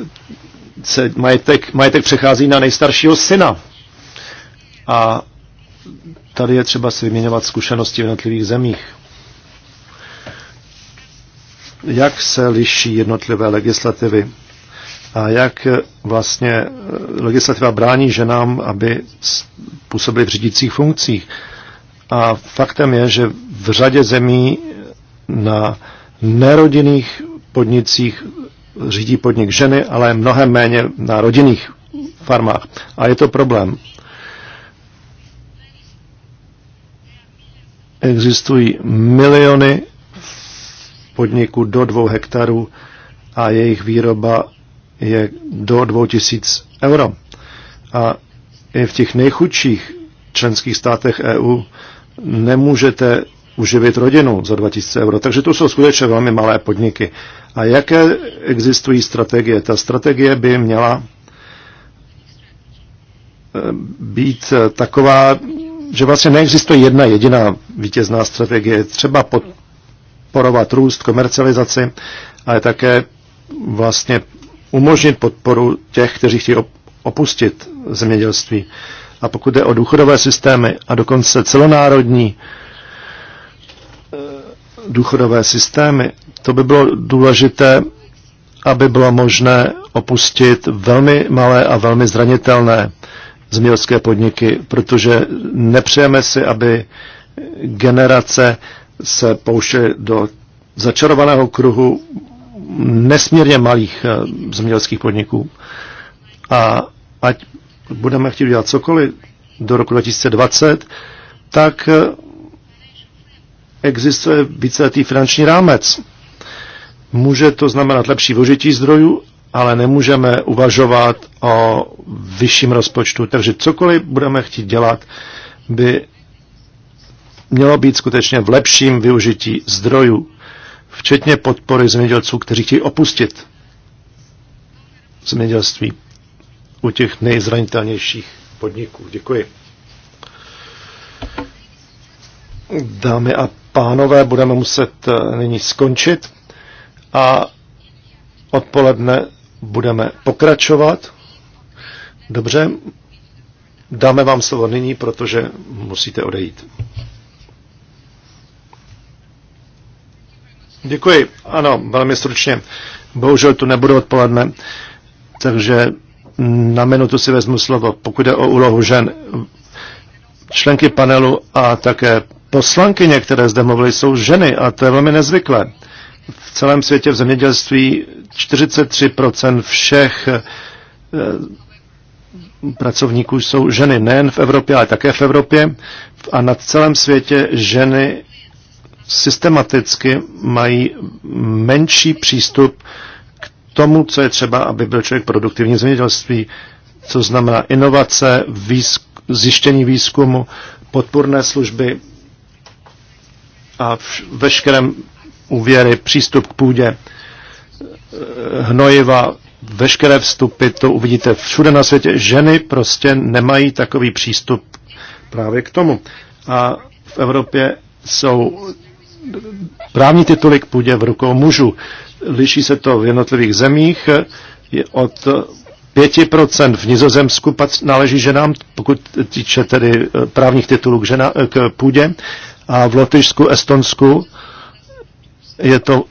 se majetek, majetek přechází na nejstaršího syna. A tady je třeba si vyměňovat zkušenosti v jednotlivých zemích. Jak se liší jednotlivé legislativy a jak eh, vlastně eh, legislativa brání ženám, aby působily v řídících funkcích. A faktem je, že v řadě zemí na nerodinných podnicích řídí podnik ženy, ale mnohem méně na rodinných farmách. A je to problém. Existují miliony podniků do dvou hektarů a jejich výroba je do 2000 euro. A i v těch nejchudších členských státech EU nemůžete uživit rodinu za 2000 euro. Takže to jsou skutečně velmi malé podniky. A jaké existují strategie? Ta strategie by měla eh, být eh, taková, že vlastně neexistuje jedna jediná vítězná strategie. Třeba podporovat růst, komercializaci, ale také vlastně umožnit podporu těch, kteří chtějí opustit zemědělství. A pokud jde o důchodové systémy a dokonce celonárodní eh, důchodové systémy, to by bylo důležité, aby bylo možné opustit velmi malé a velmi zranitelné zemědělské podniky, protože nepřejeme si, aby generace se pouštěly do začarovaného kruhu nesmírně malých eh, zemědělských podniků. A ať budeme chtít dělat cokoliv do roku 2020, tak eh, existuje víceletý finanční rámec. Může to znamenat lepší využití zdrojů, ale nemůžeme uvažovat o vyšším rozpočtu. Takže cokoliv budeme chtít dělat, by mělo být skutečně v lepším využití zdrojů, včetně podpory zemědělců, kteří chtějí opustit zemědělství u těch nejzranitelnějších podniků. Děkuji. Dámy a pánové, budeme muset eh, nyní skončit a odpoledne budeme pokračovat. Dobře, dáme vám slovo nyní, protože musíte odejít. Děkuji. Ano, velmi stručně. Bohužel tu nebudu odpoledne, takže na minutu si vezmu slovo, pokud je o úlohu žen. Členky panelu a také poslankyně, které zde mluvily, jsou ženy a to je velmi nezvyklé. V celém světě v zemědělství 43% všech eh, pracovníků jsou ženy, nejen v Evropě, ale také v Evropě a na celém světě ženy systematicky mají menší přístup tomu, co je třeba, aby byl člověk produktivní v zemědělství, co znamená inovace, výzk, zjištění výzkumu, podporné služby a v, veškerém úvěry, přístup k půdě, eh, hnojiva, veškeré vstupy, to uvidíte všude na světě. Ženy prostě nemají takový přístup právě k tomu. A v Evropě jsou právní tituly k půdě v rukou mužů. Liší se to v jednotlivých zemích. Je od 5% v Nizozemsku náleží ženám, pokud týče tedy eh, právních titulů k, žena, eh, k půdě. A v Lotyšsku, Estonsku je to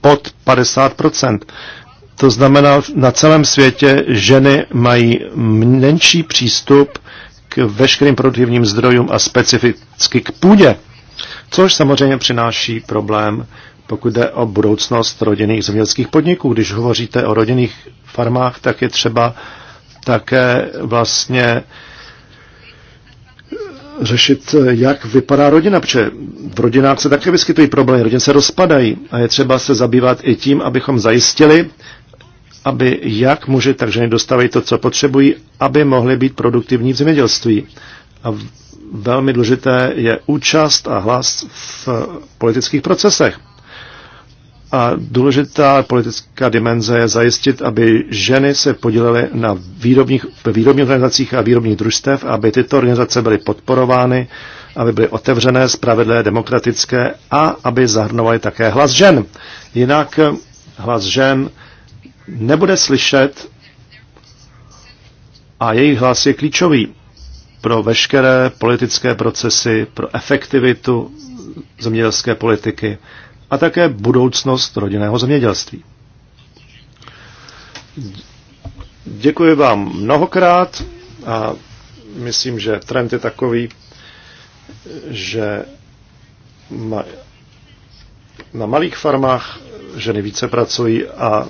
pod 50%. To znamená, na celém světě ženy mají menší přístup k veškerým produktivním zdrojům a specificky k půdě což samozřejmě přináší problém, pokud jde o budoucnost rodinných zemědělských podniků. Když hovoříte o rodinných farmách, tak je třeba také vlastně řešit, jak vypadá rodina, protože v rodinách se také vyskytují problémy, rodiny se rozpadají a je třeba se zabývat i tím, abychom zajistili, aby jak muži, tak ženy dostávají to, co potřebují, aby mohly být produktivní v zemědělství. A velmi důležité je účast a hlas v politických procesech. A důležitá politická dimenze je zajistit, aby ženy se podílely na výrobních, výrobních organizacích a výrobních družstev, aby tyto organizace byly podporovány, aby byly otevřené, spravedlivé, demokratické a aby zahrnovaly také hlas žen. Jinak hlas žen nebude slyšet a jejich hlas je klíčový pro veškeré politické procesy, pro efektivitu zemědělské politiky a také budoucnost rodinného zemědělství. Děkuji vám mnohokrát a myslím, že trend je takový, že na malých farmách ženy více pracují a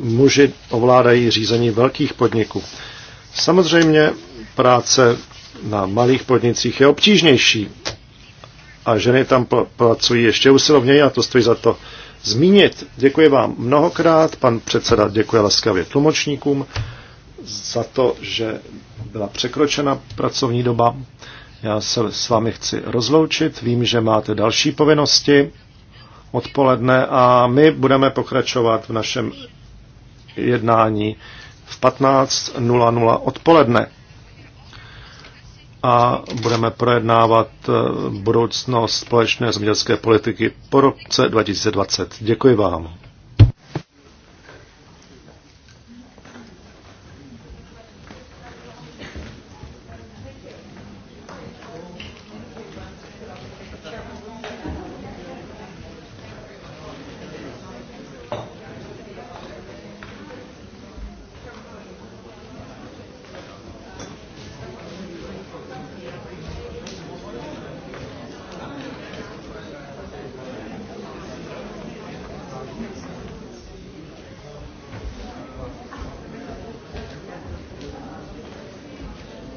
muži ovládají řízení velkých podniků. Samozřejmě práce na malých podnicích je obtížnější a ženy tam pracují ještě usilovněji a to stojí za to zmínit. Děkuji vám mnohokrát, pan předseda děkuje laskavě tlumočníkům za to, že byla překročena pracovní doba. Já se s vámi chci rozloučit, vím, že máte další povinnosti odpoledne a my budeme pokračovat v našem jednání v 15.00 odpoledne a budeme projednávat eh, budoucnost společné zemědělské politiky po roce 2020. Děkuji vám.